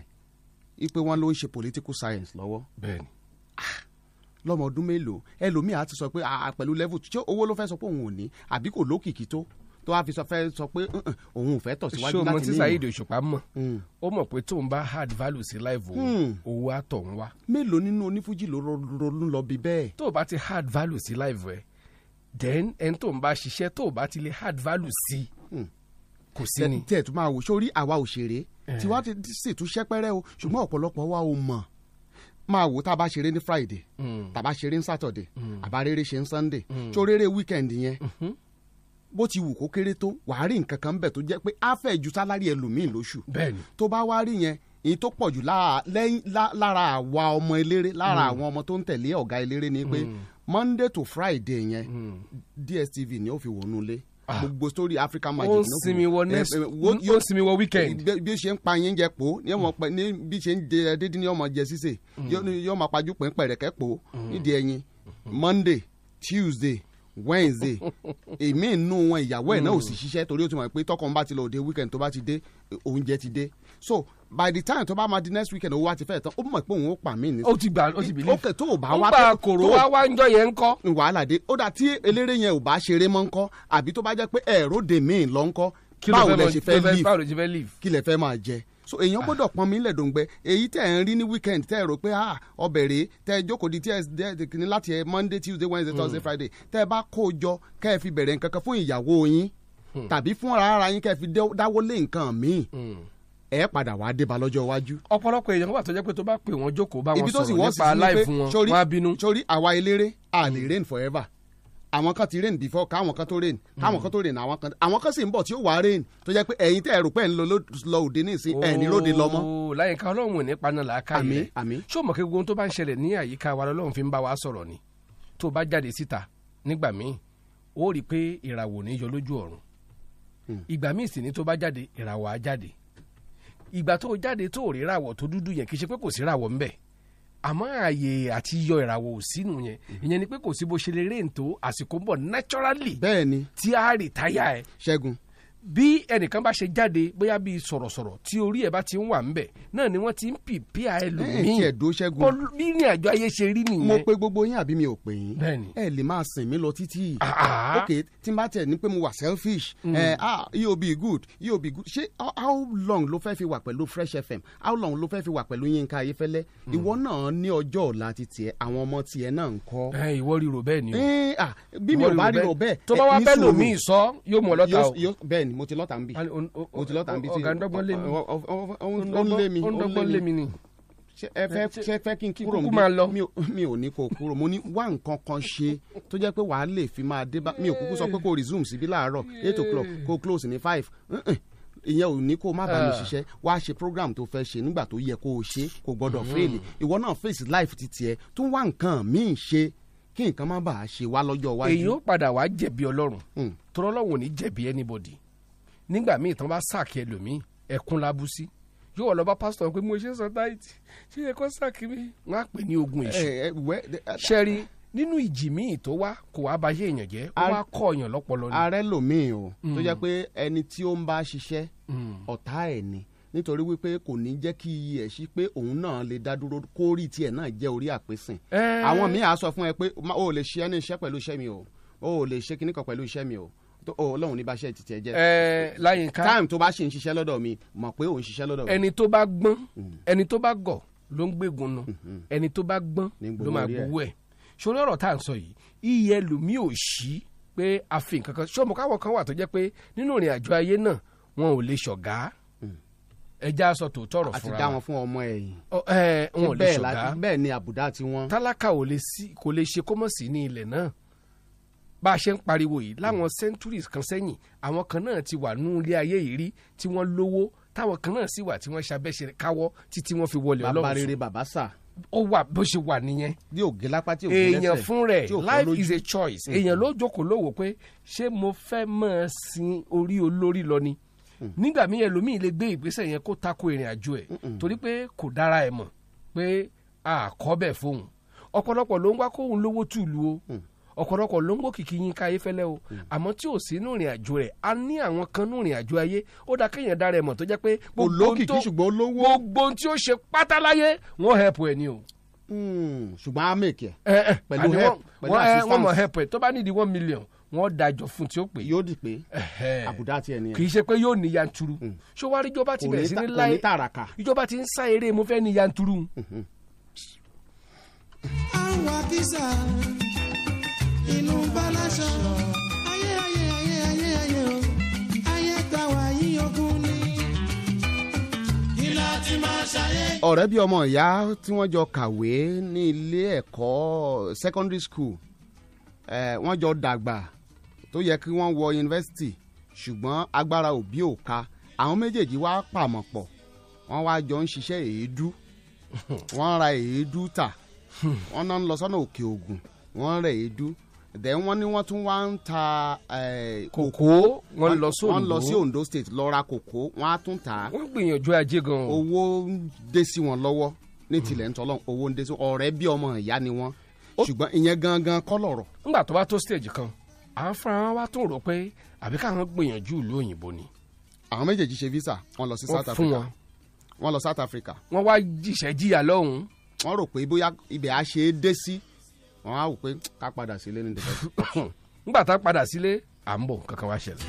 ipe wọn ló ń ṣe political science lọ́wọ́. bẹ́ẹ̀ni. Ah, lọ́mọ ọdún mélòó ẹlòmíì á ti sọ pé ah, pẹ̀lú level tí owó ló fẹ́ sọ pé òun ò ní àbí kò lókìkí tó tó wá fi sọ fẹ́ sọ pé òun ò fẹ́ tọ̀ síwájú láti ní ìmọ̀. ṣé o mọ hmm. ó mọ̀ pé tóun bá hard value sí live òun owó àtọ̀ ń wá. mélòó nínú onífújì ló ronú lọ bí bẹ́ẹ̀. tó o bá ti hard value sí live ẹ then ẹni tó ń bá ṣiṣẹ́ tó o bá ti lè hard value sí hmm. kò sí ni. tẹ̀ tó máa wò sórí àwa òṣèré eh. tiwa ti sì tún ṣẹ́pẹ́rẹ́ o ṣùgbọ́n ọ̀pọ̀lọpọ̀ wa ò mọ̀ máa wò tá a bá ṣeré ní friday hmm. tá a bá ṣeré ní saturday àbá rere ṣe ní sunday tó rere weekend yẹn mm-hmm bó ti wù kó kéré tó wàá rí nǹkan kan bẹ̀ tó jẹ́ pé á fẹ́ ju sálárì ẹlòmíì lóṣù bẹ́ẹ̀ni tó bá wá rí yẹn èyí tó pọ̀ jù lára àwa ọmọ eléré lára hmm. àwọn ọmọ tó ń tẹ̀lé ọ̀gá eléré ni pé hmm. Monday to Friday yẹn hmm. DSTV ni ó fi wọnú lé ah. gbogbo story African Magic. ó ń sinmi wọ next eh, eh, ó ń sinmi wọ weekend. bí ó ṣe ń pa yín jẹ po ní ọmọ pẹ ní bí ṣe ń jẹ dédé ní ọmọ jẹ sísè yóò máa pajú pé ń pẹ̀rẹ̀kẹ́ po nídìí ẹyin Monday Tuesday wednesday (laughs) èmi inú wọn ìyàwó ẹ̀ náà ò sì hmm. ṣiṣẹ́ torí ó ti mọ̀ pé tọkọ ń bá ti lọ òde weekend tó bá ti dé oúnjẹ ti dé so by the time tó bá máa di next weekend owó wa ti fẹ́ tán ó mọ̀ pé òun ó pa mí ní. ó ti gbà ó ti bìlẹ̀. ókè tó o bá wá tó o kòrò wá wá ń jọ yẹn ń kọ́. wàhálà dé ó dà tí eléré yẹn ò bá ṣeré mọ́ ń kọ́ àbí tó bá jẹ́ pé ẹ̀rọ dè mí lọ́ ń kọ́ báwo lẹ ṣe fẹ́ leave kí lẹ fẹ́ máa jẹ so èèyàn ah. gbọ́dọ̀ pọn mi lẹ̀ dòǹgbẹ èyí tẹ̀ ń rí ní weekend tẹ̀ rò pé ah ọbẹ̀ rèé tẹ̀ jókòó di tí láti ẹ monday tuesday wednesday thursday hmm. friday tẹ̀ bá kó o jọ kẹ́ ẹ fi bẹ̀rẹ̀ nǹkan kan fún ìyàwó yín hmm. tàbí fún ara yín kẹ́ ẹ fi dáwọ́ lé nǹkan míì hmm. ẹ padà wàá débà lọ́jọ́ iwájú. ọ̀pọ̀lọpọ̀ èèyàn wà tó jẹ́ pé tó bá pè wọ́n jókòó bá wọn sọ̀rọ̀ nípa aláìfún wọn wọ́n á bínú. sórí àwa eléré a lè forever àwọn kan ti rain before káwọn kan tó rain káwọn kan tó rain àwọn kan àwọn kan sì ń bọ̀ tí ó wá rain tó jẹ́ pé ẹ̀yin tẹ́ ẹ rò pé ẹ̀ ń lọ òde ní ìsìn ẹ̀ ní ròde lọ mọ́. láyé ká ọlọ́run ò ní paná làákà yìí rẹ̀ ṣó mọ̀ kí gbogbo tó bá ń ṣẹlẹ̀ ní àyíká wa lọ́lọ́run fi ń bá wa sọ̀rọ̀ ni tó bá jáde síta nígbà míì ó rí i pé ìràwọ̀ ní yọ lójú ọ̀run hmm. ìgbà míì sì ni tó bá jáde ìràwọ̀ á jáde ìgbà tó jáde tó rí ìràwọ̀ tó dúdú yẹn kì í ṣe pé kò sí ìràwọ̀ ńbẹ̀ àmọ́ ààyè àti yọ ìràwọ̀ ò sínú yẹn mhm. ìyẹn ni pé kò sí bó ṣe lè rèǹtó àsìkò ń bọ̀ naturally bẹ́ẹ̀ ni tí a rìtáyà ẹ̀. ṣẹ́gun bí ẹnìkan bá ṣe jáde bóyá bíi sọ̀rọ̀sọ̀rọ̀ tí orí ẹ̀ bá ti ń wà ńbẹ̀ náà ni wọ́n ti ń pìpì ẹlòmíì bí ní àjọ ayé ṣe rí nìyẹn. mo pe gbogbo yín àbí mi ò pè yín ẹ lè máa sìn mí lọ títí ah, ah. ok tí n bá tẹ̀ ní pé mo wà selfish mm. ẹ ah yóò be good yóò be good ṣé how long ló fẹ́ fi wà pẹ̀lú Fresh FM how long ló fẹ́ fi wà pẹ̀lú Yínká Ayéfẹ́lẹ́ mm. ìwọ náà ní ọjọ́ ọ̀la ti tiẹ̀ àwọn ọmọ tiẹ̀ náà ń kọ́. ẹ ìwọ ríro bẹ́ẹ̀ ni o eh, ah, bí mi ò bá ríro bẹ́ẹ̀ tó bá wá bẹ́ẹ̀ lòmíì sọ yóò mú ọ lọ́ta o bẹ́ẹ̀ bẹ́ẹ̀ni mo ti lọ́ta ń mo ti lọ́ta ń bì tí ọ̀gá ńdọ́gbọ́n lé mi ó ni ẹ fẹ́ ṣe fẹ́ kí n kúrò (laughs) mi ò ní kó kúrò mo ní wá nǹkan kan ṣe tó jẹ́ pé wàá lè fi máa dé bá mi ò kúkú sọ pé kó resume síbi láàárọ̀ eight o'clock kó close ní five ìyẹn ò ní kó má bá mi ah. ṣiṣẹ́ wá ṣe program tó fẹ́ ṣe nígbà tó yẹ kó o ṣe kò gbọ́dọ̀ mm-hmm. fail ìwọ náà face life ti tiẹ̀ tún wá nǹkan míì ṣe kí nǹkan má bàa ṣe wá lọ́jọ́ iwájú. èyí ó padà wá jẹ̀bi ọlọ́run hmm. tọ́lọ́wọ̀n ní jẹ̀bi anybody nígbà míì tán bá sàkí ẹlòmíì ẹkún lábú sí yóò wọ lọ bá pásítọ̀ pé mo ṣe sọ táìtì ṣe yẹ kó sàkí mi wọn á pè ní ogun èṣù eh, eh, eh, ah, ṣẹ́rí nínú ìjì míì tó wá kò wá ba èèyàn jẹ́ ó wá kọ́ èèyàn lọ́pọlọ ni. ààrẹ lòmíì o tó jẹ́ mm. pé ẹni tí ó ń bá ṣiṣẹ́ mm. ọ̀tá ẹ̀ ni nítorí wípé kò ní jẹ́ kí iyì ẹ̀ sí pé òun náà lè dá dúró kó rí tiẹ̀ náà jẹ́ orí àpèsìn. àwọn míì á sọ fún ẹ pé o ò lè ṣe ẹni iṣẹ́ pẹ̀lú iṣẹ́ mi o o ò lè ṣe kíní pẹ̀lú iṣẹ́ mi o ọlọ́run ní bá ṣe ti tiẹ̀ jẹ́. ẹ láyínká táìmù tó bá ṣe ń ṣiṣẹ́ lọ́dọ̀ mi mọ̀ pé òun ṣiṣẹ́ lọ́dọ̀ mi. ẹni tó bá gbọ́n hmm. ẹni tó bá gọ̀ ló ń gbégun nù hmm, hmm. ẹni tó bá gbọ́n ló máa gbowó ẹ̀ sórí ọ̀rọ̀ tá à ń sọ yìí iye ẹlòmíì ò ṣí pé a fi nǹkan kan ṣọ́mọ káwọn kan wà tó jẹ́ pé nínú ìrìn àjò ayé náà wọn ò lè ṣọ̀gá ẹja sọ tòótọ́ ọ̀rọ̀ fúnra àti dá wọn fún ọmọ ẹ̀yìn wọn lè ṣọ̀gá bẹ́ẹ̀ ni àbùdá tiwọn. tálákà kò lè ṣe kó mọ̀ sí ní ilẹ̀ náà bá a ṣe ń pariwo yìí láwọn centuries kan sẹ́yìn àwọn kan náà ti wà nú ilé ayé yìí rí tí wọ́n lówó táwọn kan náà sì wà tí wọ́n ṣàbẹ̀ṣe káwọ́ títí wọ́n fi wọlé ọlọ́run sùn. bàbá rere bàbá sà. ó wà bó ṣe wà nìyẹn. bí ògè lápá tí ògè lẹ́sẹ̀ èèyàn fún rẹ̀ life is a choice hmm. èèyàn ló jókòó lówó pé ṣé mo fẹ́ máa sin orí olórí lọ ni hmm. nígbà míì ẹlòmíì lè gbé ìgbésẹ̀ yẹn kó tako ìrìn àjò ẹ̀ torí pé kò dára ẹ̀ mọ̀ pé àkọ́bẹ̀ fóun ọ̀pọ̀lọpọ̀ ló ń wá kóun lówó tùlù o hmm ọ̀pọ̀lọpọ̀ ló ń gòkìkì Yínká Ayéfẹ́lẹ́ o hmm. àmọ́ tí ò sí nù rìn àjò rẹ̀ a ní àwọn kan nù rìn àjò ayé ó dá kéèyàn dára ẹ̀ mọ̀ tó jẹ́ pé gbogbo tí ó ṣe pátá láyé wọ́n hẹ̀pù ẹ̀ ni o hmm, ṣùgbọ́n a mèkì ẹ̀ eh, eh, pẹ̀lú help pẹ̀lú assistance eh, wọ́n mọ̀ help ẹ̀ tó bá nídìí one million wọ́n dájọ́ fún tí ó pé. yóò di pé àbùdá tiẹ̀ ni. kì í ṣe pé yóò ní yanturu hmm. ṣó wá rí ìjọba ti bẹ̀rẹ̀ sí ní láyé ìjọba ti ń sá eré mo fẹ́ ní yanturu. àwọn àkísà inú balaṣọ ayé ayé ni. kí ọ̀rẹ́ bí ọmọ ìyá tí wọ́n jọ kàwé ní ilé ẹ̀kọ́ secondary school eh, wọ́n jọ dàgbà tó yẹ kí wọ́n wọ yunifásitì ṣùgbọ́n agbára òbí ò ka àwọn méjèèjì wá pàmọ̀ pọ̀ wọ́n wá jọ ń ṣiṣẹ́ èédú (laughs) wọ́n ra èédú tà wọ́n náà ń lọ sọ́nà òkè ògùn wọ́n rẹ̀ èédú then wọ́n ní wọ́n tún wá ń ta eh, kòkó wọ́n lọ sí Ondo wọ́n lọ sí Ondo state lọ ra kòkó wọ́n á tún ta. wọ́n gbìyànjú ajé gan. owó ń dé sí wọn lọ́wọ́ ní tilẹ̀ ń tọ́lọ́ owó ń dé sí ọ̀rẹ́ bí ọmọ ìyá ni wọ́n ṣùgbọ́n ìyẹn gangan kọ́ lọ̀rọ̀. nígbà tó bá tó stage kan àwọn fúnra wa tún rò pé àbí káwọn gbìyànjú ìlú òyìnbó ni. àwọn méjèèjì ṣe visa wọ́n lọ sí South Africa wọ́n lọ South Africa. wọ́n wá jìṣẹ́ jìyà lọ́hùn-ún. wọ́n rò pé bóyá ibẹ̀ á ṣe é dé sí wọn á wò pé ká padà sílé ní the (laughs) nígbà tá a padà sílé à ń bọ̀ kankan wá ṣẹlẹ̀.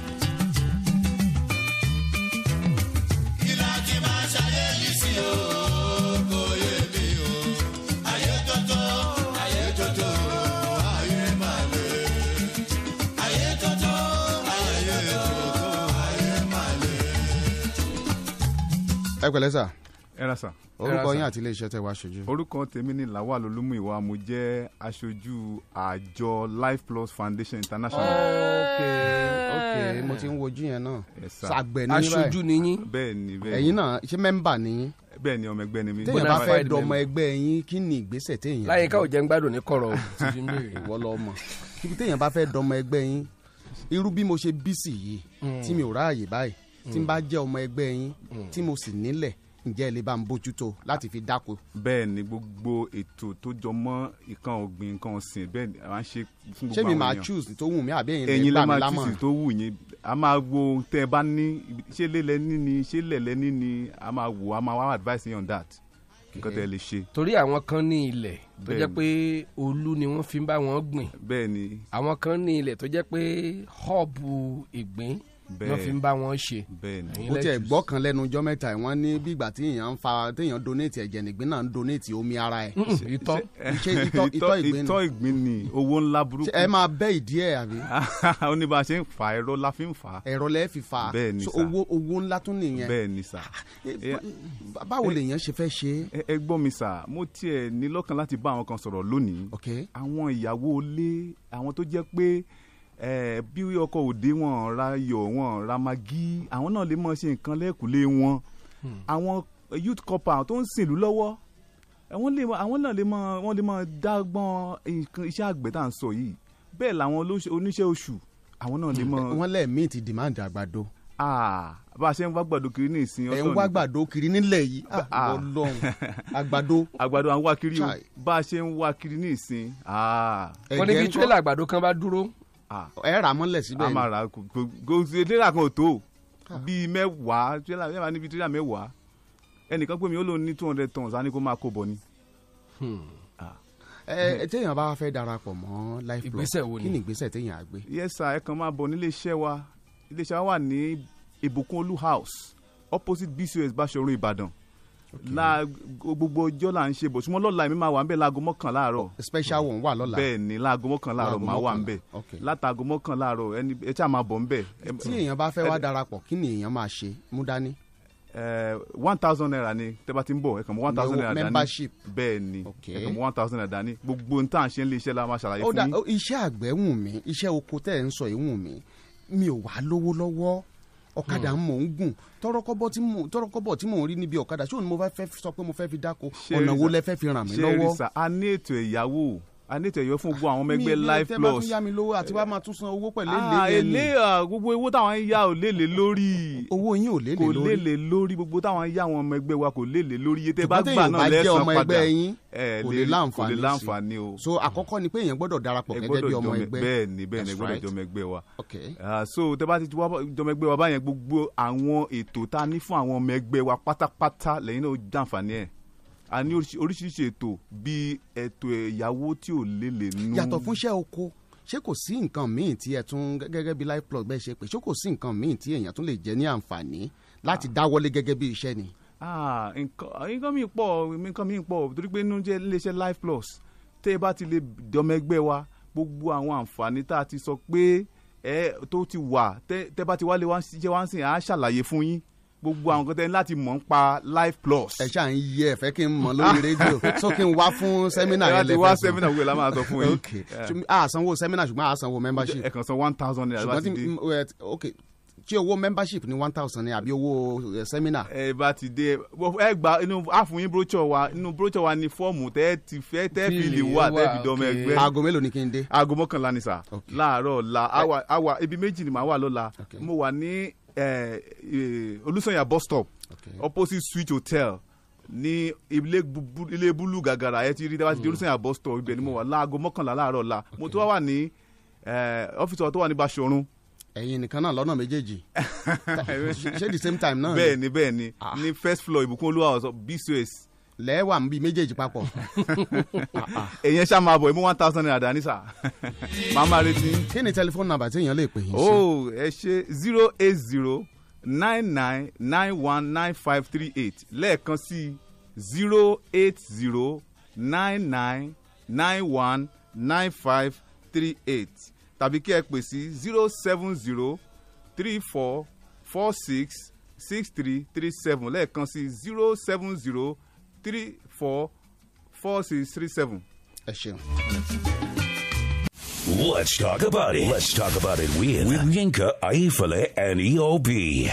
ẹ pẹ̀lẹ́ sà. ẹ ra sà orúkọ yín àti iléeṣẹ́ tẹ́ wá ṣojú. orúkọ tèmi ni lawal olúmúìwá mo jẹ́ aṣojú àjọ life plus foundation international. ok ok mo ti ń wojú yẹn náà. sàgbẹ̀ ni yín aṣojú ni yín. bẹ́ẹ̀ ni bẹ́ẹ̀ ni ẹ̀yin náà ṣé mẹ́mbà ni yín bẹ́ẹ̀ ni ọmọ ẹgbẹ́ ni mi. téèyàn bá fẹ́ dọmọ ẹgbẹ́ yín kí ni ìgbésẹ̀ téèyàn. láyé ká ò jẹ́ ń gbádùn ní kọ̀rọ̀ o ti fi ń béèrè. ìwọ lọ mọ kíbi téèyàn bá fẹ́ dọmọ ẹgbẹ́ yín irú bí mo ṣe bí sí yìí hmm. tí mi ò ráàyè báyìí tí n bá jẹ́ ọmọ ẹgbẹ́ yín hmm. tí mo sì nílẹ̀ ǹjẹ́ ẹ lè bá ń bójútó láti fi dáko. bẹ́ẹ̀ ni gbogbo ètò tó jọ mọ́ nǹkan ọ̀gbìn nǹkan ọ̀sìn bẹ́ẹ̀ ni à ń ṣe fún gbogbo àwọn èèyàn. ṣé mi máa choose tó wù mí àbí ẹ̀yin lè bá mi lámọ̀. ẹ̀yin lè máa choose tó wù yín a máa wo tẹ́ ẹ bá ní ṣé lélẹ̀ níní ṣé lẹ̀lẹ̀ níní a máa wò a máa wá advice yín on that nǹkan tẹ́ ẹ lè ṣe. torí àwọn kan ní ilẹ̀ tó jẹ́ pé olú ni wọ́n fi bá wọn gbìn. bẹ́ẹ̀ ni. àwọn kan ní ilẹ̀ tó jẹ́ pé họ́ọ̀bù ìgbín náà fi ń bá wọn ṣe. ó tiẹ̀ gbọ́ kan lẹ́nu ọjọ́ mẹ́ta ẹ̀ wọ́n ní bí ìgbà tí èèyàn ń fa téèyàn donate ẹ̀jẹ̀ nígbín náà ń donate omi ara ẹ̀. itọ́ itọ́ ìgbín ni itọ́ ìgbín ni owó ńlá burúkú. ẹ máa bẹ́ ìdí ẹ̀ àbí. (laughs) ó ní bá a ṣe ń fa ẹ̀rọ la fi ń fa. ẹ̀rọ lẹ́ fi fa owó owó ńlá tún nìyẹn. bẹ́ẹ̀ ni sà. Ah, eh, eh, báwo eh, lèèyàn ṣe fẹ́ ṣe. ẹ gbọ́ mi sà mo tiẹ̀ ní lọ́kàn láti bá àwọn kan sọ̀rọ̀ lónìí. àwọn ìyàwó ilé àwọn tó jẹ́ pé bí ọkọ̀ òde wọn ra yọ̀ wọn ra magi àwọn náà lè máa ṣe nǹkan lẹ́kùlé wọn hmm. àwọn youth corps tó ń sìnlú lọ́wọ́ àwọn náà lè máa wọ́n lè máa dágbọ́n iṣẹ́ àgbẹ̀ tá à ń sọ yìí bẹ́ẹ̀ làwọn oníṣẹ́ oṣù àwọn náà lè máa. (laughs) wọ́n lẹ́ẹ̀mí ti demand àgbàdo bá a ṣe ń wá gbàdo kiri ní ìsìn ọtọ ẹ ń wá gbàdo kiri nílẹ̀ yìí ah, ọlọ́run (laughs) àgbàdo. àgbàdo à wá kiri o bá a ṣe ń wá kiri ní ìsìn. wọ́n ní bí tírélà àgbàdo kan bá dúró Ah. ẹ rà mọ́lẹ̀ síbẹ̀ ni. a máa rà kò tírélà kan ò tó ah. bíi mẹ́wàá tírélà mẹ́wàá níbi tírélà mẹ́wàá ẹnìkan pè mí ó lóun ní two hundred tons á máa kó bọ̀ ni. Hmm. Ah. ẹ téèyàn bá fẹ́ darapọ̀ mọ́ life blog kí ni ìgbésẹ̀ téèyàn á gbé. yẹ́sà ẹ kàn máa bọ̀ nílé iṣẹ́ wa iléeṣẹ́ wa wà ní ìbùkún olú house opposite bcos báṣọ̀run ìbàdàn la gbogbo ọjọ́ là ń ṣe bọ̀ ṣùgbọ́n lọ́la èmi máa wà ń bẹ̀ láago mọ́kàn láàárọ̀. Oh, special one wà lọ́la. bẹ́ẹ̀ ni láago mọ́kàn láàárọ̀ máa wà ń bẹ̀ látàgo mọ́kàn láàárọ̀ ẹni ẹ tí a máa bọ̀ ń bẹ̀. tí èèyàn bá fẹ́ wá darapọ̀ kí ni èèyàn máa ṣe mú dání. one thousand naira ni tẹ́ bá ń bọ̀ ẹ kàn mú one thousand naira dání membership bẹ́ẹ̀ ni ẹ kàn mú one thousand naira dání gbogbo n tá à ń ṣe ń lé iṣẹ́ la máa ṣàlàyé fún yín. iṣẹ́ àgbẹ̀ wù mí iṣẹ́ oko tẹ́ ẹ̀ ń sọ yìí wù mí mi ò wá lówó lọ́wọ́ ọ̀kadà hmm. mò ń gùn tọrọkọ́bọ̀ tí mò ń rí níbi ọ̀kadà ṣé òun ni mo fẹ́ sọ pé mo fẹ́ fi dáko ọ̀nà wo lẹ fẹ́ fi ràn mí lọ́wọ́. ṣe é rìsà a ní ètò ẹ̀yáwó a ní ìtẹ̀yọ́ fún gbogbo àwọn ọmọ ẹgbẹ́ life plus. mi ìtẹ́ bá tún yá mi lówó àti wàá máa tún san owó pẹ̀lú èlé ah, yẹn ni. èlé ah, gbogbo owó táwọn ń yá ò lélẹ̀ lórí. owó yín ò lélẹ̀ lórí. kò lélẹ̀ lórí gbogbo táwọn ń yá àwọn ọmọ ẹgbẹ́ wa kò lélẹ̀ lórí iye tẹ́ bá gbà náà lẹ́sàn padà kò lè láǹfààní o. so àkọ́kọ́ ni pé èèyàn gbọ́dọ̀ darapọ̀ gẹ́gẹ́ bí ọmọ ẹgbẹ́. bẹ́ẹ̀ ni bẹ́ẹ̀ ni gbọ́dọ̀ jọmọ ẹgbẹ́ wa. Ah, so tẹ́ bá ti jọmọ ẹgbẹ́ wa báyẹn gbogbo àwọn ètò tá a ní fún àwọn ọmọ ẹgbẹ́ wa pátápátá lẹ́yìn náà ó jàǹfààní ẹ̀ a ní oríṣiríṣi ètò bíi ètò ẹ̀yáwó tí ò lélẹ̀ nù. yàtọ̀ fún iṣẹ́ oko ṣé kò sí nǹkan míì tí ẹ tún gẹ́gẹ́ bí life plug bẹ́ẹ̀ ṣe pé ṣé kò sí nǹkan míì tí èèyàn tún lè jẹ ní àǹfààní láti ah. dáwọ́lé gẹ́gẹ́ bí iṣẹ́ ni. Ah, nǹkan mi pọ̀ nǹkan mi pọ̀ torí pé inú jẹ́ iléeṣẹ́ life plus tẹ́ ẹ bá ti lè dọ́mọ wa gbogbo àwọn àǹfààní tá a ti sọ pé ẹ tó ti wà tẹ́ bá ti wá lè wá jẹ́ wá ń sìn á ṣàlàyé fún yín gbogbo àwọn kan tẹ́ ní láti mọ̀ ń pa life plus. ẹ ṣáà ń yẹ ẹ fẹ́ kí n mọ̀ lórí rédíò (laughs) so kí n wá fún sẹ́mínà yẹn lẹ́fẹ̀ẹ́. wá sẹ́mínà wúwo la máa sọ fún yín. (laughs) ok a sanwó sẹ́mínà ṣùgbọ́n a sanwó membership. ẹ kàn san one thousand naira láti dé. ok ṣé owó membership ni one thousand ni àbí owó sẹ́mínà. ẹ bá ti dé ẹ gba inú àfún yín brochure wa inú brochure wa ni fọ́ọ̀mù tẹ́ ti fẹ́ tẹ́ fi lè wà tẹ́ fi dọ́mọ ẹgbẹ́. aago mélòó ni kí n dé. aago mọ́kànlá ni sà láàárọ̀ la àwa ibi méjì ni màá wà lọ́la mo wà ní Eh, eh, olùsànyà bus stop opposite Switch hotel ní ilé búlù gàgàrà ẹ ti rí dábàá ti di hmm. olùsànyà bus stop ibẹ̀ ni mo wà láago mọ́kànlá láàárọ̀ la mo tó wá wà ní eh, ọ́fíìsì tó wà ní Bashorun ẹ̀yin nìkan náà lọ́nà méjèèjì (laughs) ṣé the same time náà. bẹ́ẹ̀ni bẹ́ẹ̀ni Ni ah. first floor ìbùkún olúwa ọsọ bcs lẹ́wà ń bi méjèèjì papọ̀. èyàn (laughs) ṣá máa bọ̀ ẹ mú one thousand naira dání sà (laughs) máa máa retí. kí ni tẹlifóònù nàbà tí èèyàn lè pè yín sí. o oh, ẹ ṣe zero eight zero nine nine nine one nine five three eight lẹ́ẹ̀kan sí zero eight zero nine nine nine one nine five three eight tàbí kí ẹ pè sí zero seven zero three four four six six three three seven lẹ́ẹ̀kan sí zero seven zero three seven. ẹ ṣeun. Let's talk about it. Let's talk about it with, with Yinka Aifale and EOB.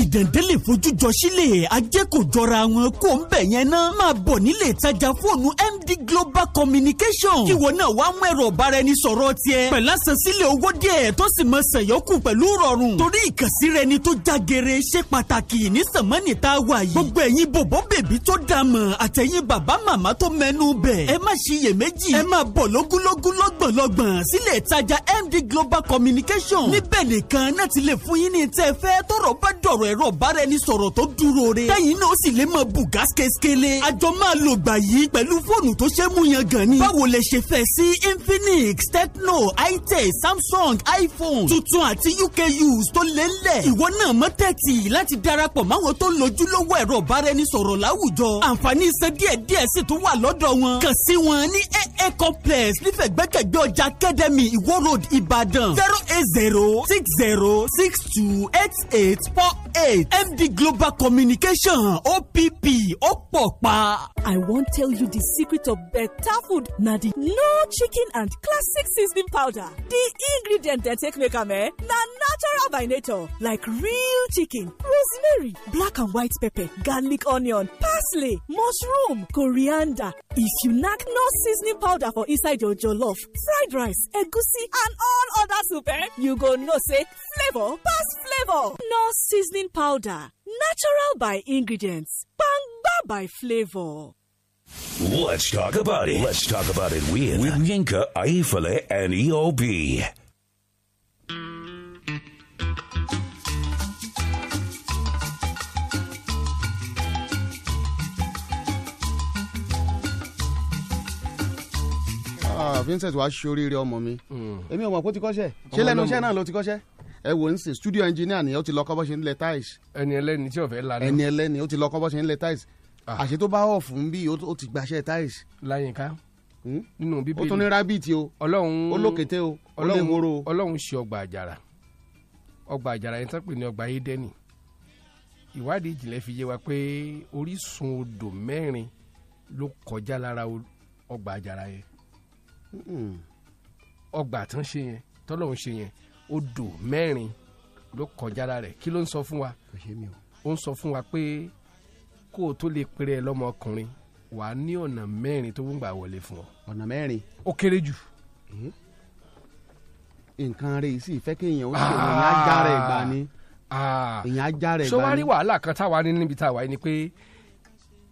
ìdẹ̀ndẹ́lẹ̀ fojújọ sílẹ̀ ajé kò jọra wọn kò ń bẹ̀ yẹn náà máa bọ̀ nílé ìtajà fóònù MD Global Communication kíwọ náà wàá mú ẹ̀rọ ọ̀bára ẹni sọ̀rọ̀ tiẹ̀ pẹ̀lú àsansílẹ̀ owó díẹ̀ tó sì mọ sẹ̀yọ́kù pẹ̀lú rọrùn torí ìkànsí rẹ ni tó já gere ṣe pàtàkì ní sànmọ́nì tá a wà yìí gbogbo ẹ̀yin bòbó bèbí tó dà mọ̀ àtẹ̀yin bàbá màmá tó mẹ́nu bẹ̀ ẹ má ṣiyèméjì ẹ máa bọ̀ lógúnlógún lọ́gbọ̀nlọ́gbọ̀n sílẹ̀ ìtajà MD Global Communication níbẹ̀ nìkan náà ti lè fún yín ní tẹ́ fẹ́ tọ̀rọ̀ bá dọ̀rọ̀ ọ̀rọ̀ ẹ̀rọ ìbáraẹnisọ̀rọ̀ tó dúró re. tẹ́yìn náà sì lè máa bù gas kéékèèlé. àjọ máa lò gbà yìí pẹ̀lú fóònù tó ṣe é mú yan gan ni. báwo lẹ ṣe fẹ́ sí Infinix Tecno itel Samsung iPhone tuntun àti UKUs tó lé lẹ̀. ìwọ náà mọ tẹ́tì láti darapọ̀ máwọn tó lójúlówó ẹ̀rọ ìbáraẹnisọ̀rọ̀ láwùjọ. àǹfààní iṣẹ́ díẹ̀díẹ̀ sì tún wà lọ́dọ̀ wọn. kàn sí wọn ní AA complex nífẹ̀gbẹ́kẹ̀gbẹ́ ọjà Academy Iwo Road Ìbàdàn zero eight zero six zero six two eight eight four eight MD Global Communication OPP ó pọ̀ I wan tell you the secret of better food na the no chicken and classic seasoning powder. The ingredient dem take make am eh na natural by nature like real chicken, rosemary, black and white pepper, garlic onion, parsley, mushroom, coriander. If you knack no seasoning powder for inside your jollof, fried rice, egusi and all other soup eh, you go know say flavour pass flavour. No seasoning protein powder natural by ingredients pangba by flavor. Let's talk about it. Let's talk about it with, with Yinka, Aifale, and EOB. Ah, Vincent wàá ṣoríire ọmọ mi hmm. èmi ò mọ̀ kó ti kọ́ṣẹ́ hmm. ṣé lẹ́nu iṣẹ́ náà ló ti kọ́ṣẹ́ ẹ wò ń sè studio engineer ni ó ti lọ kọ́ bó ṣe ń lẹ tiles. ẹni ẹlẹ́ni tí ò fẹ́ lanà. ẹni ẹlẹ́ni ó ti lọ kọ́ bó ṣe ń lẹ tiles. Ah. àṣé tó bá wọ̀ fún bí ó ti gbaṣẹ́ tiles. láyìnká hmm? nínú bíbélì ó tún ní rábìtì o ọlọ́run olókété o oléhoro o ọlọ́run ṣe ọgbà àjàrà ọgbà àjàrà yẹn tán pè ní ọgbà édẹ́nì ìwádìí ìjìnlẹ̀ fi yé wa pé orísun odò mẹ́rin ló kọjá lára ọgbà àjàrà yẹn hmm. ọgbà tán ṣe yẹn tọ́lọ́run ṣe yẹn odò mẹ́rin ló kọjá lára rẹ̀ kí ló ń sọ fún wa ó ń sọ fún wa pé kó o tó lè pèrè ẹ lọ́mọkùnrin wà á ní ọ̀nà mẹ́rin tó ń gbà wọlé fún ọ. ọ̀nà mẹ́rin. ó kéré jù. Hmm. nǹkan rẹ̀ sì fẹ́ kí èèyàn ó ṣe èèyàn ajá rẹ̀ gbà ni ah. Ah. èèyàn ajá rẹ̀ gbà ni. sọ wá rí wàhálà kan táwa ní níbi táwa ni pé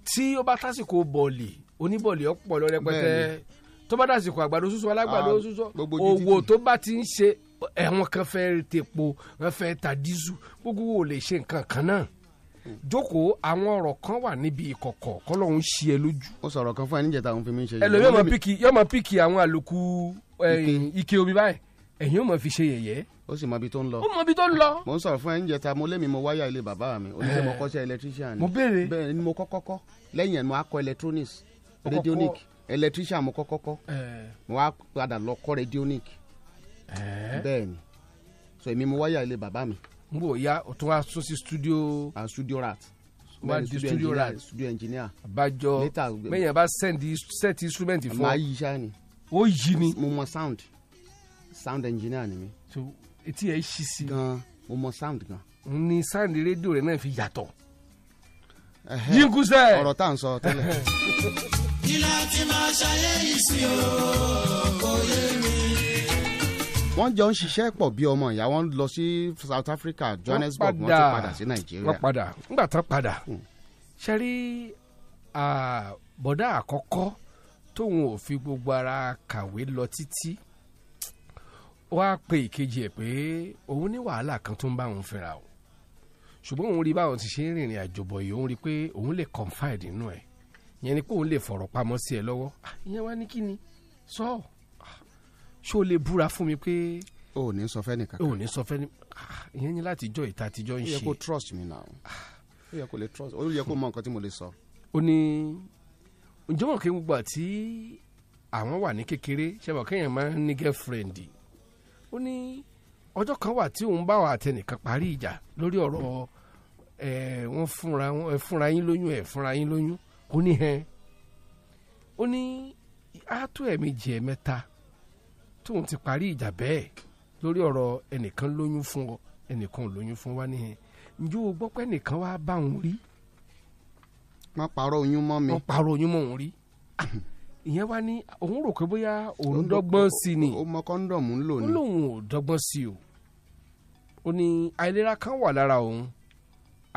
tí ó bá tásìkò bọ̀ọ̀lì oníbọ̀ọ̀lì ọ̀pọ̀ tó bá tásìkò àgbàdo sísọ alágbàdo ah, sísọ òwò tó bá ti ń ṣe àwọn kan fẹ́ tepo wọ́n fẹ́ ta dísù gbogbo wo lè ṣe nǹkan kan náà jókòó àwọn ọ̀rọ̀ kan wà níbi ìkọ̀kọ̀ kọ́lọ́hún ṣí ẹ lójú. ó sọ̀rọ̀ kan fún ẹ níjẹta òun fi mí ṣe yẹ̀yẹ́. ẹlòmíràn máa píkì yóò máa píkì àwọn àlòkù ike omi báyìí ẹ̀yin ò máa fi ṣe yẹ̀yẹ́. ó sì mọ ibi tó ń lọ. ó mọ ibi tó ń lọ. mo ń sọ̀rọ̀ fún ẹ níjẹta mo lémi mo wáyà ilé bàbá mi oníṣẹ́ mo eh. kọ́ṣẹ́ electrician ni. mo béèrè bẹ́ẹ̀ ni mo kọ́kọ́ kọ́ lẹ́yìn ẹ̀ mo á electronics radionic electrician mo kọ́kọ́ kọ́ eh. mo á padà lọ kọ́ radionic bẹ́ẹ̀ so èmi mo wáyà ilé bàbá mi. n bò ya o tún wá sún sí studio. a ah, studio rat wá di studio rat studio engineer. àbájọ mẹyìn bá sẹ́ndì sẹ́ẹ̀tì instrument fún. màá yí iṣẹ́ ni. ó yí ni. mo mọ sound sound engineer ni mi. so etí ẹ ṣí sí. gan mo mọ sound gan. ni sound rédíò rẹ náà fi yàtọ̀. yínkù sẹ́ẹ̀. ọ̀rọ̀ tá à ń sọ tẹ́lẹ̀. (laughs) kí láti máa ṣayé yìí sí o kò yé mi wọ́n jọ ń ṣiṣẹ́ pọ̀ bí ọmọ ìyá wọn lọ sí South Africa Johannesburg wọ́n ti padà sí Nàìjíríà. wọ́n padà ńgbà tán padà hmm. ṣe rí bọ́dà àkọ́kọ́ tóun ò fi gbogbo ara kàwé lọ títí wọ́n pe ìkejì ẹ̀ pé òun ní wàhálà kan tó ń bá òun fẹ́ra o ṣùgbọ́n òun rí báwọn ti ṣe ń rìnrìn àjò bọ̀ yìí òun rí pé òun lè confide nínú ẹ̀ yẹn ni pé òun lè fọ̀rọ̀ pamọ́ sí ẹ lọ́wọ́ ah, ìyẹn wá ní kí ni sọ́ọ̀. So, ṣé o lè búra fún mi pé. o ò ní sọ fẹ́ nìkan. o ò ní sọ fẹ́ nìkan ah, ìyẹn ni láti jọ ìta àtijọ́ ń ṣe. ó yẹ kó trust mi náà ó yẹ kó lè trust ó yẹ kó mọ nǹkan tí mo lè sọ. ó ní ǹjẹ́ mọ̀ kí n gbà tí àwọn wà ní kékeré ṣe mọ̀ kéèyàn máa ń ní girlfriend ó ní ọjọ́ kan wà tí òun bá wà àtẹnìkan parí ìjà lórí ọ̀rọ̀ ẹ̀ wọ́n fúnra wọn fúnra yín lóyún ẹ̀ fúnra yín lóyún ó ní hẹ́n ó ní á tó ẹ̀mí jẹ́ mẹ́ta tóun ti parí ìjà bẹ́ẹ̀ lórí ọ̀rọ̀ ẹnìkan lóyún fún ọ ẹnìkan ò lóyún fún wa nìyẹn ǹjẹ́ o gbọ́ pé ẹnìkan wá bá òun rí. wọ́n parọ́ oyún mọ́ mi. wọ́n parọ́ oyún mọ́ òun rí. ìyẹn wá ní òun rò pé bóyá òun dọ́gbọ́n sí ni. ó mọ kọ́ńdọ̀mù ń lò ní. ó lóun ò dọ́gbọ́n sí o. ó ní àìlera kan wà lára òun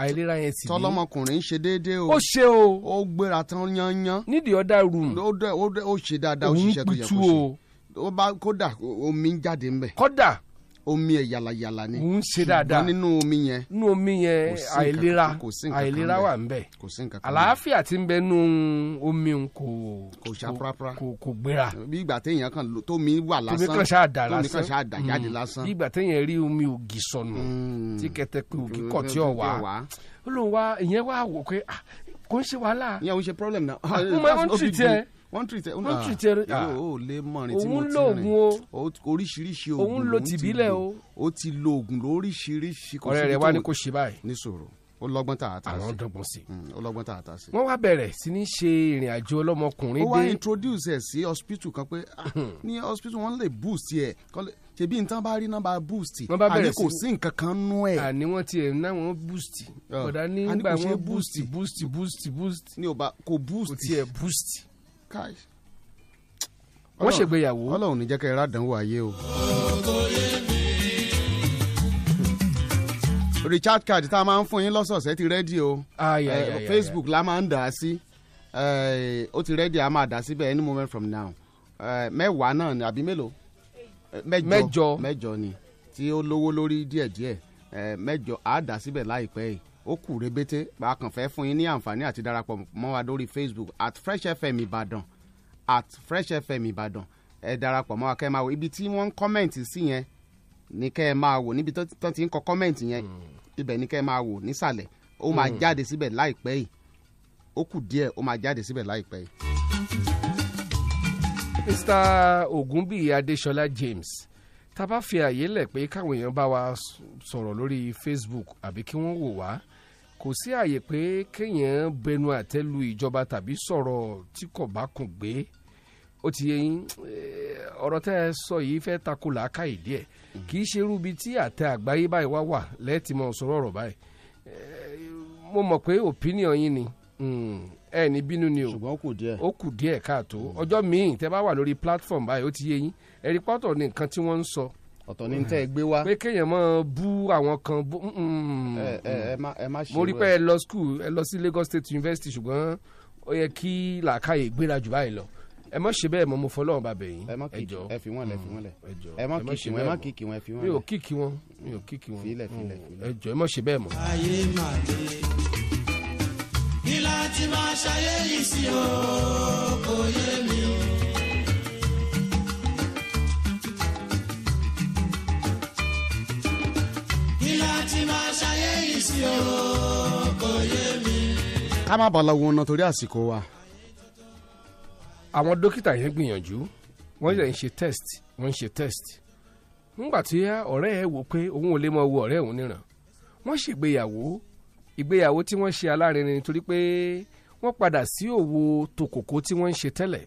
àìlera yẹn sì ní. tọlọmọkùnrin ṣe déédéé o. ó ṣe o. ó gbéra tán yányán. nídìí ọ̀dà rúùmù. ó ṣe dáadáa ó ṣiṣẹ́ tó yẹ kó ṣe ó bá kódà omi ń jáde ń bẹ. kódà omi ẹ yàlàyàlà ni. ń ṣe dáadáa ṣùgbọ́n nínú omi yẹn. nínú omi yẹn àìlera àìlera wà ń bẹ. kò sí nǹkan kan àlàáfíà tí ń bẹ nínú omi n kò. kò ṣá púrápúrá kò kò gbéra. bí ìgbà téèyàn kan tó mi wà lásán tómi kan ṣáà dà lásán tómi kan ṣáà dà jáde hmm. lásán. bí ìgbà téèyàn rí omi ògì sọnù. Hmm. tí kẹtẹpẹ ògì kọ tí ò wá. ó lóun wá ìyẹn wá wò pé ah, kò ń ṣe wàhálà. ìyẹn ò ń ṣe problem náà. Ah, mo máa ń (laughs) wọ́n tìrìtẹ wọ́n ah, tìrìtẹ ah, o lè mọrin tí mo ti rìn òun lòògùn o oríṣiríṣi oògùn òun lo tìbílẹ̀ o ó ti lo oògùn lóríṣiríṣi. ọ̀rẹ́ rẹ̀ wá ní kò ṣe báyìí. ní sòrò ó lọ́gbọ́n tá a ta sí àwọn dọ́gbọ́n sí mm, ó lọ́gbọ́n tá a ta sí. wọ́n wá bẹ̀rẹ̀ sí ní ṣe ìrìn àjò ọlọ́mọkùnrin dé. ó wá introduce ẹ̀ sí hospital kan pé ah, hmm. ní hospital wọ́n lè boost ẹ̀ ṣebí nǹkan bá rí nọ́mbà boost àní kò sí nǹkan kan nú ẹ̀. àní wọ́n ti ẹ̀ ná wọn boost kódà nígbà wọn boost boost boost boost. ní o bá kò boost. kò tiẹ̀ boost wọ́n ṣègbéyàwó. ọlọ́run ní jẹ́ kẹ́ ẹ rádànwó ayé o. (laughs) richard card tá a máa ń fún yín lọ́sọ̀ọ̀sẹ̀ ti rẹ́dí o eh, facebook la máa ń dà á sí eh, ó ti rẹ́dí a máa dà á síbẹ̀ any moment from now eh, mẹ́wàá náà ni àbí mélòó mẹ́jọ mẹ́jọ ni tí ó lówó lórí díẹ̀díẹ̀ mẹ́jọ àá dà síbẹ̀ láìpẹ́ yìí ó kù rébété a kàn fẹ́ fún yín ní àǹfààní àti darapọ̀ mọ́ wa lórí facebook at fresh fm ìbàdàn at fresh fm ìbàdàn ẹ darapọ̀ mọ́ wa kẹ́ ẹ máa wò ibi tí wọ́n ń kọ́mẹ̀ǹtì sí yẹn ni kẹ́ ẹ máa wò níbi tó ti ń kọ kọ́mẹ̀ǹtì yẹn hmm. ibẹ̀ ni kẹ́ ẹ máa wò nísàlẹ̀ ó máa hmm. jáde síbẹ̀ láìpẹ́ yìí ó kù díẹ̀ ó máa jáde síbẹ̀ láìpẹ́ yìí. mr ogunbi adesola james tá a bá fi àyè lẹ̀ pé káwọn èèyàn bá wa sọ̀rọ̀ lórí facebook àbí kí wọ́n wò wá kò sí àyè pé kéèyàn bẹnu àtẹ́ lu ìjọba tàbí sọ̀rọ̀ tí kò bá kùn gbé ó ti yẹ yín eh, ọ̀rọ̀ tẹ́ ẹ sọ yìí fẹ́ takò làákàyè díẹ̀ kì í ṣe irú tí àtẹ àgbáyé báyìí wá wà lẹ́ẹ̀tì mọ̀ sọ̀rọ̀ ọ̀rọ̀ báyìí eh, mo mọ̀ pé opinion yín ni hmm, ẹ ní bínú ni o ṣùgbọ́n ó kù díẹ̀ ó kù díẹ̀ káàtó ọjọ́ míì tẹ́ bá wà lórí platform báyìí ó ti yẹ yín ẹ̀rí pọ́tọ̀ ni nǹkan tí wọ́n ń sọ ọ̀tọ̀ ní tẹ́ ẹ gbé wá. pé kéèyàn máa bú àwọn kan bú. Mm, mm. ẹ má ṣe. mo rí pé ẹ lọ school ẹ lọ sí Lagos State University ṣùgbọ́n ó yẹ kí làákàyè gbéra jù báyìí lọ ẹ má ṣe bẹ́ẹ̀ mọ́ mo fọlọ́run bàbẹ̀ yín ẹjọ́ ẹ fi wọn lẹ fi wọn lẹ mm, ẹ má kíkì wọn ẹ má kíkì wọn ẹ fi wọn lẹ mi ò kíkì wọn mi ò kíkì wọn filẹ filẹ ẹjọ́ ẹ má ṣe bẹ́ẹ̀ mọ́. ayé máa dé kí láti máa ṣayé yìí sí o mi. àti máa ṣayé yìí sí o kò yé mi. ká má bàa lọ́wọ́ ọ̀nà torí àsìkò wa. àwọn dókítà yẹn gbìyànjú wọ́n yẹ̀ ń ṣe test wọ́n ń ṣe test nígbà tí ọ̀rẹ́ ẹ̀ wò pé òun ò lè máa wo ọ̀rẹ́ òun níran wọ́n ṣègbéyàwó ìgbéyàwó tí wọ́n ṣe alárinrin torí pé wọ́n padà sí òwò tòkòkò tí wọ́n ń ṣe tẹ́lẹ̀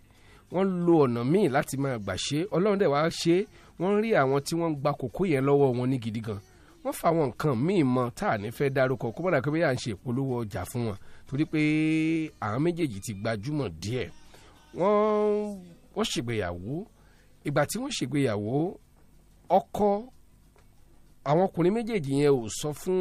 wọ́n lo ọ̀nà míì láti máa gbà ṣe ọlọ́run dẹ̀ wá ṣe wọ́n rí àwọn tí wọ́n ń gba kòkó yẹn lọ́wọ́ wọn ní gidi gan-an wọ́n fa àwọn nǹkan míì mọ tá à ní fẹ́ dárúkọ kó mọ̀dà pé à ń ṣe ìpolówó ọjà fún wọn torí pé àwọn méjèèjì ti gbajúmọ̀ díẹ̀ wọ́n wọ́n ṣègbéyàwó ìgbà tí wọ́n ṣègbéyàwó ọkọ àwọn ọkùnrin méjèèjì yẹn ò sọ fún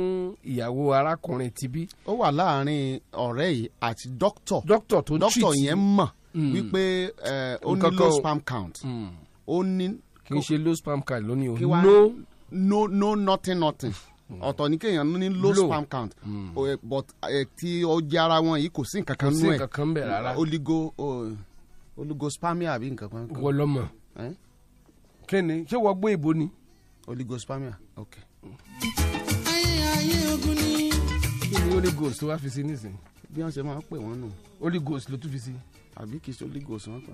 ìyàwó arákùnrin tibí. ó wà láàárín ọ̀rẹ́ yìí àti dókítọ̀ dókítọ̀ tó treat dókítọ̀ yẹn mọ̀ hmm. wípé eh, ó ní low sperm count hmm. ó ní. kì í ṣe low sperm count lónìí o no no no nothing nothing hmm. ọ̀tọ̀ ní kéèyàn ní low sperm count hmm. eh, but eh, ti ọjà ara wọn yìí kò sí nǹkan kan nú ẹ̀ oligo oligospermia àbí nǹkan kan. wọ́n lọ mọ̀ eh? kí ni ṣé wọ́n gbé ìbò ni. oligospermia ok. ayé ayé ogun ni. kí ni oligos tó wá fi sí nísìnyí. bí wọ́n ṣe máa ń pè wọ́n nù. oligos ló tún fi sí. àbí kì í ṣe oligos wọ́n pè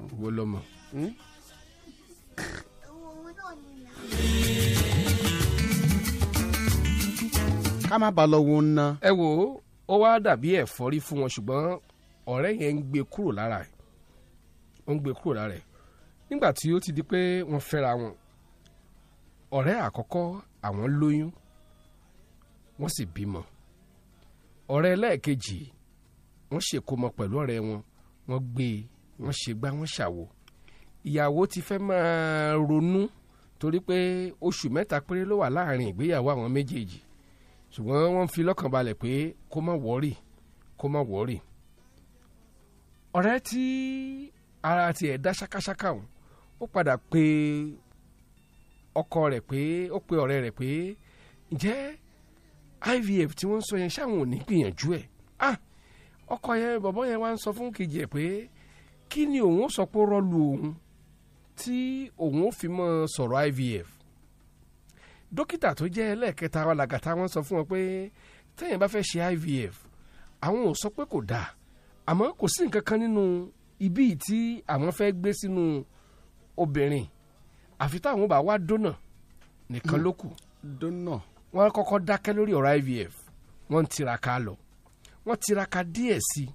ká má ba lọ wo ń ná. ẹ wo ó wá dàbí ẹ̀fọ́rí fún wọn ṣùgbọ́n ọ̀rẹ́ yẹn ń gbé kúrò lára ẹ̀ ó ń gbé kúrò lára ẹ̀ nígbà tí ó ti di pé wọ́n fẹ́ra wọn ọ̀rẹ́ àkọ́kọ́ àwọn lóyún wọ́n sì bímọ ọ̀rẹ́ ẹlẹ́ẹ̀kejì wọ́n ṣèkómọ pẹ̀lú ọ̀rẹ́ wọn wọ́n gbé e wọ́n ṣe gbá wọ́n ṣàwò ìyàwó ti fẹ́ máa ronú torí pé oṣù mẹ́ta péré ló wà láàrin ìgbéyàwó àwọn méjèèjì ṣùgbọ́n wọ́n fi lọ́kàn balẹ̀ pé kó má wọ́ọ̀rì kó má wọ́ọ̀rì ọ̀rẹ́ tí ara tiẹ̀ dá ṣákáṣáká òun ó padà pe ọkọ rẹ̀ pé ó pe ọ̀rẹ́ rẹ̀ pé ǹjẹ́ IVF tí wọ́n ń sọ yẹn ṣáwọn ò ní gbìyànjú ẹ̀ ah ọkọ yẹn bọ̀bọ́ yẹn wá ń sọ fún kejì ẹ̀ pé kí ni òun sọ pé ó rọ́ọ̀lù òun tí òun ò fi mọ́ sọ̀rọ̀ IVF dókítà tó jẹ́ ẹlẹ́ẹ̀kẹta wa làgàtà wọn sọ fún wọn pé tẹ́yìn bá fẹ́ ṣe IVF àwọn ò sọ pé kò dáa àmọ́ kò sí nǹkan kan nínú ibi tí àwọn fẹ́ gbé sínú obìnrin àfi táwọn bá wá dónà nìkan hmm. ló kù. dónà. wọ́n kọ́kọ́ dákẹ́ lórí ọ̀rọ̀ IVF wọ́n ń tiraka lọ wọ́n tiraka díẹ̀ sí i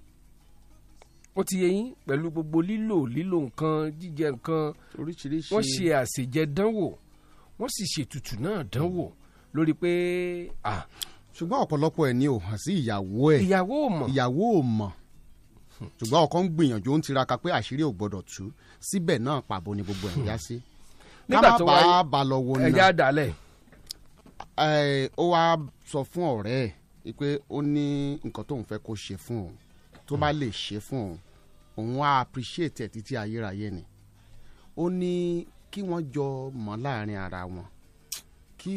ó ti yẹ yín pẹ̀lú gbogbo lílò lílò nǹkan jíjẹ nǹkan oríṣiríṣi ṣe àṣejẹ dánwò wọ́n sì ṣètùtù náà dánwò lórí pé. ṣùgbọ́n ọ̀pọ̀lọpọ̀ ẹ̀ ni ò hàn sí ìyàwó ẹ̀ ìyàwó ò mọ̀ ìyàwó ò mọ̀ ṣùgbọ́n ọkọ ń gbìyànjú ó ń tiraka pé àṣírí ò gbọ́dọ̀ tú síbẹ̀ náà pàbó ni gbogbo ẹ̀ ń yá sí. nígbà tó wáyé ẹ̀yà àdálẹ̀. ó wá sọ fún ọ̀rẹ́ ẹ̀ pé ó ní nǹkan tóun fẹ́ kó ṣe fún òun tó bá lè ṣe fún òun òun á appreciate ẹ̀ títí ayérayé ni ó ní kí wọ́n jọ mọ̀ láàrin ara wọn kí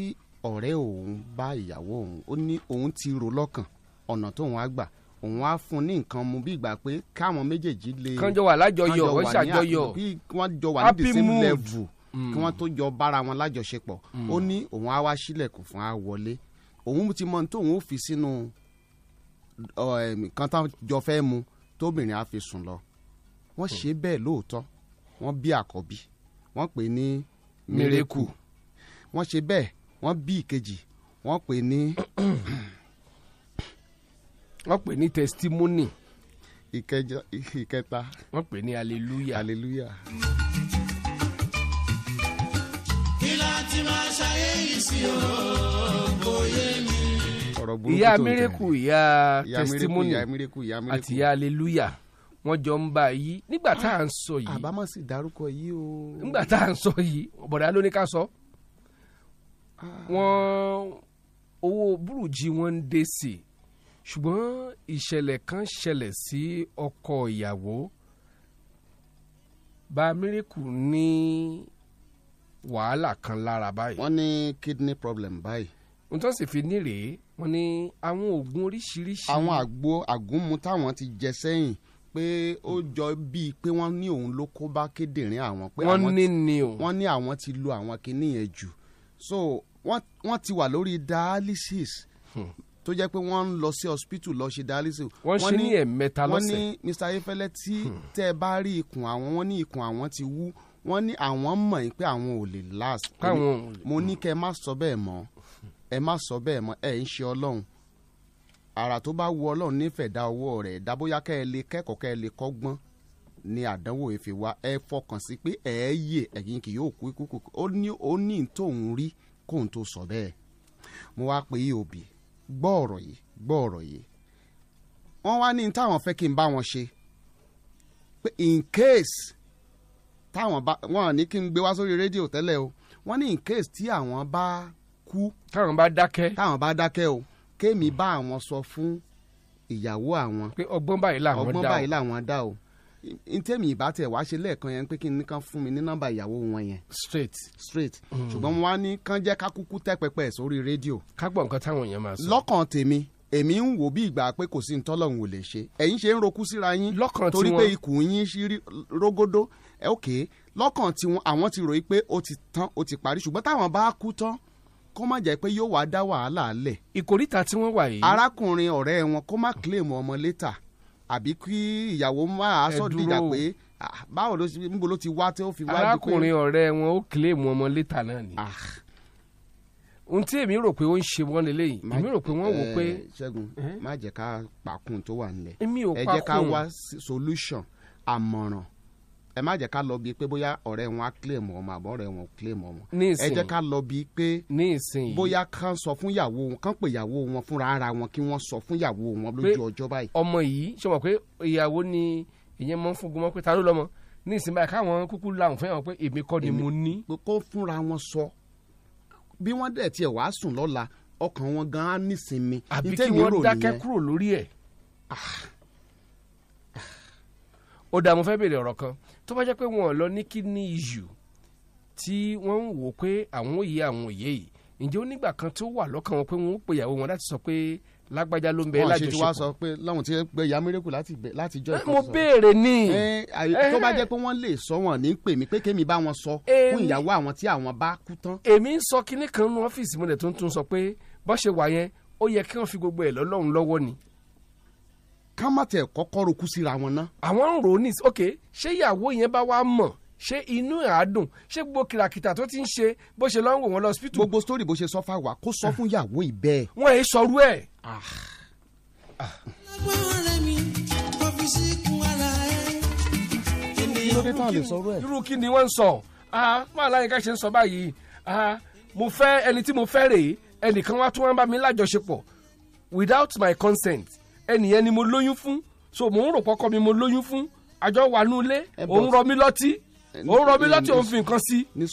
ọ̀rẹ́ òun bá ìyàwó òun ó ní òun ti rò lọ́kàn ọ̀nà tóun á gbà òun á fún ní nǹkan mu bí ìgbà pé káwọn méjèèjì lè kánjọ wà lájọyọ̀ wọ́n ṣàjọyọ̀ bí wọ́n jọ wà ní the same level kí mm. wọ́n tó jọ bára wọn lájọṣepọ̀ mm. ó ní òun á wá sílẹ̀kùn fún á wọlé òun ti mọ tóun ó fi sínú kan tán jọ fẹ́ mu tóbìnrin á fi sùn lọ wọ́n hmm. ṣe bẹ́ẹ̀ lóòótọ́ wọ́n bí àkọ́bí wọ́n pè ní mireku wọ́n ṣe bẹ́ẹ̀ wọ́n bí ìkejì wọ́n pè ní. (clears throat) wọ́n pè ní testimony. ìkẹjọ ìkẹta. wọ́n pè ní hallelujah. hallelujah. kí láti máa ṣayé yìí sí o kò yé mi ọ̀rọ̀ burúkú tó ń tẹ̀. ìyá mírèkù ìyá testimony àti ìyá aleluya wọ́n jọ ń bá a yí nígbà tá à ń sọ yìí. àbámọ̀ sì dárúkọ yìí o. nígbà tá à ń sọ yìí bọ̀dá ló ní ká sọ. Ah. wọ́n owó burújí wọn ń dé sí i ṣùgbọ́n kan ṣẹlẹ̀ sí ọkọ ìyàwó bá mírìkù ní wàhálà kan lára báyìí. wọ́n ní kidney problem báyìí. ohun tó sì fi ní rèé wọ́n ní àwọn oògùn oríṣiríṣi. àwọn àgbo àgúnmu táwọn ti jẹ sẹ́yìn pé ó jọ bíi pé wọ́n ní òun ló kó bá kíndìnrín àwọn wọ́n ní ni o wọ́n ní àwọn ti lo àwọn kinní yẹn jù so wọ́n ti wà lórí dialysis hmm. tó jẹ́ pé wọ́n ń lọ sí hospital lọ ṣe dialysis. wọ́n ṣe ní ẹ̀mẹ́ta lọ́sẹ̀. wọ́n ní Mr Ayefẹ́lẹ́ tí hmm. tẹ́ ẹ bá rí ikùn àwọn wọ́n ní ikùn àwọn ti wú wọ́n ní àwọn mọ̀ pé àwọn ò lè last. káwọn ò lè mo ní hmm. kẹ́ ẹ má sọ bẹ́ẹ̀ mọ́ ẹ má sọ bẹ́ẹ̀ mọ́ ẹ ń ṣe ọlọ́run àrà tó bá wu ọlọ́run nífẹ̀ẹ́ dá ọwọ́ rẹ̀ dá kẹ́ ẹ lè kẹ́kọ̀ọ́ kẹ́ ẹ lè kọ́gbọ́n ni àdánwò èfè wa ẹ fọkàn sí pé ẹ yè ẹ̀yin kì yóò kú ikú kù ó ní ó ní tóun rí kóun tó sọ bẹ́ẹ̀ mo wá pé òbí e gbọ́ ọ̀rọ̀ yìí gbọ́ ọ̀rọ̀ yìí wọ́n wá ní táwọn fẹ́ kí n bá wọn ṣe pé in case táwọn bá wọn ní kí n gbé wá sórí rédíò tẹ́lẹ̀ o wọ́n ní in case tí àwọn bá kú. táwọn bá dákẹ́. táwọn bá dákẹ́ o kémi bá àwọn sọ fún ìyàwó àwọn. pé ọgbọ́n báyìí làwọn dá o ọgbọ́n báyìí làwọn dá o ntẹ́mi ìbá tẹ̀ wá ṣe lẹ́ẹ̀kan yẹn pé kí n kan fún mi ní nọ́mbà ìyàwó wọn yẹn. straight straight hmm. ṣùgbọ́n mo wá ní kán jẹ́ ká kúkú tẹ́ pẹpẹ sórí rédíò. ká gbọ́ nǹkan táwọn èèyàn máa sọ. lọ́kàn tèmi èmi ń wò bí ìgbà pé kò sí ní tọ́lọ́hún ò lè ṣe ẹ̀yin ṣe ń rokú síra yín lọ́kàn tiwọn torí pé ikùn yín ṣí rógódó ẹ lọ́kàn tiwọn àwọn ti ròyìn pé ó ti tán ó ti parí ṣùgbọ́n táwọn bá kú tán kó má jẹ́ pé yóò wá dá wàhálà lẹ̀. ìkóríta tí wọ́n wà yìí. arákùnrin ọ̀rẹ́ wọn kó má claim ọmọ létà àbí kí ìyàwó máa sọ dìjà pé báwo ló ti níbo ló ti wá tí ó fi wá. arákùnrin ọ̀rẹ́ wọn ó claim ọmọ létà náà ni. Ah. ohun tí èmi rò pé ó ń ṣe wọn lélẹ́yìn èmi rò pé wọ́n wò pé. Eh, ṣẹ́gun eh? má jẹ́ ká pàkún tó wà nílẹ̀ ẹ jẹ́ ká wá solution àmọ̀ràn ẹ má jẹ́ ká lọ bíi pé bóyá ọ̀rẹ́ wọn á claim ọmọ àbọ̀ ọ̀rẹ́ wọn ò claim ọmọ ẹ jẹ́ ká lọ bíi pé bóyá kán sọ fún ìyàwó wọn kán pè ìyàwó wọn fúnra ara wọn kí wọ́n sọ fún ìyàwó wọn lójú ọjọ́ báyìí. ọmọ yìí ṣe mọ̀ pé ìyàwó ni ìyẹn mọ́ fún gomọ́ pé ta ló lọ́mọ ní ìsinmi báyìí káwọn kúkú làwọn fẹ́ wọn pé èmi kọ́ ni mo ní. kó fúnra wọn sọ bí wọ́n dẹ̀ tiẹ̀ wàá sùn lọ́la ọkàn wọn gan-an nísinmi. àbí kí wọ́n dákẹ́ kúrò lórí ẹ̀. Ah ó dá mo fẹ́ béèrè ọ̀rọ̀ kan tó bá jẹ́ pé wọ́n lọ ní kidney issue tí wọ́n ń wò pé àwọn òye àwọn òye yìí ǹjẹ́ ó nígbà kan tó wà lọ́kàn wọn pé wọ́n ó pe ìyàwó wọn láti sọ pé lágbájá ló ń bẹ lájọṣepọ̀. wọ́n ṣe ti wá sọ pé láwọn ti gbé ya miracle láti bẹ láti jọ ìkọsọ. mo béèrè ni. tó bá jẹ́ pé wọ́n lè sọ wọ́n ní pèmí pé kémi bá wọn sọ fún ìyàwó àwọn tí àwọn bá kú tán. èmi ń sọ kinní kan nu ọ́fíìsì mo lè tó ń tún sọ pé bó ṣe wà yẹn ó yẹ kí wọ́n fi gbogbo ẹ̀ lọ́lọ́run lọ́wọ́ ni ká má tẹ̀ kọ́kọ́ roku síra wọn ná. àwọn ń rò ó ní ok ṣé ìyàwó yẹn bá wá mọ̀ ṣé inú ẹ̀ á dùn ṣé gbogbo kìràkìtà tó ti ń ṣe bó ṣe lọ́wọ́ wọn lọ hospital. gbogbo sítórì bó ṣe sọ fún wa kó sọ fún ìyàwó ìbẹ́ ẹ̀. wọ́n sọrú ẹ̀. Ah. kí tá a lè sọrú ẹ̀. irú kí ni wọ́n ń sọ máa ah, láyé ṣe ń sọ báyìí ah, mo fẹ́ ẹni tí mo fẹ́ rèé ẹnìkan wá tún wá ń bá mi lájọṣepọ̀ without my consent ẹnìyẹn ni mo lóyún fún so mò ń rò pọkọ mi mo lóyún fún àjọ wà nulẹ̀ òun rọ mí lọ́tí ó rọ mi láti òun fi nǹkan sí. ní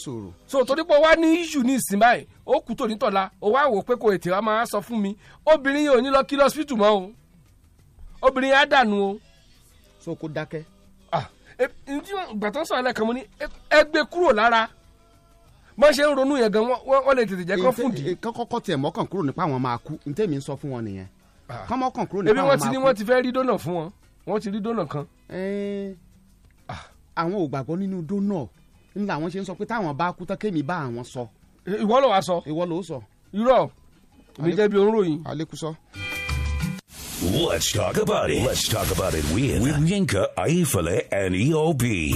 so torí pé wá ní iṣu ní ìsìn báyìí ó kú tòní tọ̀la ó wá wò pé kò ètè wa máa sọ fún mi obìnrin yìí ò ní lọ kí lọ́sítù mọ́ o obìnrin yẹn á dànù o. so kó dákẹ́. ǹjẹ́ ah, gbàtọ́ sọ̀rọ̀ lẹ́ẹ̀kan mo ní ẹgbẹ́ kúrò lára bọ́n ṣe ń ronú yẹn gan wọ́n lè tètè jẹ́ kán fún di. kọ́kọ́ tiẹ̀ mọ́kàn kúrò nípa àwọn máa kú ntẹ́mi ń sọ fún wọn nìyẹn Ah. kọ́mọ́ kàn kúrò nípa àwọn máa kú. ebi wọ́n ti fẹ́ rí dọ́nà fún wọn wọ́n ti rí dọ́nà kan. Eh. Ah. àwọn ò gbàgbọ́ nínú dọ́nà ńlá àwọn ṣe ń sọ pé táwọn bá kú tán kémi bá àwọn sọ. ìwọ ló wá sọ. ìwọ ló sọ. irọ́ mi jẹ́ bí onróyin. alekusọ. Let's talk about it. Let's talk about it with, with Yinka Ayifale and EOB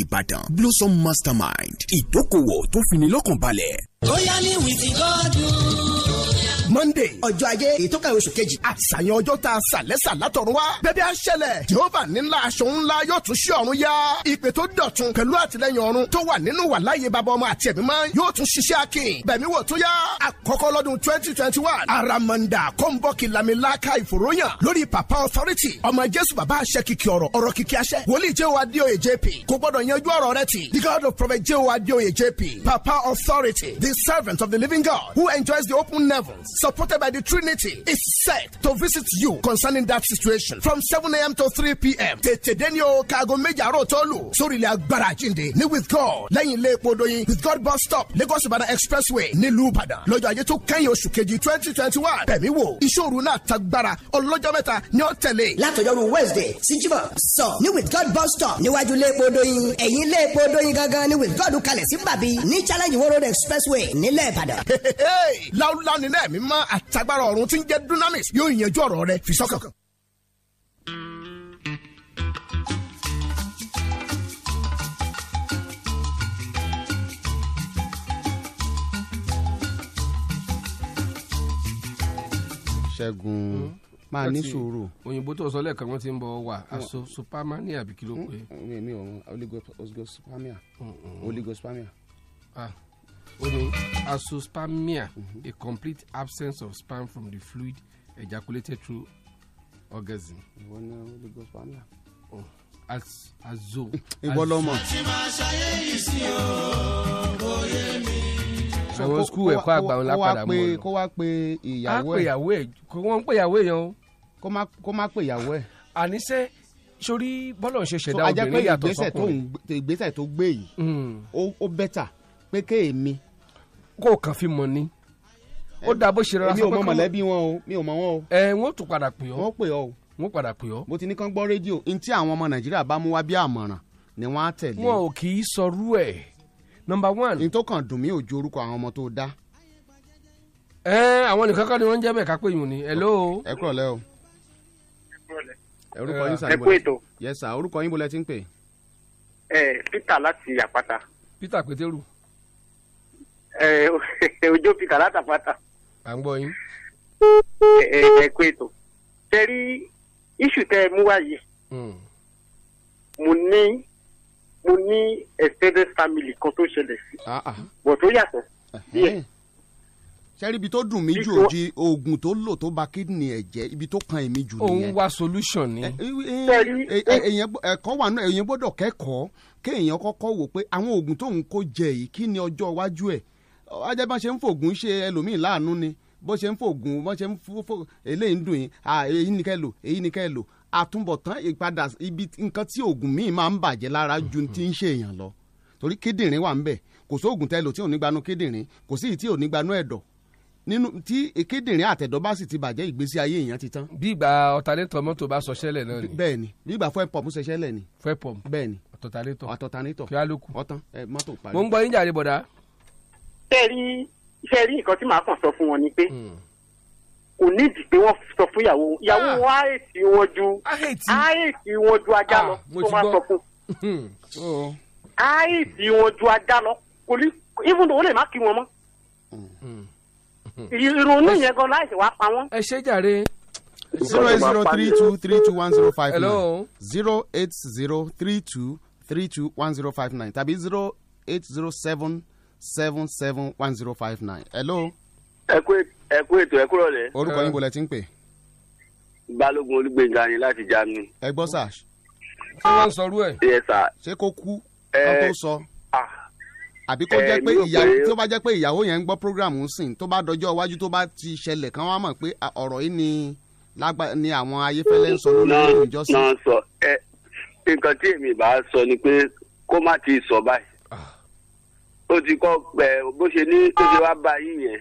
Ìbàdàn Blossom Mastermind ìdókòwò tó fini lọ́kànbalẹ̀ bóyá ní gọ́dún. Monday ọjọ́ ajé ìtọ́ka oṣù kejì àṣàyàn ọjọ́ ta sàlẹ́sà látọ̀run wá bẹ́ẹ̀ á ṣẹlẹ̀ nílá aṣọ ńlá yóò tún ṣí ọ̀run yá ìpè tó dọ̀tun pẹ̀lú àtìlẹyìn ọ̀run tó wà nínú wà bàbá ọmọ àti ẹ̀mí mọ́ yóò tún ṣiṣẹ́ akin bẹ̀mí wò tó yá àkọ́kọ́ lọ́dún twenty twenty one aramanda kọ́ńbọ́kì lamilaka ìfòròyàn lórí papa authority ọmọ jésù bàbá àṣẹ kìkì ọ̀rọ̀ ọ̀rọ̀ kìkì the servant of the living God who enjoys the open heavens, supported by the Trinity, is set to visit you concerning that situation from 7 a.m. to 3 p.m. Tètè dé ní o kaago méjì àárọ̀ tó with God lẹ́yìn ilé epo doyin with God bus stop Lagos Ibadan expressway ni Ìbàdàn lọ́jọ́ ajé tó kẹ́yìn 2021, kejì twenty twenty one bẹ̀mí wò meta náà tagbára ọlọ́jọ́ mẹ́ta Wednesday sí so ni with God bus stop ni ilé epo doyin ẹ̀yìn ilé epo doyin gangan ní with God ukale, sí ni challenge world expressway mẹ́rin nílẹ̀ ìbàdàn. láúláú nílẹ̀ mi mọ́ àtagbára ọ̀run tí ń jẹ́ dunamis yóò yanjú ọ̀rọ̀ rẹ fi sọ́kàn. ṣẹ́gun hmm? máa ní sùúrù. òyìnbó tó sọ lẹ́ẹ̀kan wọ́n ti ń bọ̀ wà aṣọ supamania àbí kí ló hmm? pé. mi mi ò oligospamia hmm, oligospamia. ah ó ní azoospermia a complete absence of sperm from the fluid ejaculated through orgasm. ìwọ náà ó lè gbọ́ spermia. azo. (laughs) ìwọ lọmọ. àti máa ṣàyẹ̀yì sí o bóyá mi àwọn skul ẹ̀kọ́ àgbà wọn lápadà mọ́ ọ. kó wá pe ìyàwó ẹ̀. á pe ìyàwó ẹ̀ kó wọ́n pe ìyàwó ẹ̀ yẹn o. kó má pe ìyàwó ẹ̀. àníṣe sórí bọ́lọ̀ ṣe ṣẹ̀dá obìnrin yàtọ̀ sọ́kùnrin. ajẹ́ pé ìgbésẹ̀ tó gbé yìí hmm. ó bẹ́tà pé kéèmí kó kàn fi mọ̀ ni ó da bó ṣe rọra sọ pé kí wọn. èmi ò mọ mọ̀lẹ́bí wọn o mi ò mọ wọn o. ẹ wọn tún padà pè ọ. wọn pè ọ o. wọn padà pè ọ. mo ti ní kán gbọ́ rédíò n tí àwọn ọmọ nàìjíríà bá mú wá bí àmọ̀ràn ni wọ́n á tẹ̀lé. wọn ò kì í sọrú ẹ̀ number one. n tó kàn dùn mí ò ju orúkọ àwọn ọmọ tó dá. ẹ àwọn nìkan kan ni wọ́n ń jẹ́ bẹ́ẹ̀ ká pé yùn ni hello. ẹ kúrọ̀lẹ́ o. orúkọ yín sàgbọ́n ẹ kú ètò. yes sir orúkọ yín bolẹ ti ń pè. ẹ Peter láti àpáta. Peter Peteru ọjọ́ eh, (laughs) fi kàràtà pátá. à ń gbọ́ yín. Eh, eh, ẹ ẹ pé ètò ṣe rí iṣu tẹ ẹ mú wáyé hmm. mo ní mo ní extended family kan tó ṣẹlẹ̀ sí ah, ah. bọ̀ tó yàtọ̀ díẹ̀ sẹ́rí ibi tó dùn mí jù òjì oògùn tó lò tó bà kídìní ẹ̀ jẹ́ ibi tó kan èmi jù nìyẹn. òun wá solution ni. ẹ̀kọ́ wà náà èèyàn gbọ́dọ̀ kẹ́kọ̀ọ́ kéèyàn kọ́kọ́ wò pé àwọn oògùn tóun kó jẹ yìí kí ni ọjọ́ iwájú ẹ̀ ajẹ́ bá ṣe ń fògùn ṣe ẹlòmíì láàánú ni bó ṣe ń fògùn bó ṣe ń fò eléyìí ń dùn yín èyí ni kẹ́ lò èyí ni kẹ́ lò àtúbọ̀tán ìpadà ibi nǹkan tí oògùn míì máa ń bàjẹ́ lára ju ti ń ṣe èèyàn lọ torí kíndìnrín wà ń bẹ̀ kò sóògùn tẹ́ lò tí ò ní gbanú kíndìnrín kò sí tí ò ní gbanú ẹ̀dọ̀ nínú tí kíndìnrín àtẹ̀dọ̀ bá sì ti bàjẹ́ ìgbésí ayé èèyàn ti tán. bí ìgbà ọ̀tàlétọ̀ mọ́tò bá sọ sẹ́lẹ̀ náà ni. bẹ́ẹ̀ni bí ìgbà fuel pump ṣẹṣẹ́ lẹ̀ ni. fuel pump bẹ́ẹ̀ni ọ̀tọ̀tàlétọ̀ ọ̀tọ̀tàlétọ̀ kí á ló kù ọ̀tán mọ́tò parí. mo ń gbọ́ yín jàre bọ̀dá sẹ́ẹ̀rí sẹ́ẹ̀rí nǹkan tí màá kàn sọ fún wọn ni pé hmm. kò nídìí pé wọ́n sọ fún ìyàwó ah. ìyàwó wọn á èsì wọn ju á èsì wọn ju ajá ah, lọ tó máa sọ fún hmm. (laughs) oh. á èsì wọn ju ajá lọ kò ní even though ó lè má kí wọn mọ́ hmm. ìrònú yẹn gan láì wá pa wọ́n. ẹ ṣe jàre zero eight tàbí zero seven seven one zero five nine. hello. ẹ kú ẹ kú ètò ẹ kúrò lẹ. orúkọ yín bolẹ ti ń pè. balógun olúgbèǹga ni láti Germany. ẹ gbọ́ sà. ṣé wọ́n ń sọrú ẹ̀. ẹ sà. ṣé kó kú kó sọ. àbí kó jẹ́ pé ìyàwó tó bá jẹ́ pé ìyàwó yẹn ń gbọ́ program ń sìn tó bá dọjọ́ iwájú tó bá ti ṣẹlẹ̀ kan wá mọ̀ pé ọ̀rọ̀ yìí ni lágbà ni àwọn ayéfẹ́lẹ́ ń sọ lórí ìjọsìn. nǹkan tí èmi bá sọ ni pé kó má ti sọ báyìí ó ti kọ́ ẹ bó ṣe ní tó ṣe wá bá yín yẹn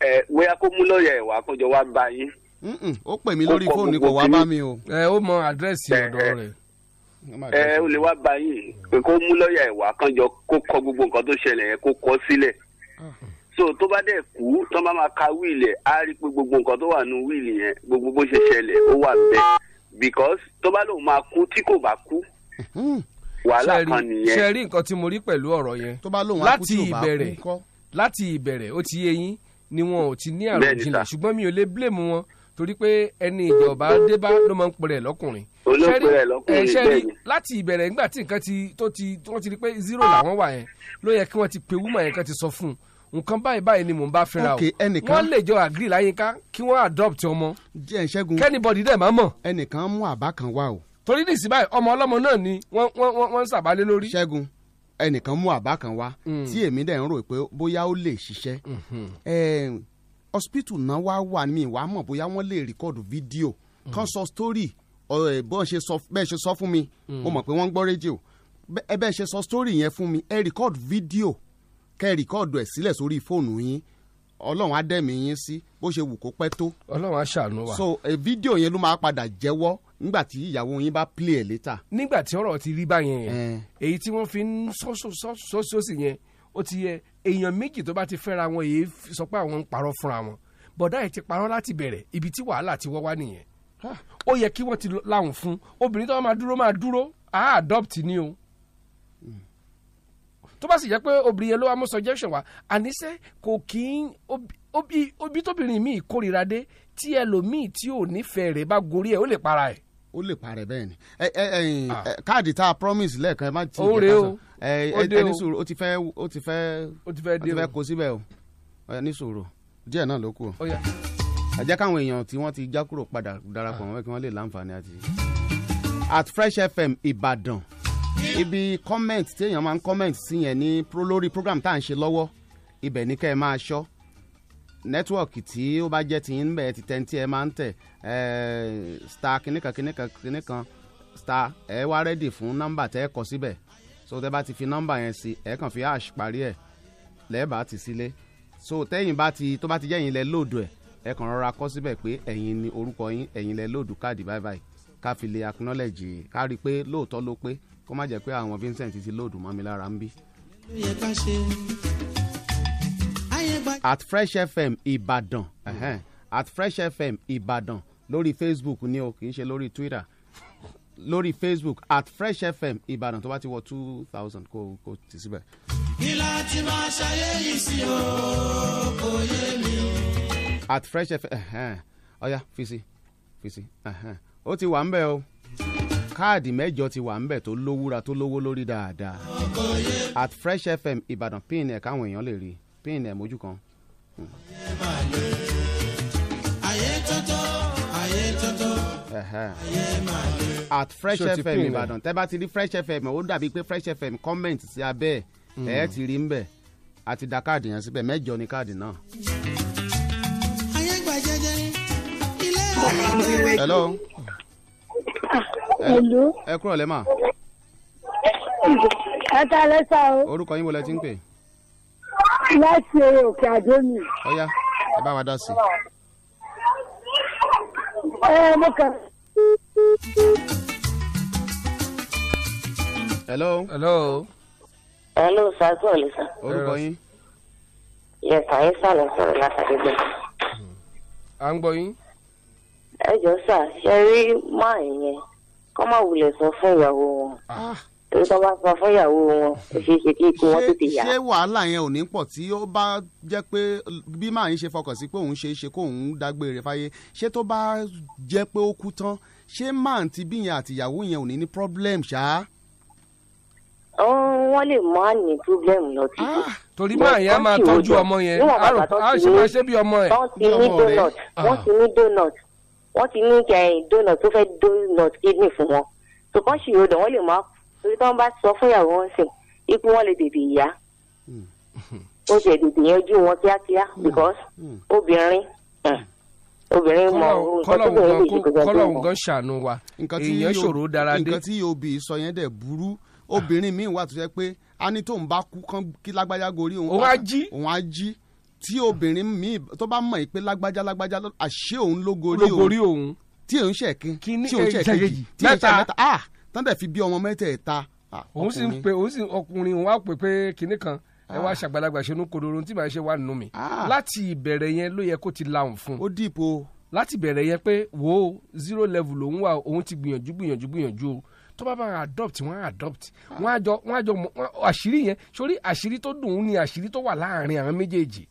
ẹ bóyá kó mú lọ́ọ̀yà ẹ̀ kó jọ wá bá yín. ó pè mí lórí fóònù kò wá bá mi o. ẹ ó mọ àdírẹ́sì ọ̀dọ̀ rẹ̀. ẹ ó lè wá bá yín pé kó mú lọ́ọ̀yà ẹ̀ wá jọ kó kọ gbogbo nǹkan tó ṣẹlẹ̀ yẹn kó kọ sílẹ̀. so tó bá dẹ̀ kú tó bá máa ka wíìlì á rí pé gbogbo nǹkan tó wà nù wíìlì yẹn gbogbo bó ṣe ṣẹlẹ̀ ó wà bẹ́ẹ̀ because tó bá lóun máa kú tí kò bá kú hmm wàhálà kan nìyẹn. ṣe rí nǹkan tí mo rí pẹ̀lú ọ̀rọ̀ yẹn láti ìbẹ̀rẹ̀ láti ìbẹ̀rẹ̀ ó ti yé yín ni wọn ò ti ní àròjinlẹ̀ ṣùgbọ́n mi ò lè blame wọn torí pé ẹni ìjọba débá ló máa ń pèrè lọ́kùnrin. olóòpèrè lọ́kùnrin bẹ́ẹ̀ ni. láti ìbẹ̀rẹ̀ nígbà tí nǹkan ti zero làwọn wà yẹn ló yẹ kí wọ́n ti pe woman yẹn kan ti sọ fún un nǹkan báyìí báyìí ni mò ń bá fínra o wọ́n lè jọ agree láyínká kí wọ́n adopt ọmọ kẹ́nìbọ̀dì dẹ̀ máa mọ̀. ẹnìkan mú àbá kan wá o torí ní ìsìnbáyé ọmọ ọlọ́mọ náà ni wọ́n wọ́n wọ́n ń sàbálẹ̀ lórí. ṣẹ́gun ẹnìkan mú àbá kan wá hmm. tí èmi dẹ̀ ń rò pé bóyá ó lè ṣiṣẹ́ hmm. hospital náà wá wà mí wàá mọ̀ bóyá wọ́n lè rìkọ́dù fídíò hmm. kan sọ story bọ́ọ̀ ṣe sọ bẹ́ẹ̀ ṣe sọ fún mi mo mọ̀ pé wọ́n ń gbọ́ rédíò ẹ ṣe sọ story yẹn fún mi ẹ rìkọ́dù fídíò kẹ́ ẹ rìkọ́dù ẹ̀ sílẹ̀ sórí fóònù yín ọlọ́run á dẹ̀mí yín sí bó ṣe wù kó pẹ́ tó. ọlọ́run á ṣàánú wa. so fídíò yẹn ló máa padà jẹ́wọ́ nígbà tí ìyàwó yín bá play ẹ̀ later. nígbà tí ọ̀rọ̀ ti rí báyẹn yẹn èyí tí wọ́n fi ń sọ́sọ́sọ́sì yẹn ó ti yẹ èèyàn méjì tó bá ti fẹ́ra wọn èyí sọ pé àwọn ń parọ́ fúnra wọn bọ̀dá ẹ̀ ti parọ́ láti bẹ̀rẹ̀ ibi tí wàhálà ti wọ́ wá nìyẹn ó yẹ kí wọ́n ti láwọn fún obìnrin tó máa dúró máa dúró àá adopt ni o hmm. tó bá sì jẹ́ pé obìnrin yẹn ló wá mú suggestion wá àníṣe kò kí ń obi tóbìnrin míì kórìíra dé tí ẹlòmíì tí ò nífẹ̀ẹ́ rẹ̀ bá gorí ẹ̀ ó lè para ẹ̀ ó lè parẹ́ bẹ́ẹ̀ ni ah. káàdì tá a promise lẹ́ẹ̀kan ẹ má ti jẹ́ ká sọ ẹni sùúrù ó ti fẹ́ ó ti fẹ́ ó ti fẹ́ kó síbẹ̀ o ẹni sùúrù díẹ̀ náà ló kù ẹ jẹ́ káwọn èèyàn tí wọ́n ti já kúrò padà darapọ̀ mọ́ kí wọ́n lè láǹfààní àti at Fresh FM Ìbàdàn ibi comment tí èèyàn máa ń comment sí yẹn ní lórí program tá à ń ṣe lọ́wọ́ ibẹ̀ ni kẹ́ ẹ máa ṣọ́ nẹ́tíwọ̀kì tí ó bá jẹ́ ti ń bẹ̀ ti tẹ́ tí ẹ máa ń tẹ̀ star kìnìkan kìnìkan kìnìkan star ẹ wá rẹ́dì fún nọ́mbà tẹ́ kọ síbẹ̀ so tẹ́ bá ti fi nọ́mbà yẹn sí ẹ kàn fi hash parí ẹ̀ lẹ́ẹ̀bà ti sílé so tẹ́yìn bá ti tó bá ti jẹ́ ẹ̀yin lẹ lóòdù ẹ̀ ẹ kàn rọra kọ síbẹ̀ pé ẹ̀yin ni orúkọ yín ẹ̀yin lẹ lóòdù káàdì báyìí ká fi lè acknowledge ká rí i pé lóòótọ́ ló pé kó má jẹ́ pé àwọn Vincent ti lóòdù mọ́ mi lára ń bí at fresh fm Ibadan. uh-huh. at fresh fm Ibadan. lórí facebook ni o kì í ṣe lórí twitter lórí facebook at fresh fm Ibadan. tó bá ti wọ two thousand kó kó tì síbẹ̀. kí la máa ṣayé yìí sí o kò yé mi. at fresh fm uh-huh. ọ̀ya fisi fisi uh-huh. ó ti wà ń bẹ̀ o káàdì mẹ́jọ ti wà ńbẹ̀ tó lówúra tó lówó lórí dáadáa at fresh fm ìbàdàn pin ẹ̀ka àwọn èèyàn lè rí i pain ẹ̀ kan. at fresh fm ìbàdàn tẹ́ bá ti rí fresh fm ó dàbí pé fresh fm comment sí abẹ́ ẹ̀ hmm. ẹ́ ti rí ń bẹ̀ àti da káàdì yẹn síbẹ̀ mẹ́jọ ni káàdì náà. hello. hello. ẹ kúrò lẹ́mà. ẹ ta lẹ́sà o. orúkọ yín wo lẹ ti ń pè láti òkè àdó mi. ọ̀yá ẹ bá wa dá sí. ẹ mo kà. hello. hello. hello sago olùsọ. orúkọ yín. yes àyíṣà ló sọ̀rọ̀ látàdé gbẹ. à ń gbọ́ yín. ẹ jọ sà ṣe rí máa yẹn kọ́ máa wulẹ̀ sọ fún ìyàwó wọn. Ah torí tó bá sọ fún ìyàwó wọn ó ṣeé ṣe kí ikú wọn tètè yá. ṣé wàhálà yẹn ò ní pọ̀ tí ó bá jẹ́ pé bí màá ń ṣe fọkàn sí pé òun ṣe é ṣe kó òun dágbére fáyé ṣé tó bá jẹ́ pé ó kú tán ṣé màá ti bí yẹn àti ìyàwó yẹn ò ní ní problem ṣá. wọ́n lè mọ àní problem lọ tí. Ah, torí màá yẹn máa tọ́jú ọmọ yẹn á ṣe bí ọmọ ẹ̀. Ah. wọ́n ti ní donut wọ́n ti ní donut wọ́n ti ní donut tó fẹ́ donut torí tí wọ́n bá sọ fún ìyàwó wọn sìn ipò wọn lè dèdè ìyá hmm. ó jẹ dèdè yẹn ojú wọn kíákíá hmm. because hmm. obìnrin obìnrin mọ nǹkan tó bẹ̀rẹ̀ lè ṣe gbogbo ọdún kan. ṣàánú wa èèyàn ṣòro dára dé. nǹkan tí obì sọ yẹn dẹ̀ burú obìnrin míì wà tó jẹ́ pé a ní tóun bá kú kán kí lágbájá gorí òun á jí òun á jí tí obìnrin míì tó bá mọ̀ pé lágbájá lágbájá àṣé òun ló gorí òun tí òun ṣẹ̀kin tí òun ṣẹ̀kin tí òun ṣẹ̀kin mẹ́ta ah! tán dẹ̀ fi bí ọmọ mẹ́tẹ̀ẹ̀ta. òun sì ń pe òun sì ọkùnrin wa pè pé kinní kan ẹ wá ṣàgbàlagbà ṣe ní kodoro tí màá ṣe wà nù mí láti ìbẹ̀rẹ̀ yẹn ló yẹ kó ti lahùn fún. ó dìbò. láti ìbẹ̀rẹ̀ yẹn pé wo zero level lòun wà òun ti gbìyànjú gbìyànjú gbìyànjú o tó bá bá adopt wọn adopt wọn àjọ wọn àjọ àṣírí yẹn sórí àṣírí tó dùn ún ni àṣírí tó wà láàrin àwọn méjèèjì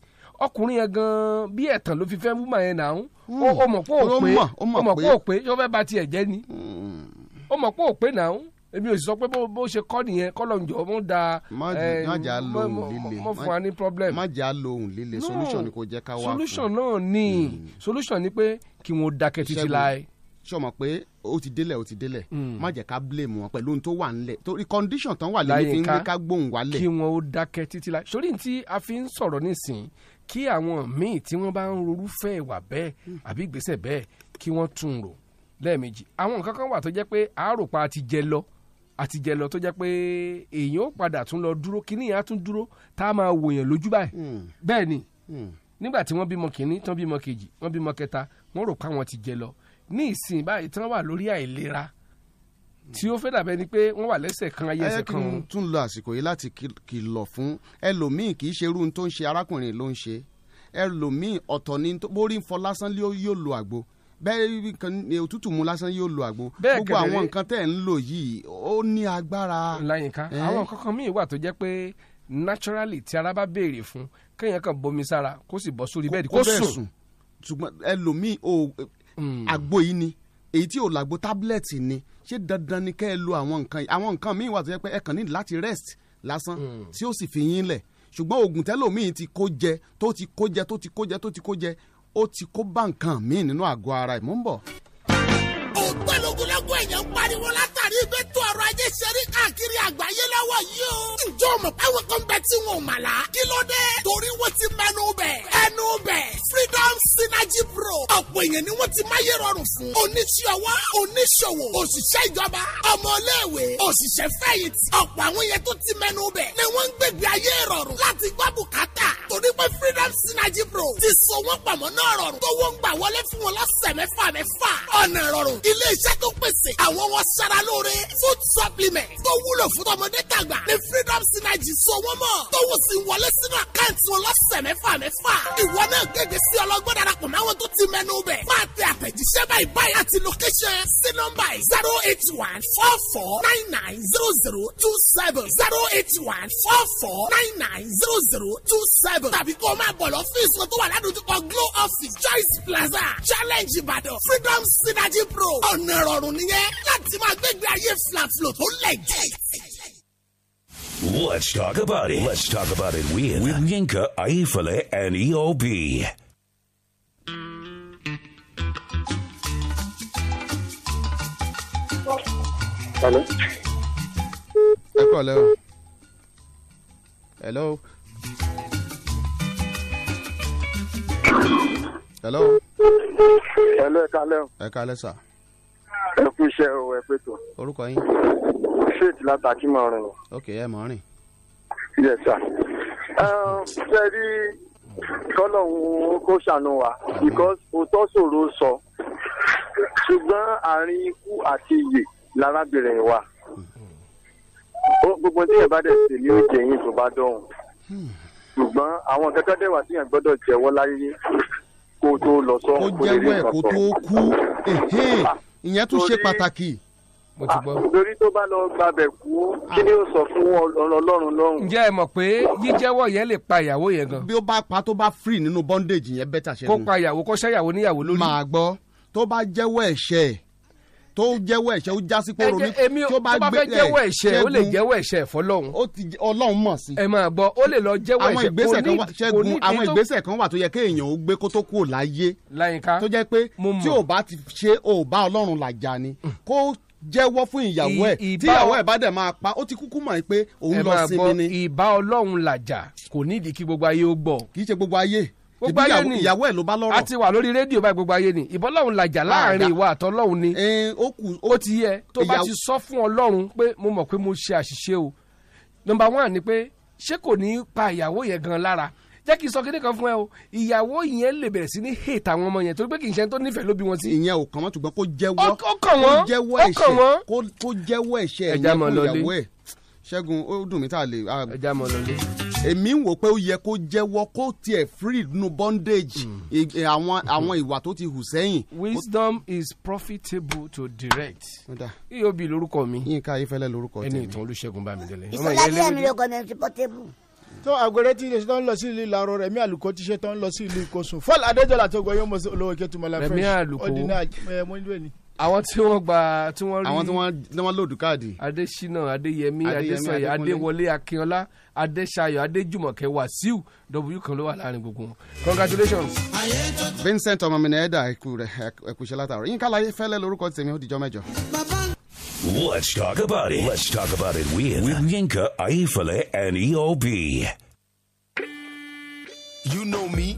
ọkùnrin yẹn gan bí ẹ̀tàn ló fi fẹ́ wúmọ̀ yẹn náà hmm. ó mọ̀ pé ó pé ó mọ̀ pé ó pé ṣó fẹ́ bà tiẹ̀ jẹ́ ni hmm ó mọ̀ pé ò pé náà èmi ò sì sọ pé bó ṣe kọ́ nìyẹn kọ́lọ́njọ́ mo da ẹ fún wa ní problem. má jà lóhùn líle solution ni kò jẹ́ ká wá fún. solution náà ni hmm. solution ni pé kí wọ́n dákẹ́ títí láì sọmọ pé ó ti délẹ̀ ó ti délẹ̀ hmm. má jẹ́ ká blame wọn pẹ̀lú ohun tó wà ńlẹ̀ torí condition tán wà lẹ́yìn fi ń gbé ká gbóhùn wálẹ̀. kí wọn ó dákẹ́ títí la sórí tí a fi ń sọ̀rọ̀ nísìn kí àwọn míì tí wọ́n bá ń rorúfẹ́ ìwà bẹ́ẹ̀ hmm. àbí ìgbésẹ̀ bẹ́ẹ̀ kí wọ́n tún rò lẹ́ẹ̀mejì àwọn nǹkan kan wà tó jẹ́ pé àáròpá ti jẹ lọ àti jẹ lọ tó jẹ́ pé èèyàn ó padà tún lọ dúró kíní yẹn á tún dúró tá a máa wòyàn lójú báyìí hmm. bẹ́ẹ̀ ni hmm. nígbà tí wọ́n bímọ kìíní tán bímọ kejì wọ́n bímọ kẹta wọ́n rò pé àwọn ti jẹ lọ ní ìsìn báyìí tán wà lórí àìlera tí ó fẹ́ dàbẹ́ ni pé wọ́n wà lẹ́sẹ̀ kan ayé ẹsẹ̀ kan. ẹ tún lo àsìkò yìí láti kìlọ̀ fún ẹlòmíì kì í ṣe irú tó ń ṣe arákùnrin ló ń ṣe ẹlòmíì ọ̀tọ̀ ni borí ń yóò lo àgbo bẹ́ẹ̀ kan òtútù mu lásán yóò lo àgbo gbogbo àwọn nǹkan tẹ̀ ń lò yìí ó ní agbára. láyìnká àwọn kankan míì wà tó jẹ́ pé naturally tí ara bá béèrè fún kéèyàn kan bomi sára kó sì bọ́ sórí bẹ́ẹ̀dì kó sùn. ṣùgbọ́n ẹlòmíì o hmm. àgbo yìí ni èyí tí ò làgbo tábìlẹ̀tì ni ṣé dandan ni kẹ́ ẹ lo àwọn nǹkan yìí àwọn nǹkan míì wà tó jẹ́ pé ẹ kàn láti rest lásán hmm. tí ó sì fi yín lẹ̀ ṣùgbọ́n oògùn tẹ́lòmíì ti kó jẹ tó ti kó jẹ tó ti kó jẹ tó ti kó jẹ ó ti kó bá nǹkan míì nínú àgọ́ ara ẹ̀ mọ́ ń bọ̀. ọgbẹ́ èèyàn pariwo látàrí ibi tó ọrọ̀ ajé ṣe rí káàkiri àgbáyé lọ́wọ́ yìí o. ǹjọ́ mọ̀ káwọn kan bẹ tí wọn ò mà lá. kí ló dé? torí wọ́n ti mẹ́nu bẹ̀. ẹnu bẹ̀. freedom synergy pro. ọ̀pọ̀ ọ̀pọ̀ èèyàn ni wọ́n ti máyé rọrùn fún. oníṣòwò oníṣòwò òṣìṣẹ́ ìjọba ọmọléèwé òṣìṣẹ́ fẹ̀yìntì ọ̀pọ̀ àwọn yẹn tó ti mẹ́nu bẹ̀ ni wọ́n ń gbègbè ayé rọrùn láti gbọ́ bùkátà torí pé freedom synergy pro ti so wọ́n pamọ́ náà rọrùn tó wọ́n ń gbà wọlé fún wọn lọ́sẹ̀ mẹ́fà mẹ́fà ọ̀nà rọrùn ilé iṣẹ́ tó pèsè àwọn wọn sara lóore food supplement tó wúlò fún tọmọdé tàgbà ni freedom synergy so wọ́n mọ̀ tó wọ́n sì wọlé sínú àkáǹtì wọn lọ́sẹ̀ mẹ́fà mẹ́fà ìwọ náà gègé sí ọlọ́gbọ́n darapọ̀ máwọn tó ti mẹ́nu b níbẹ̀. Máa tẹ àtẹ̀jíṣẹ́ báyìí báyìí àti location sí nọ́mbà yìí zero eight one four four nine nine zero zero two seven zero eight one four four nine nine zero zero two seven tàbí kó o máa bọ̀ lọ́fíìsì wọn tó wà ládùúgbò Glo office Choice Plaza Challenge Ìbàdàn Freedom Synergy Pro ọ̀nà ìrọ̀rùn nìyẹn láti máa gbégbé ayé flaflo tó lẹ̀ Let's talk about it. Let's talk about it with, with Yinka, Aifale, and EOB. hello. ẹ kọ́ o hello. hello. hello ẹ kalẹ́ o. ẹ kalẹ́ sà. ẹ kú iṣẹ́ o ẹ pé tó. orúkọ yín. faith látàkì mọ̀ rìn. ok ẹ mọ̀ rìn. yes sir. ṣe rí kọ́lọ́hún kó ṣàánú wa because òótọ́ ṣòro sọ ṣùgbọ́n àárín ikú àti iyè lárábìnrin wa gbogbo tí ẹ bá dẹ̀ sí ní oúnjẹ yìí tó bá dọ̀hùn ṣùgbọ́n àwọn kẹ́kẹ́ dẹ̀ wà tíyàn gbọ́dọ̀ jẹ́wọ́ láyé kó tó lọ sọ kó lè rí nǹkan sọ. kó tó kú ah, ìyẹn tún ṣe pàtàkì. torí tó bá lọ gbàbẹ̀ kú kí ni ó sọ fún ọlọ́run lọ́rùn. ǹjẹ́ ẹ mọ̀ pé jíjẹ́wọ́ yẹn lè pa ìyàwó yẹn gan. bí ó bá pa tó bá free nínú bondage yẹn bẹ́tà ṣẹ́nu. kó pa ìyàwó kó ṣẹ́yàwó tó jẹ́wọ́ ẹ̀ṣẹ̀ ó já kóró mi tó bá gbé ẹ̀ ṣẹ́gun ó lè jẹ́wọ́ ẹ̀ṣẹ̀ fọlọ́hún. ó ti ọlọ́run mọ̀ sí. ẹ máa gbọ́ ó lè lọ jẹ́wọ́ ẹ̀ṣẹ̀ kò ní àwọn ìgbésẹ̀ kan wà tó yẹ kéèyàn ó gbé kó tó kúrò láyé. láyìnká tó jẹ́ pé tí ò bá ti ṣe ò bá ọlọ́run làjà ni mm. kó jẹ́wọ́ fún ìyàwó ẹ̀ tí ìyàwó ẹ̀ bá dẹ̀ máa pa ó ti kúkú mọ̀ pé òun lọ sinmi ni. ẹ máa gbọ́ ìbá ọlọ́run làjà kò nídìí kí gbogbo ayé ó gbọ́. kì í ṣe gbogbo ayé gbogbo ayé ni ìyàwó ẹ̀ ló bá lọ́rọ̀. a ti wà lórí rédíò báyìí gbogbo ayé ni ìbọ́lọ́hún làjà láàrin ìwà àtọ́lọ́hún ni ó ti yẹ tó bá ti sọ fún ọlọ́run pé mo mọ̀ pé mo ṣe àṣìṣe o nọmba one ni pé ṣé kò ní pa ìyàwó yẹn gan lára jẹ́ kí n sọ kíndìn kan fún ẹ o ìyàwó yẹn lè bẹ̀rẹ̀ sí ní hate àwọn ọmọ yẹn torí pé kì í ṣe tó nífẹ̀ẹ́ ló bí wọn sí. ìyẹn ò kàn wọ́n ṣùgbọ́n kó jẹ́wọ́ kó jẹ́wọ́ ẹ̀ṣẹ̀ kó jẹ́wọ́ ẹ̀ṣẹ̀ ẹ̀yẹn fún ìyàwó ẹ̀ ṣẹ́gun ó dùn mí tá a lè. ẹja mọ̀ lọ́lé èmi ń wò pé ó yẹ kó jẹ́wọ́ kó tiẹ̀ free nínú bondage hmm. àwọn àwọn ìwà tó ti hù sẹ́yìn. wisdom is profitable to direct. iyobi e lórúkọ mi. yínká ayéfẹ́lẹ́ lórúkọ tèmi. ẹni ìtàn olùṣègùn bámidélé. ìsọlá díẹ̀ mi lóko ní ti portable tó àgọ́rẹ́ tí ṣe tán lọ sí ìlú ìlàrọ̀ rẹ̀mí àlùkò ti ṣe tán lọ sí ìlú ìkọ̀sùn fọ́ọ̀lù adéjọ́lá tó gbọ́ yóò mọ̀ sí olówó kẹtùmọ̀lá fresh rẹ̀mí àlùkò ẹ̀ mọ́ nílò ẹ̀ ní. àwọn tí wọ́n gba tí wọ́n rí àwọn tí wọ́n lòdù káàdì. adesina adeyemi adesanya adewole akínọlá adesayo adéjùmọ̀kẹ́ wasiu w kan ló wà láàrin gbogbo wọn congratulations. vincent ọmọmìnira ẹ̀dá ṣe látàrọ̀ yín kálá fẹ́lẹ́ lórúkọ tèmi ó dijọ́ mẹ́jọ. let's talk about it let's talk about it with, with Yinka Ayefele and EOB. you know me.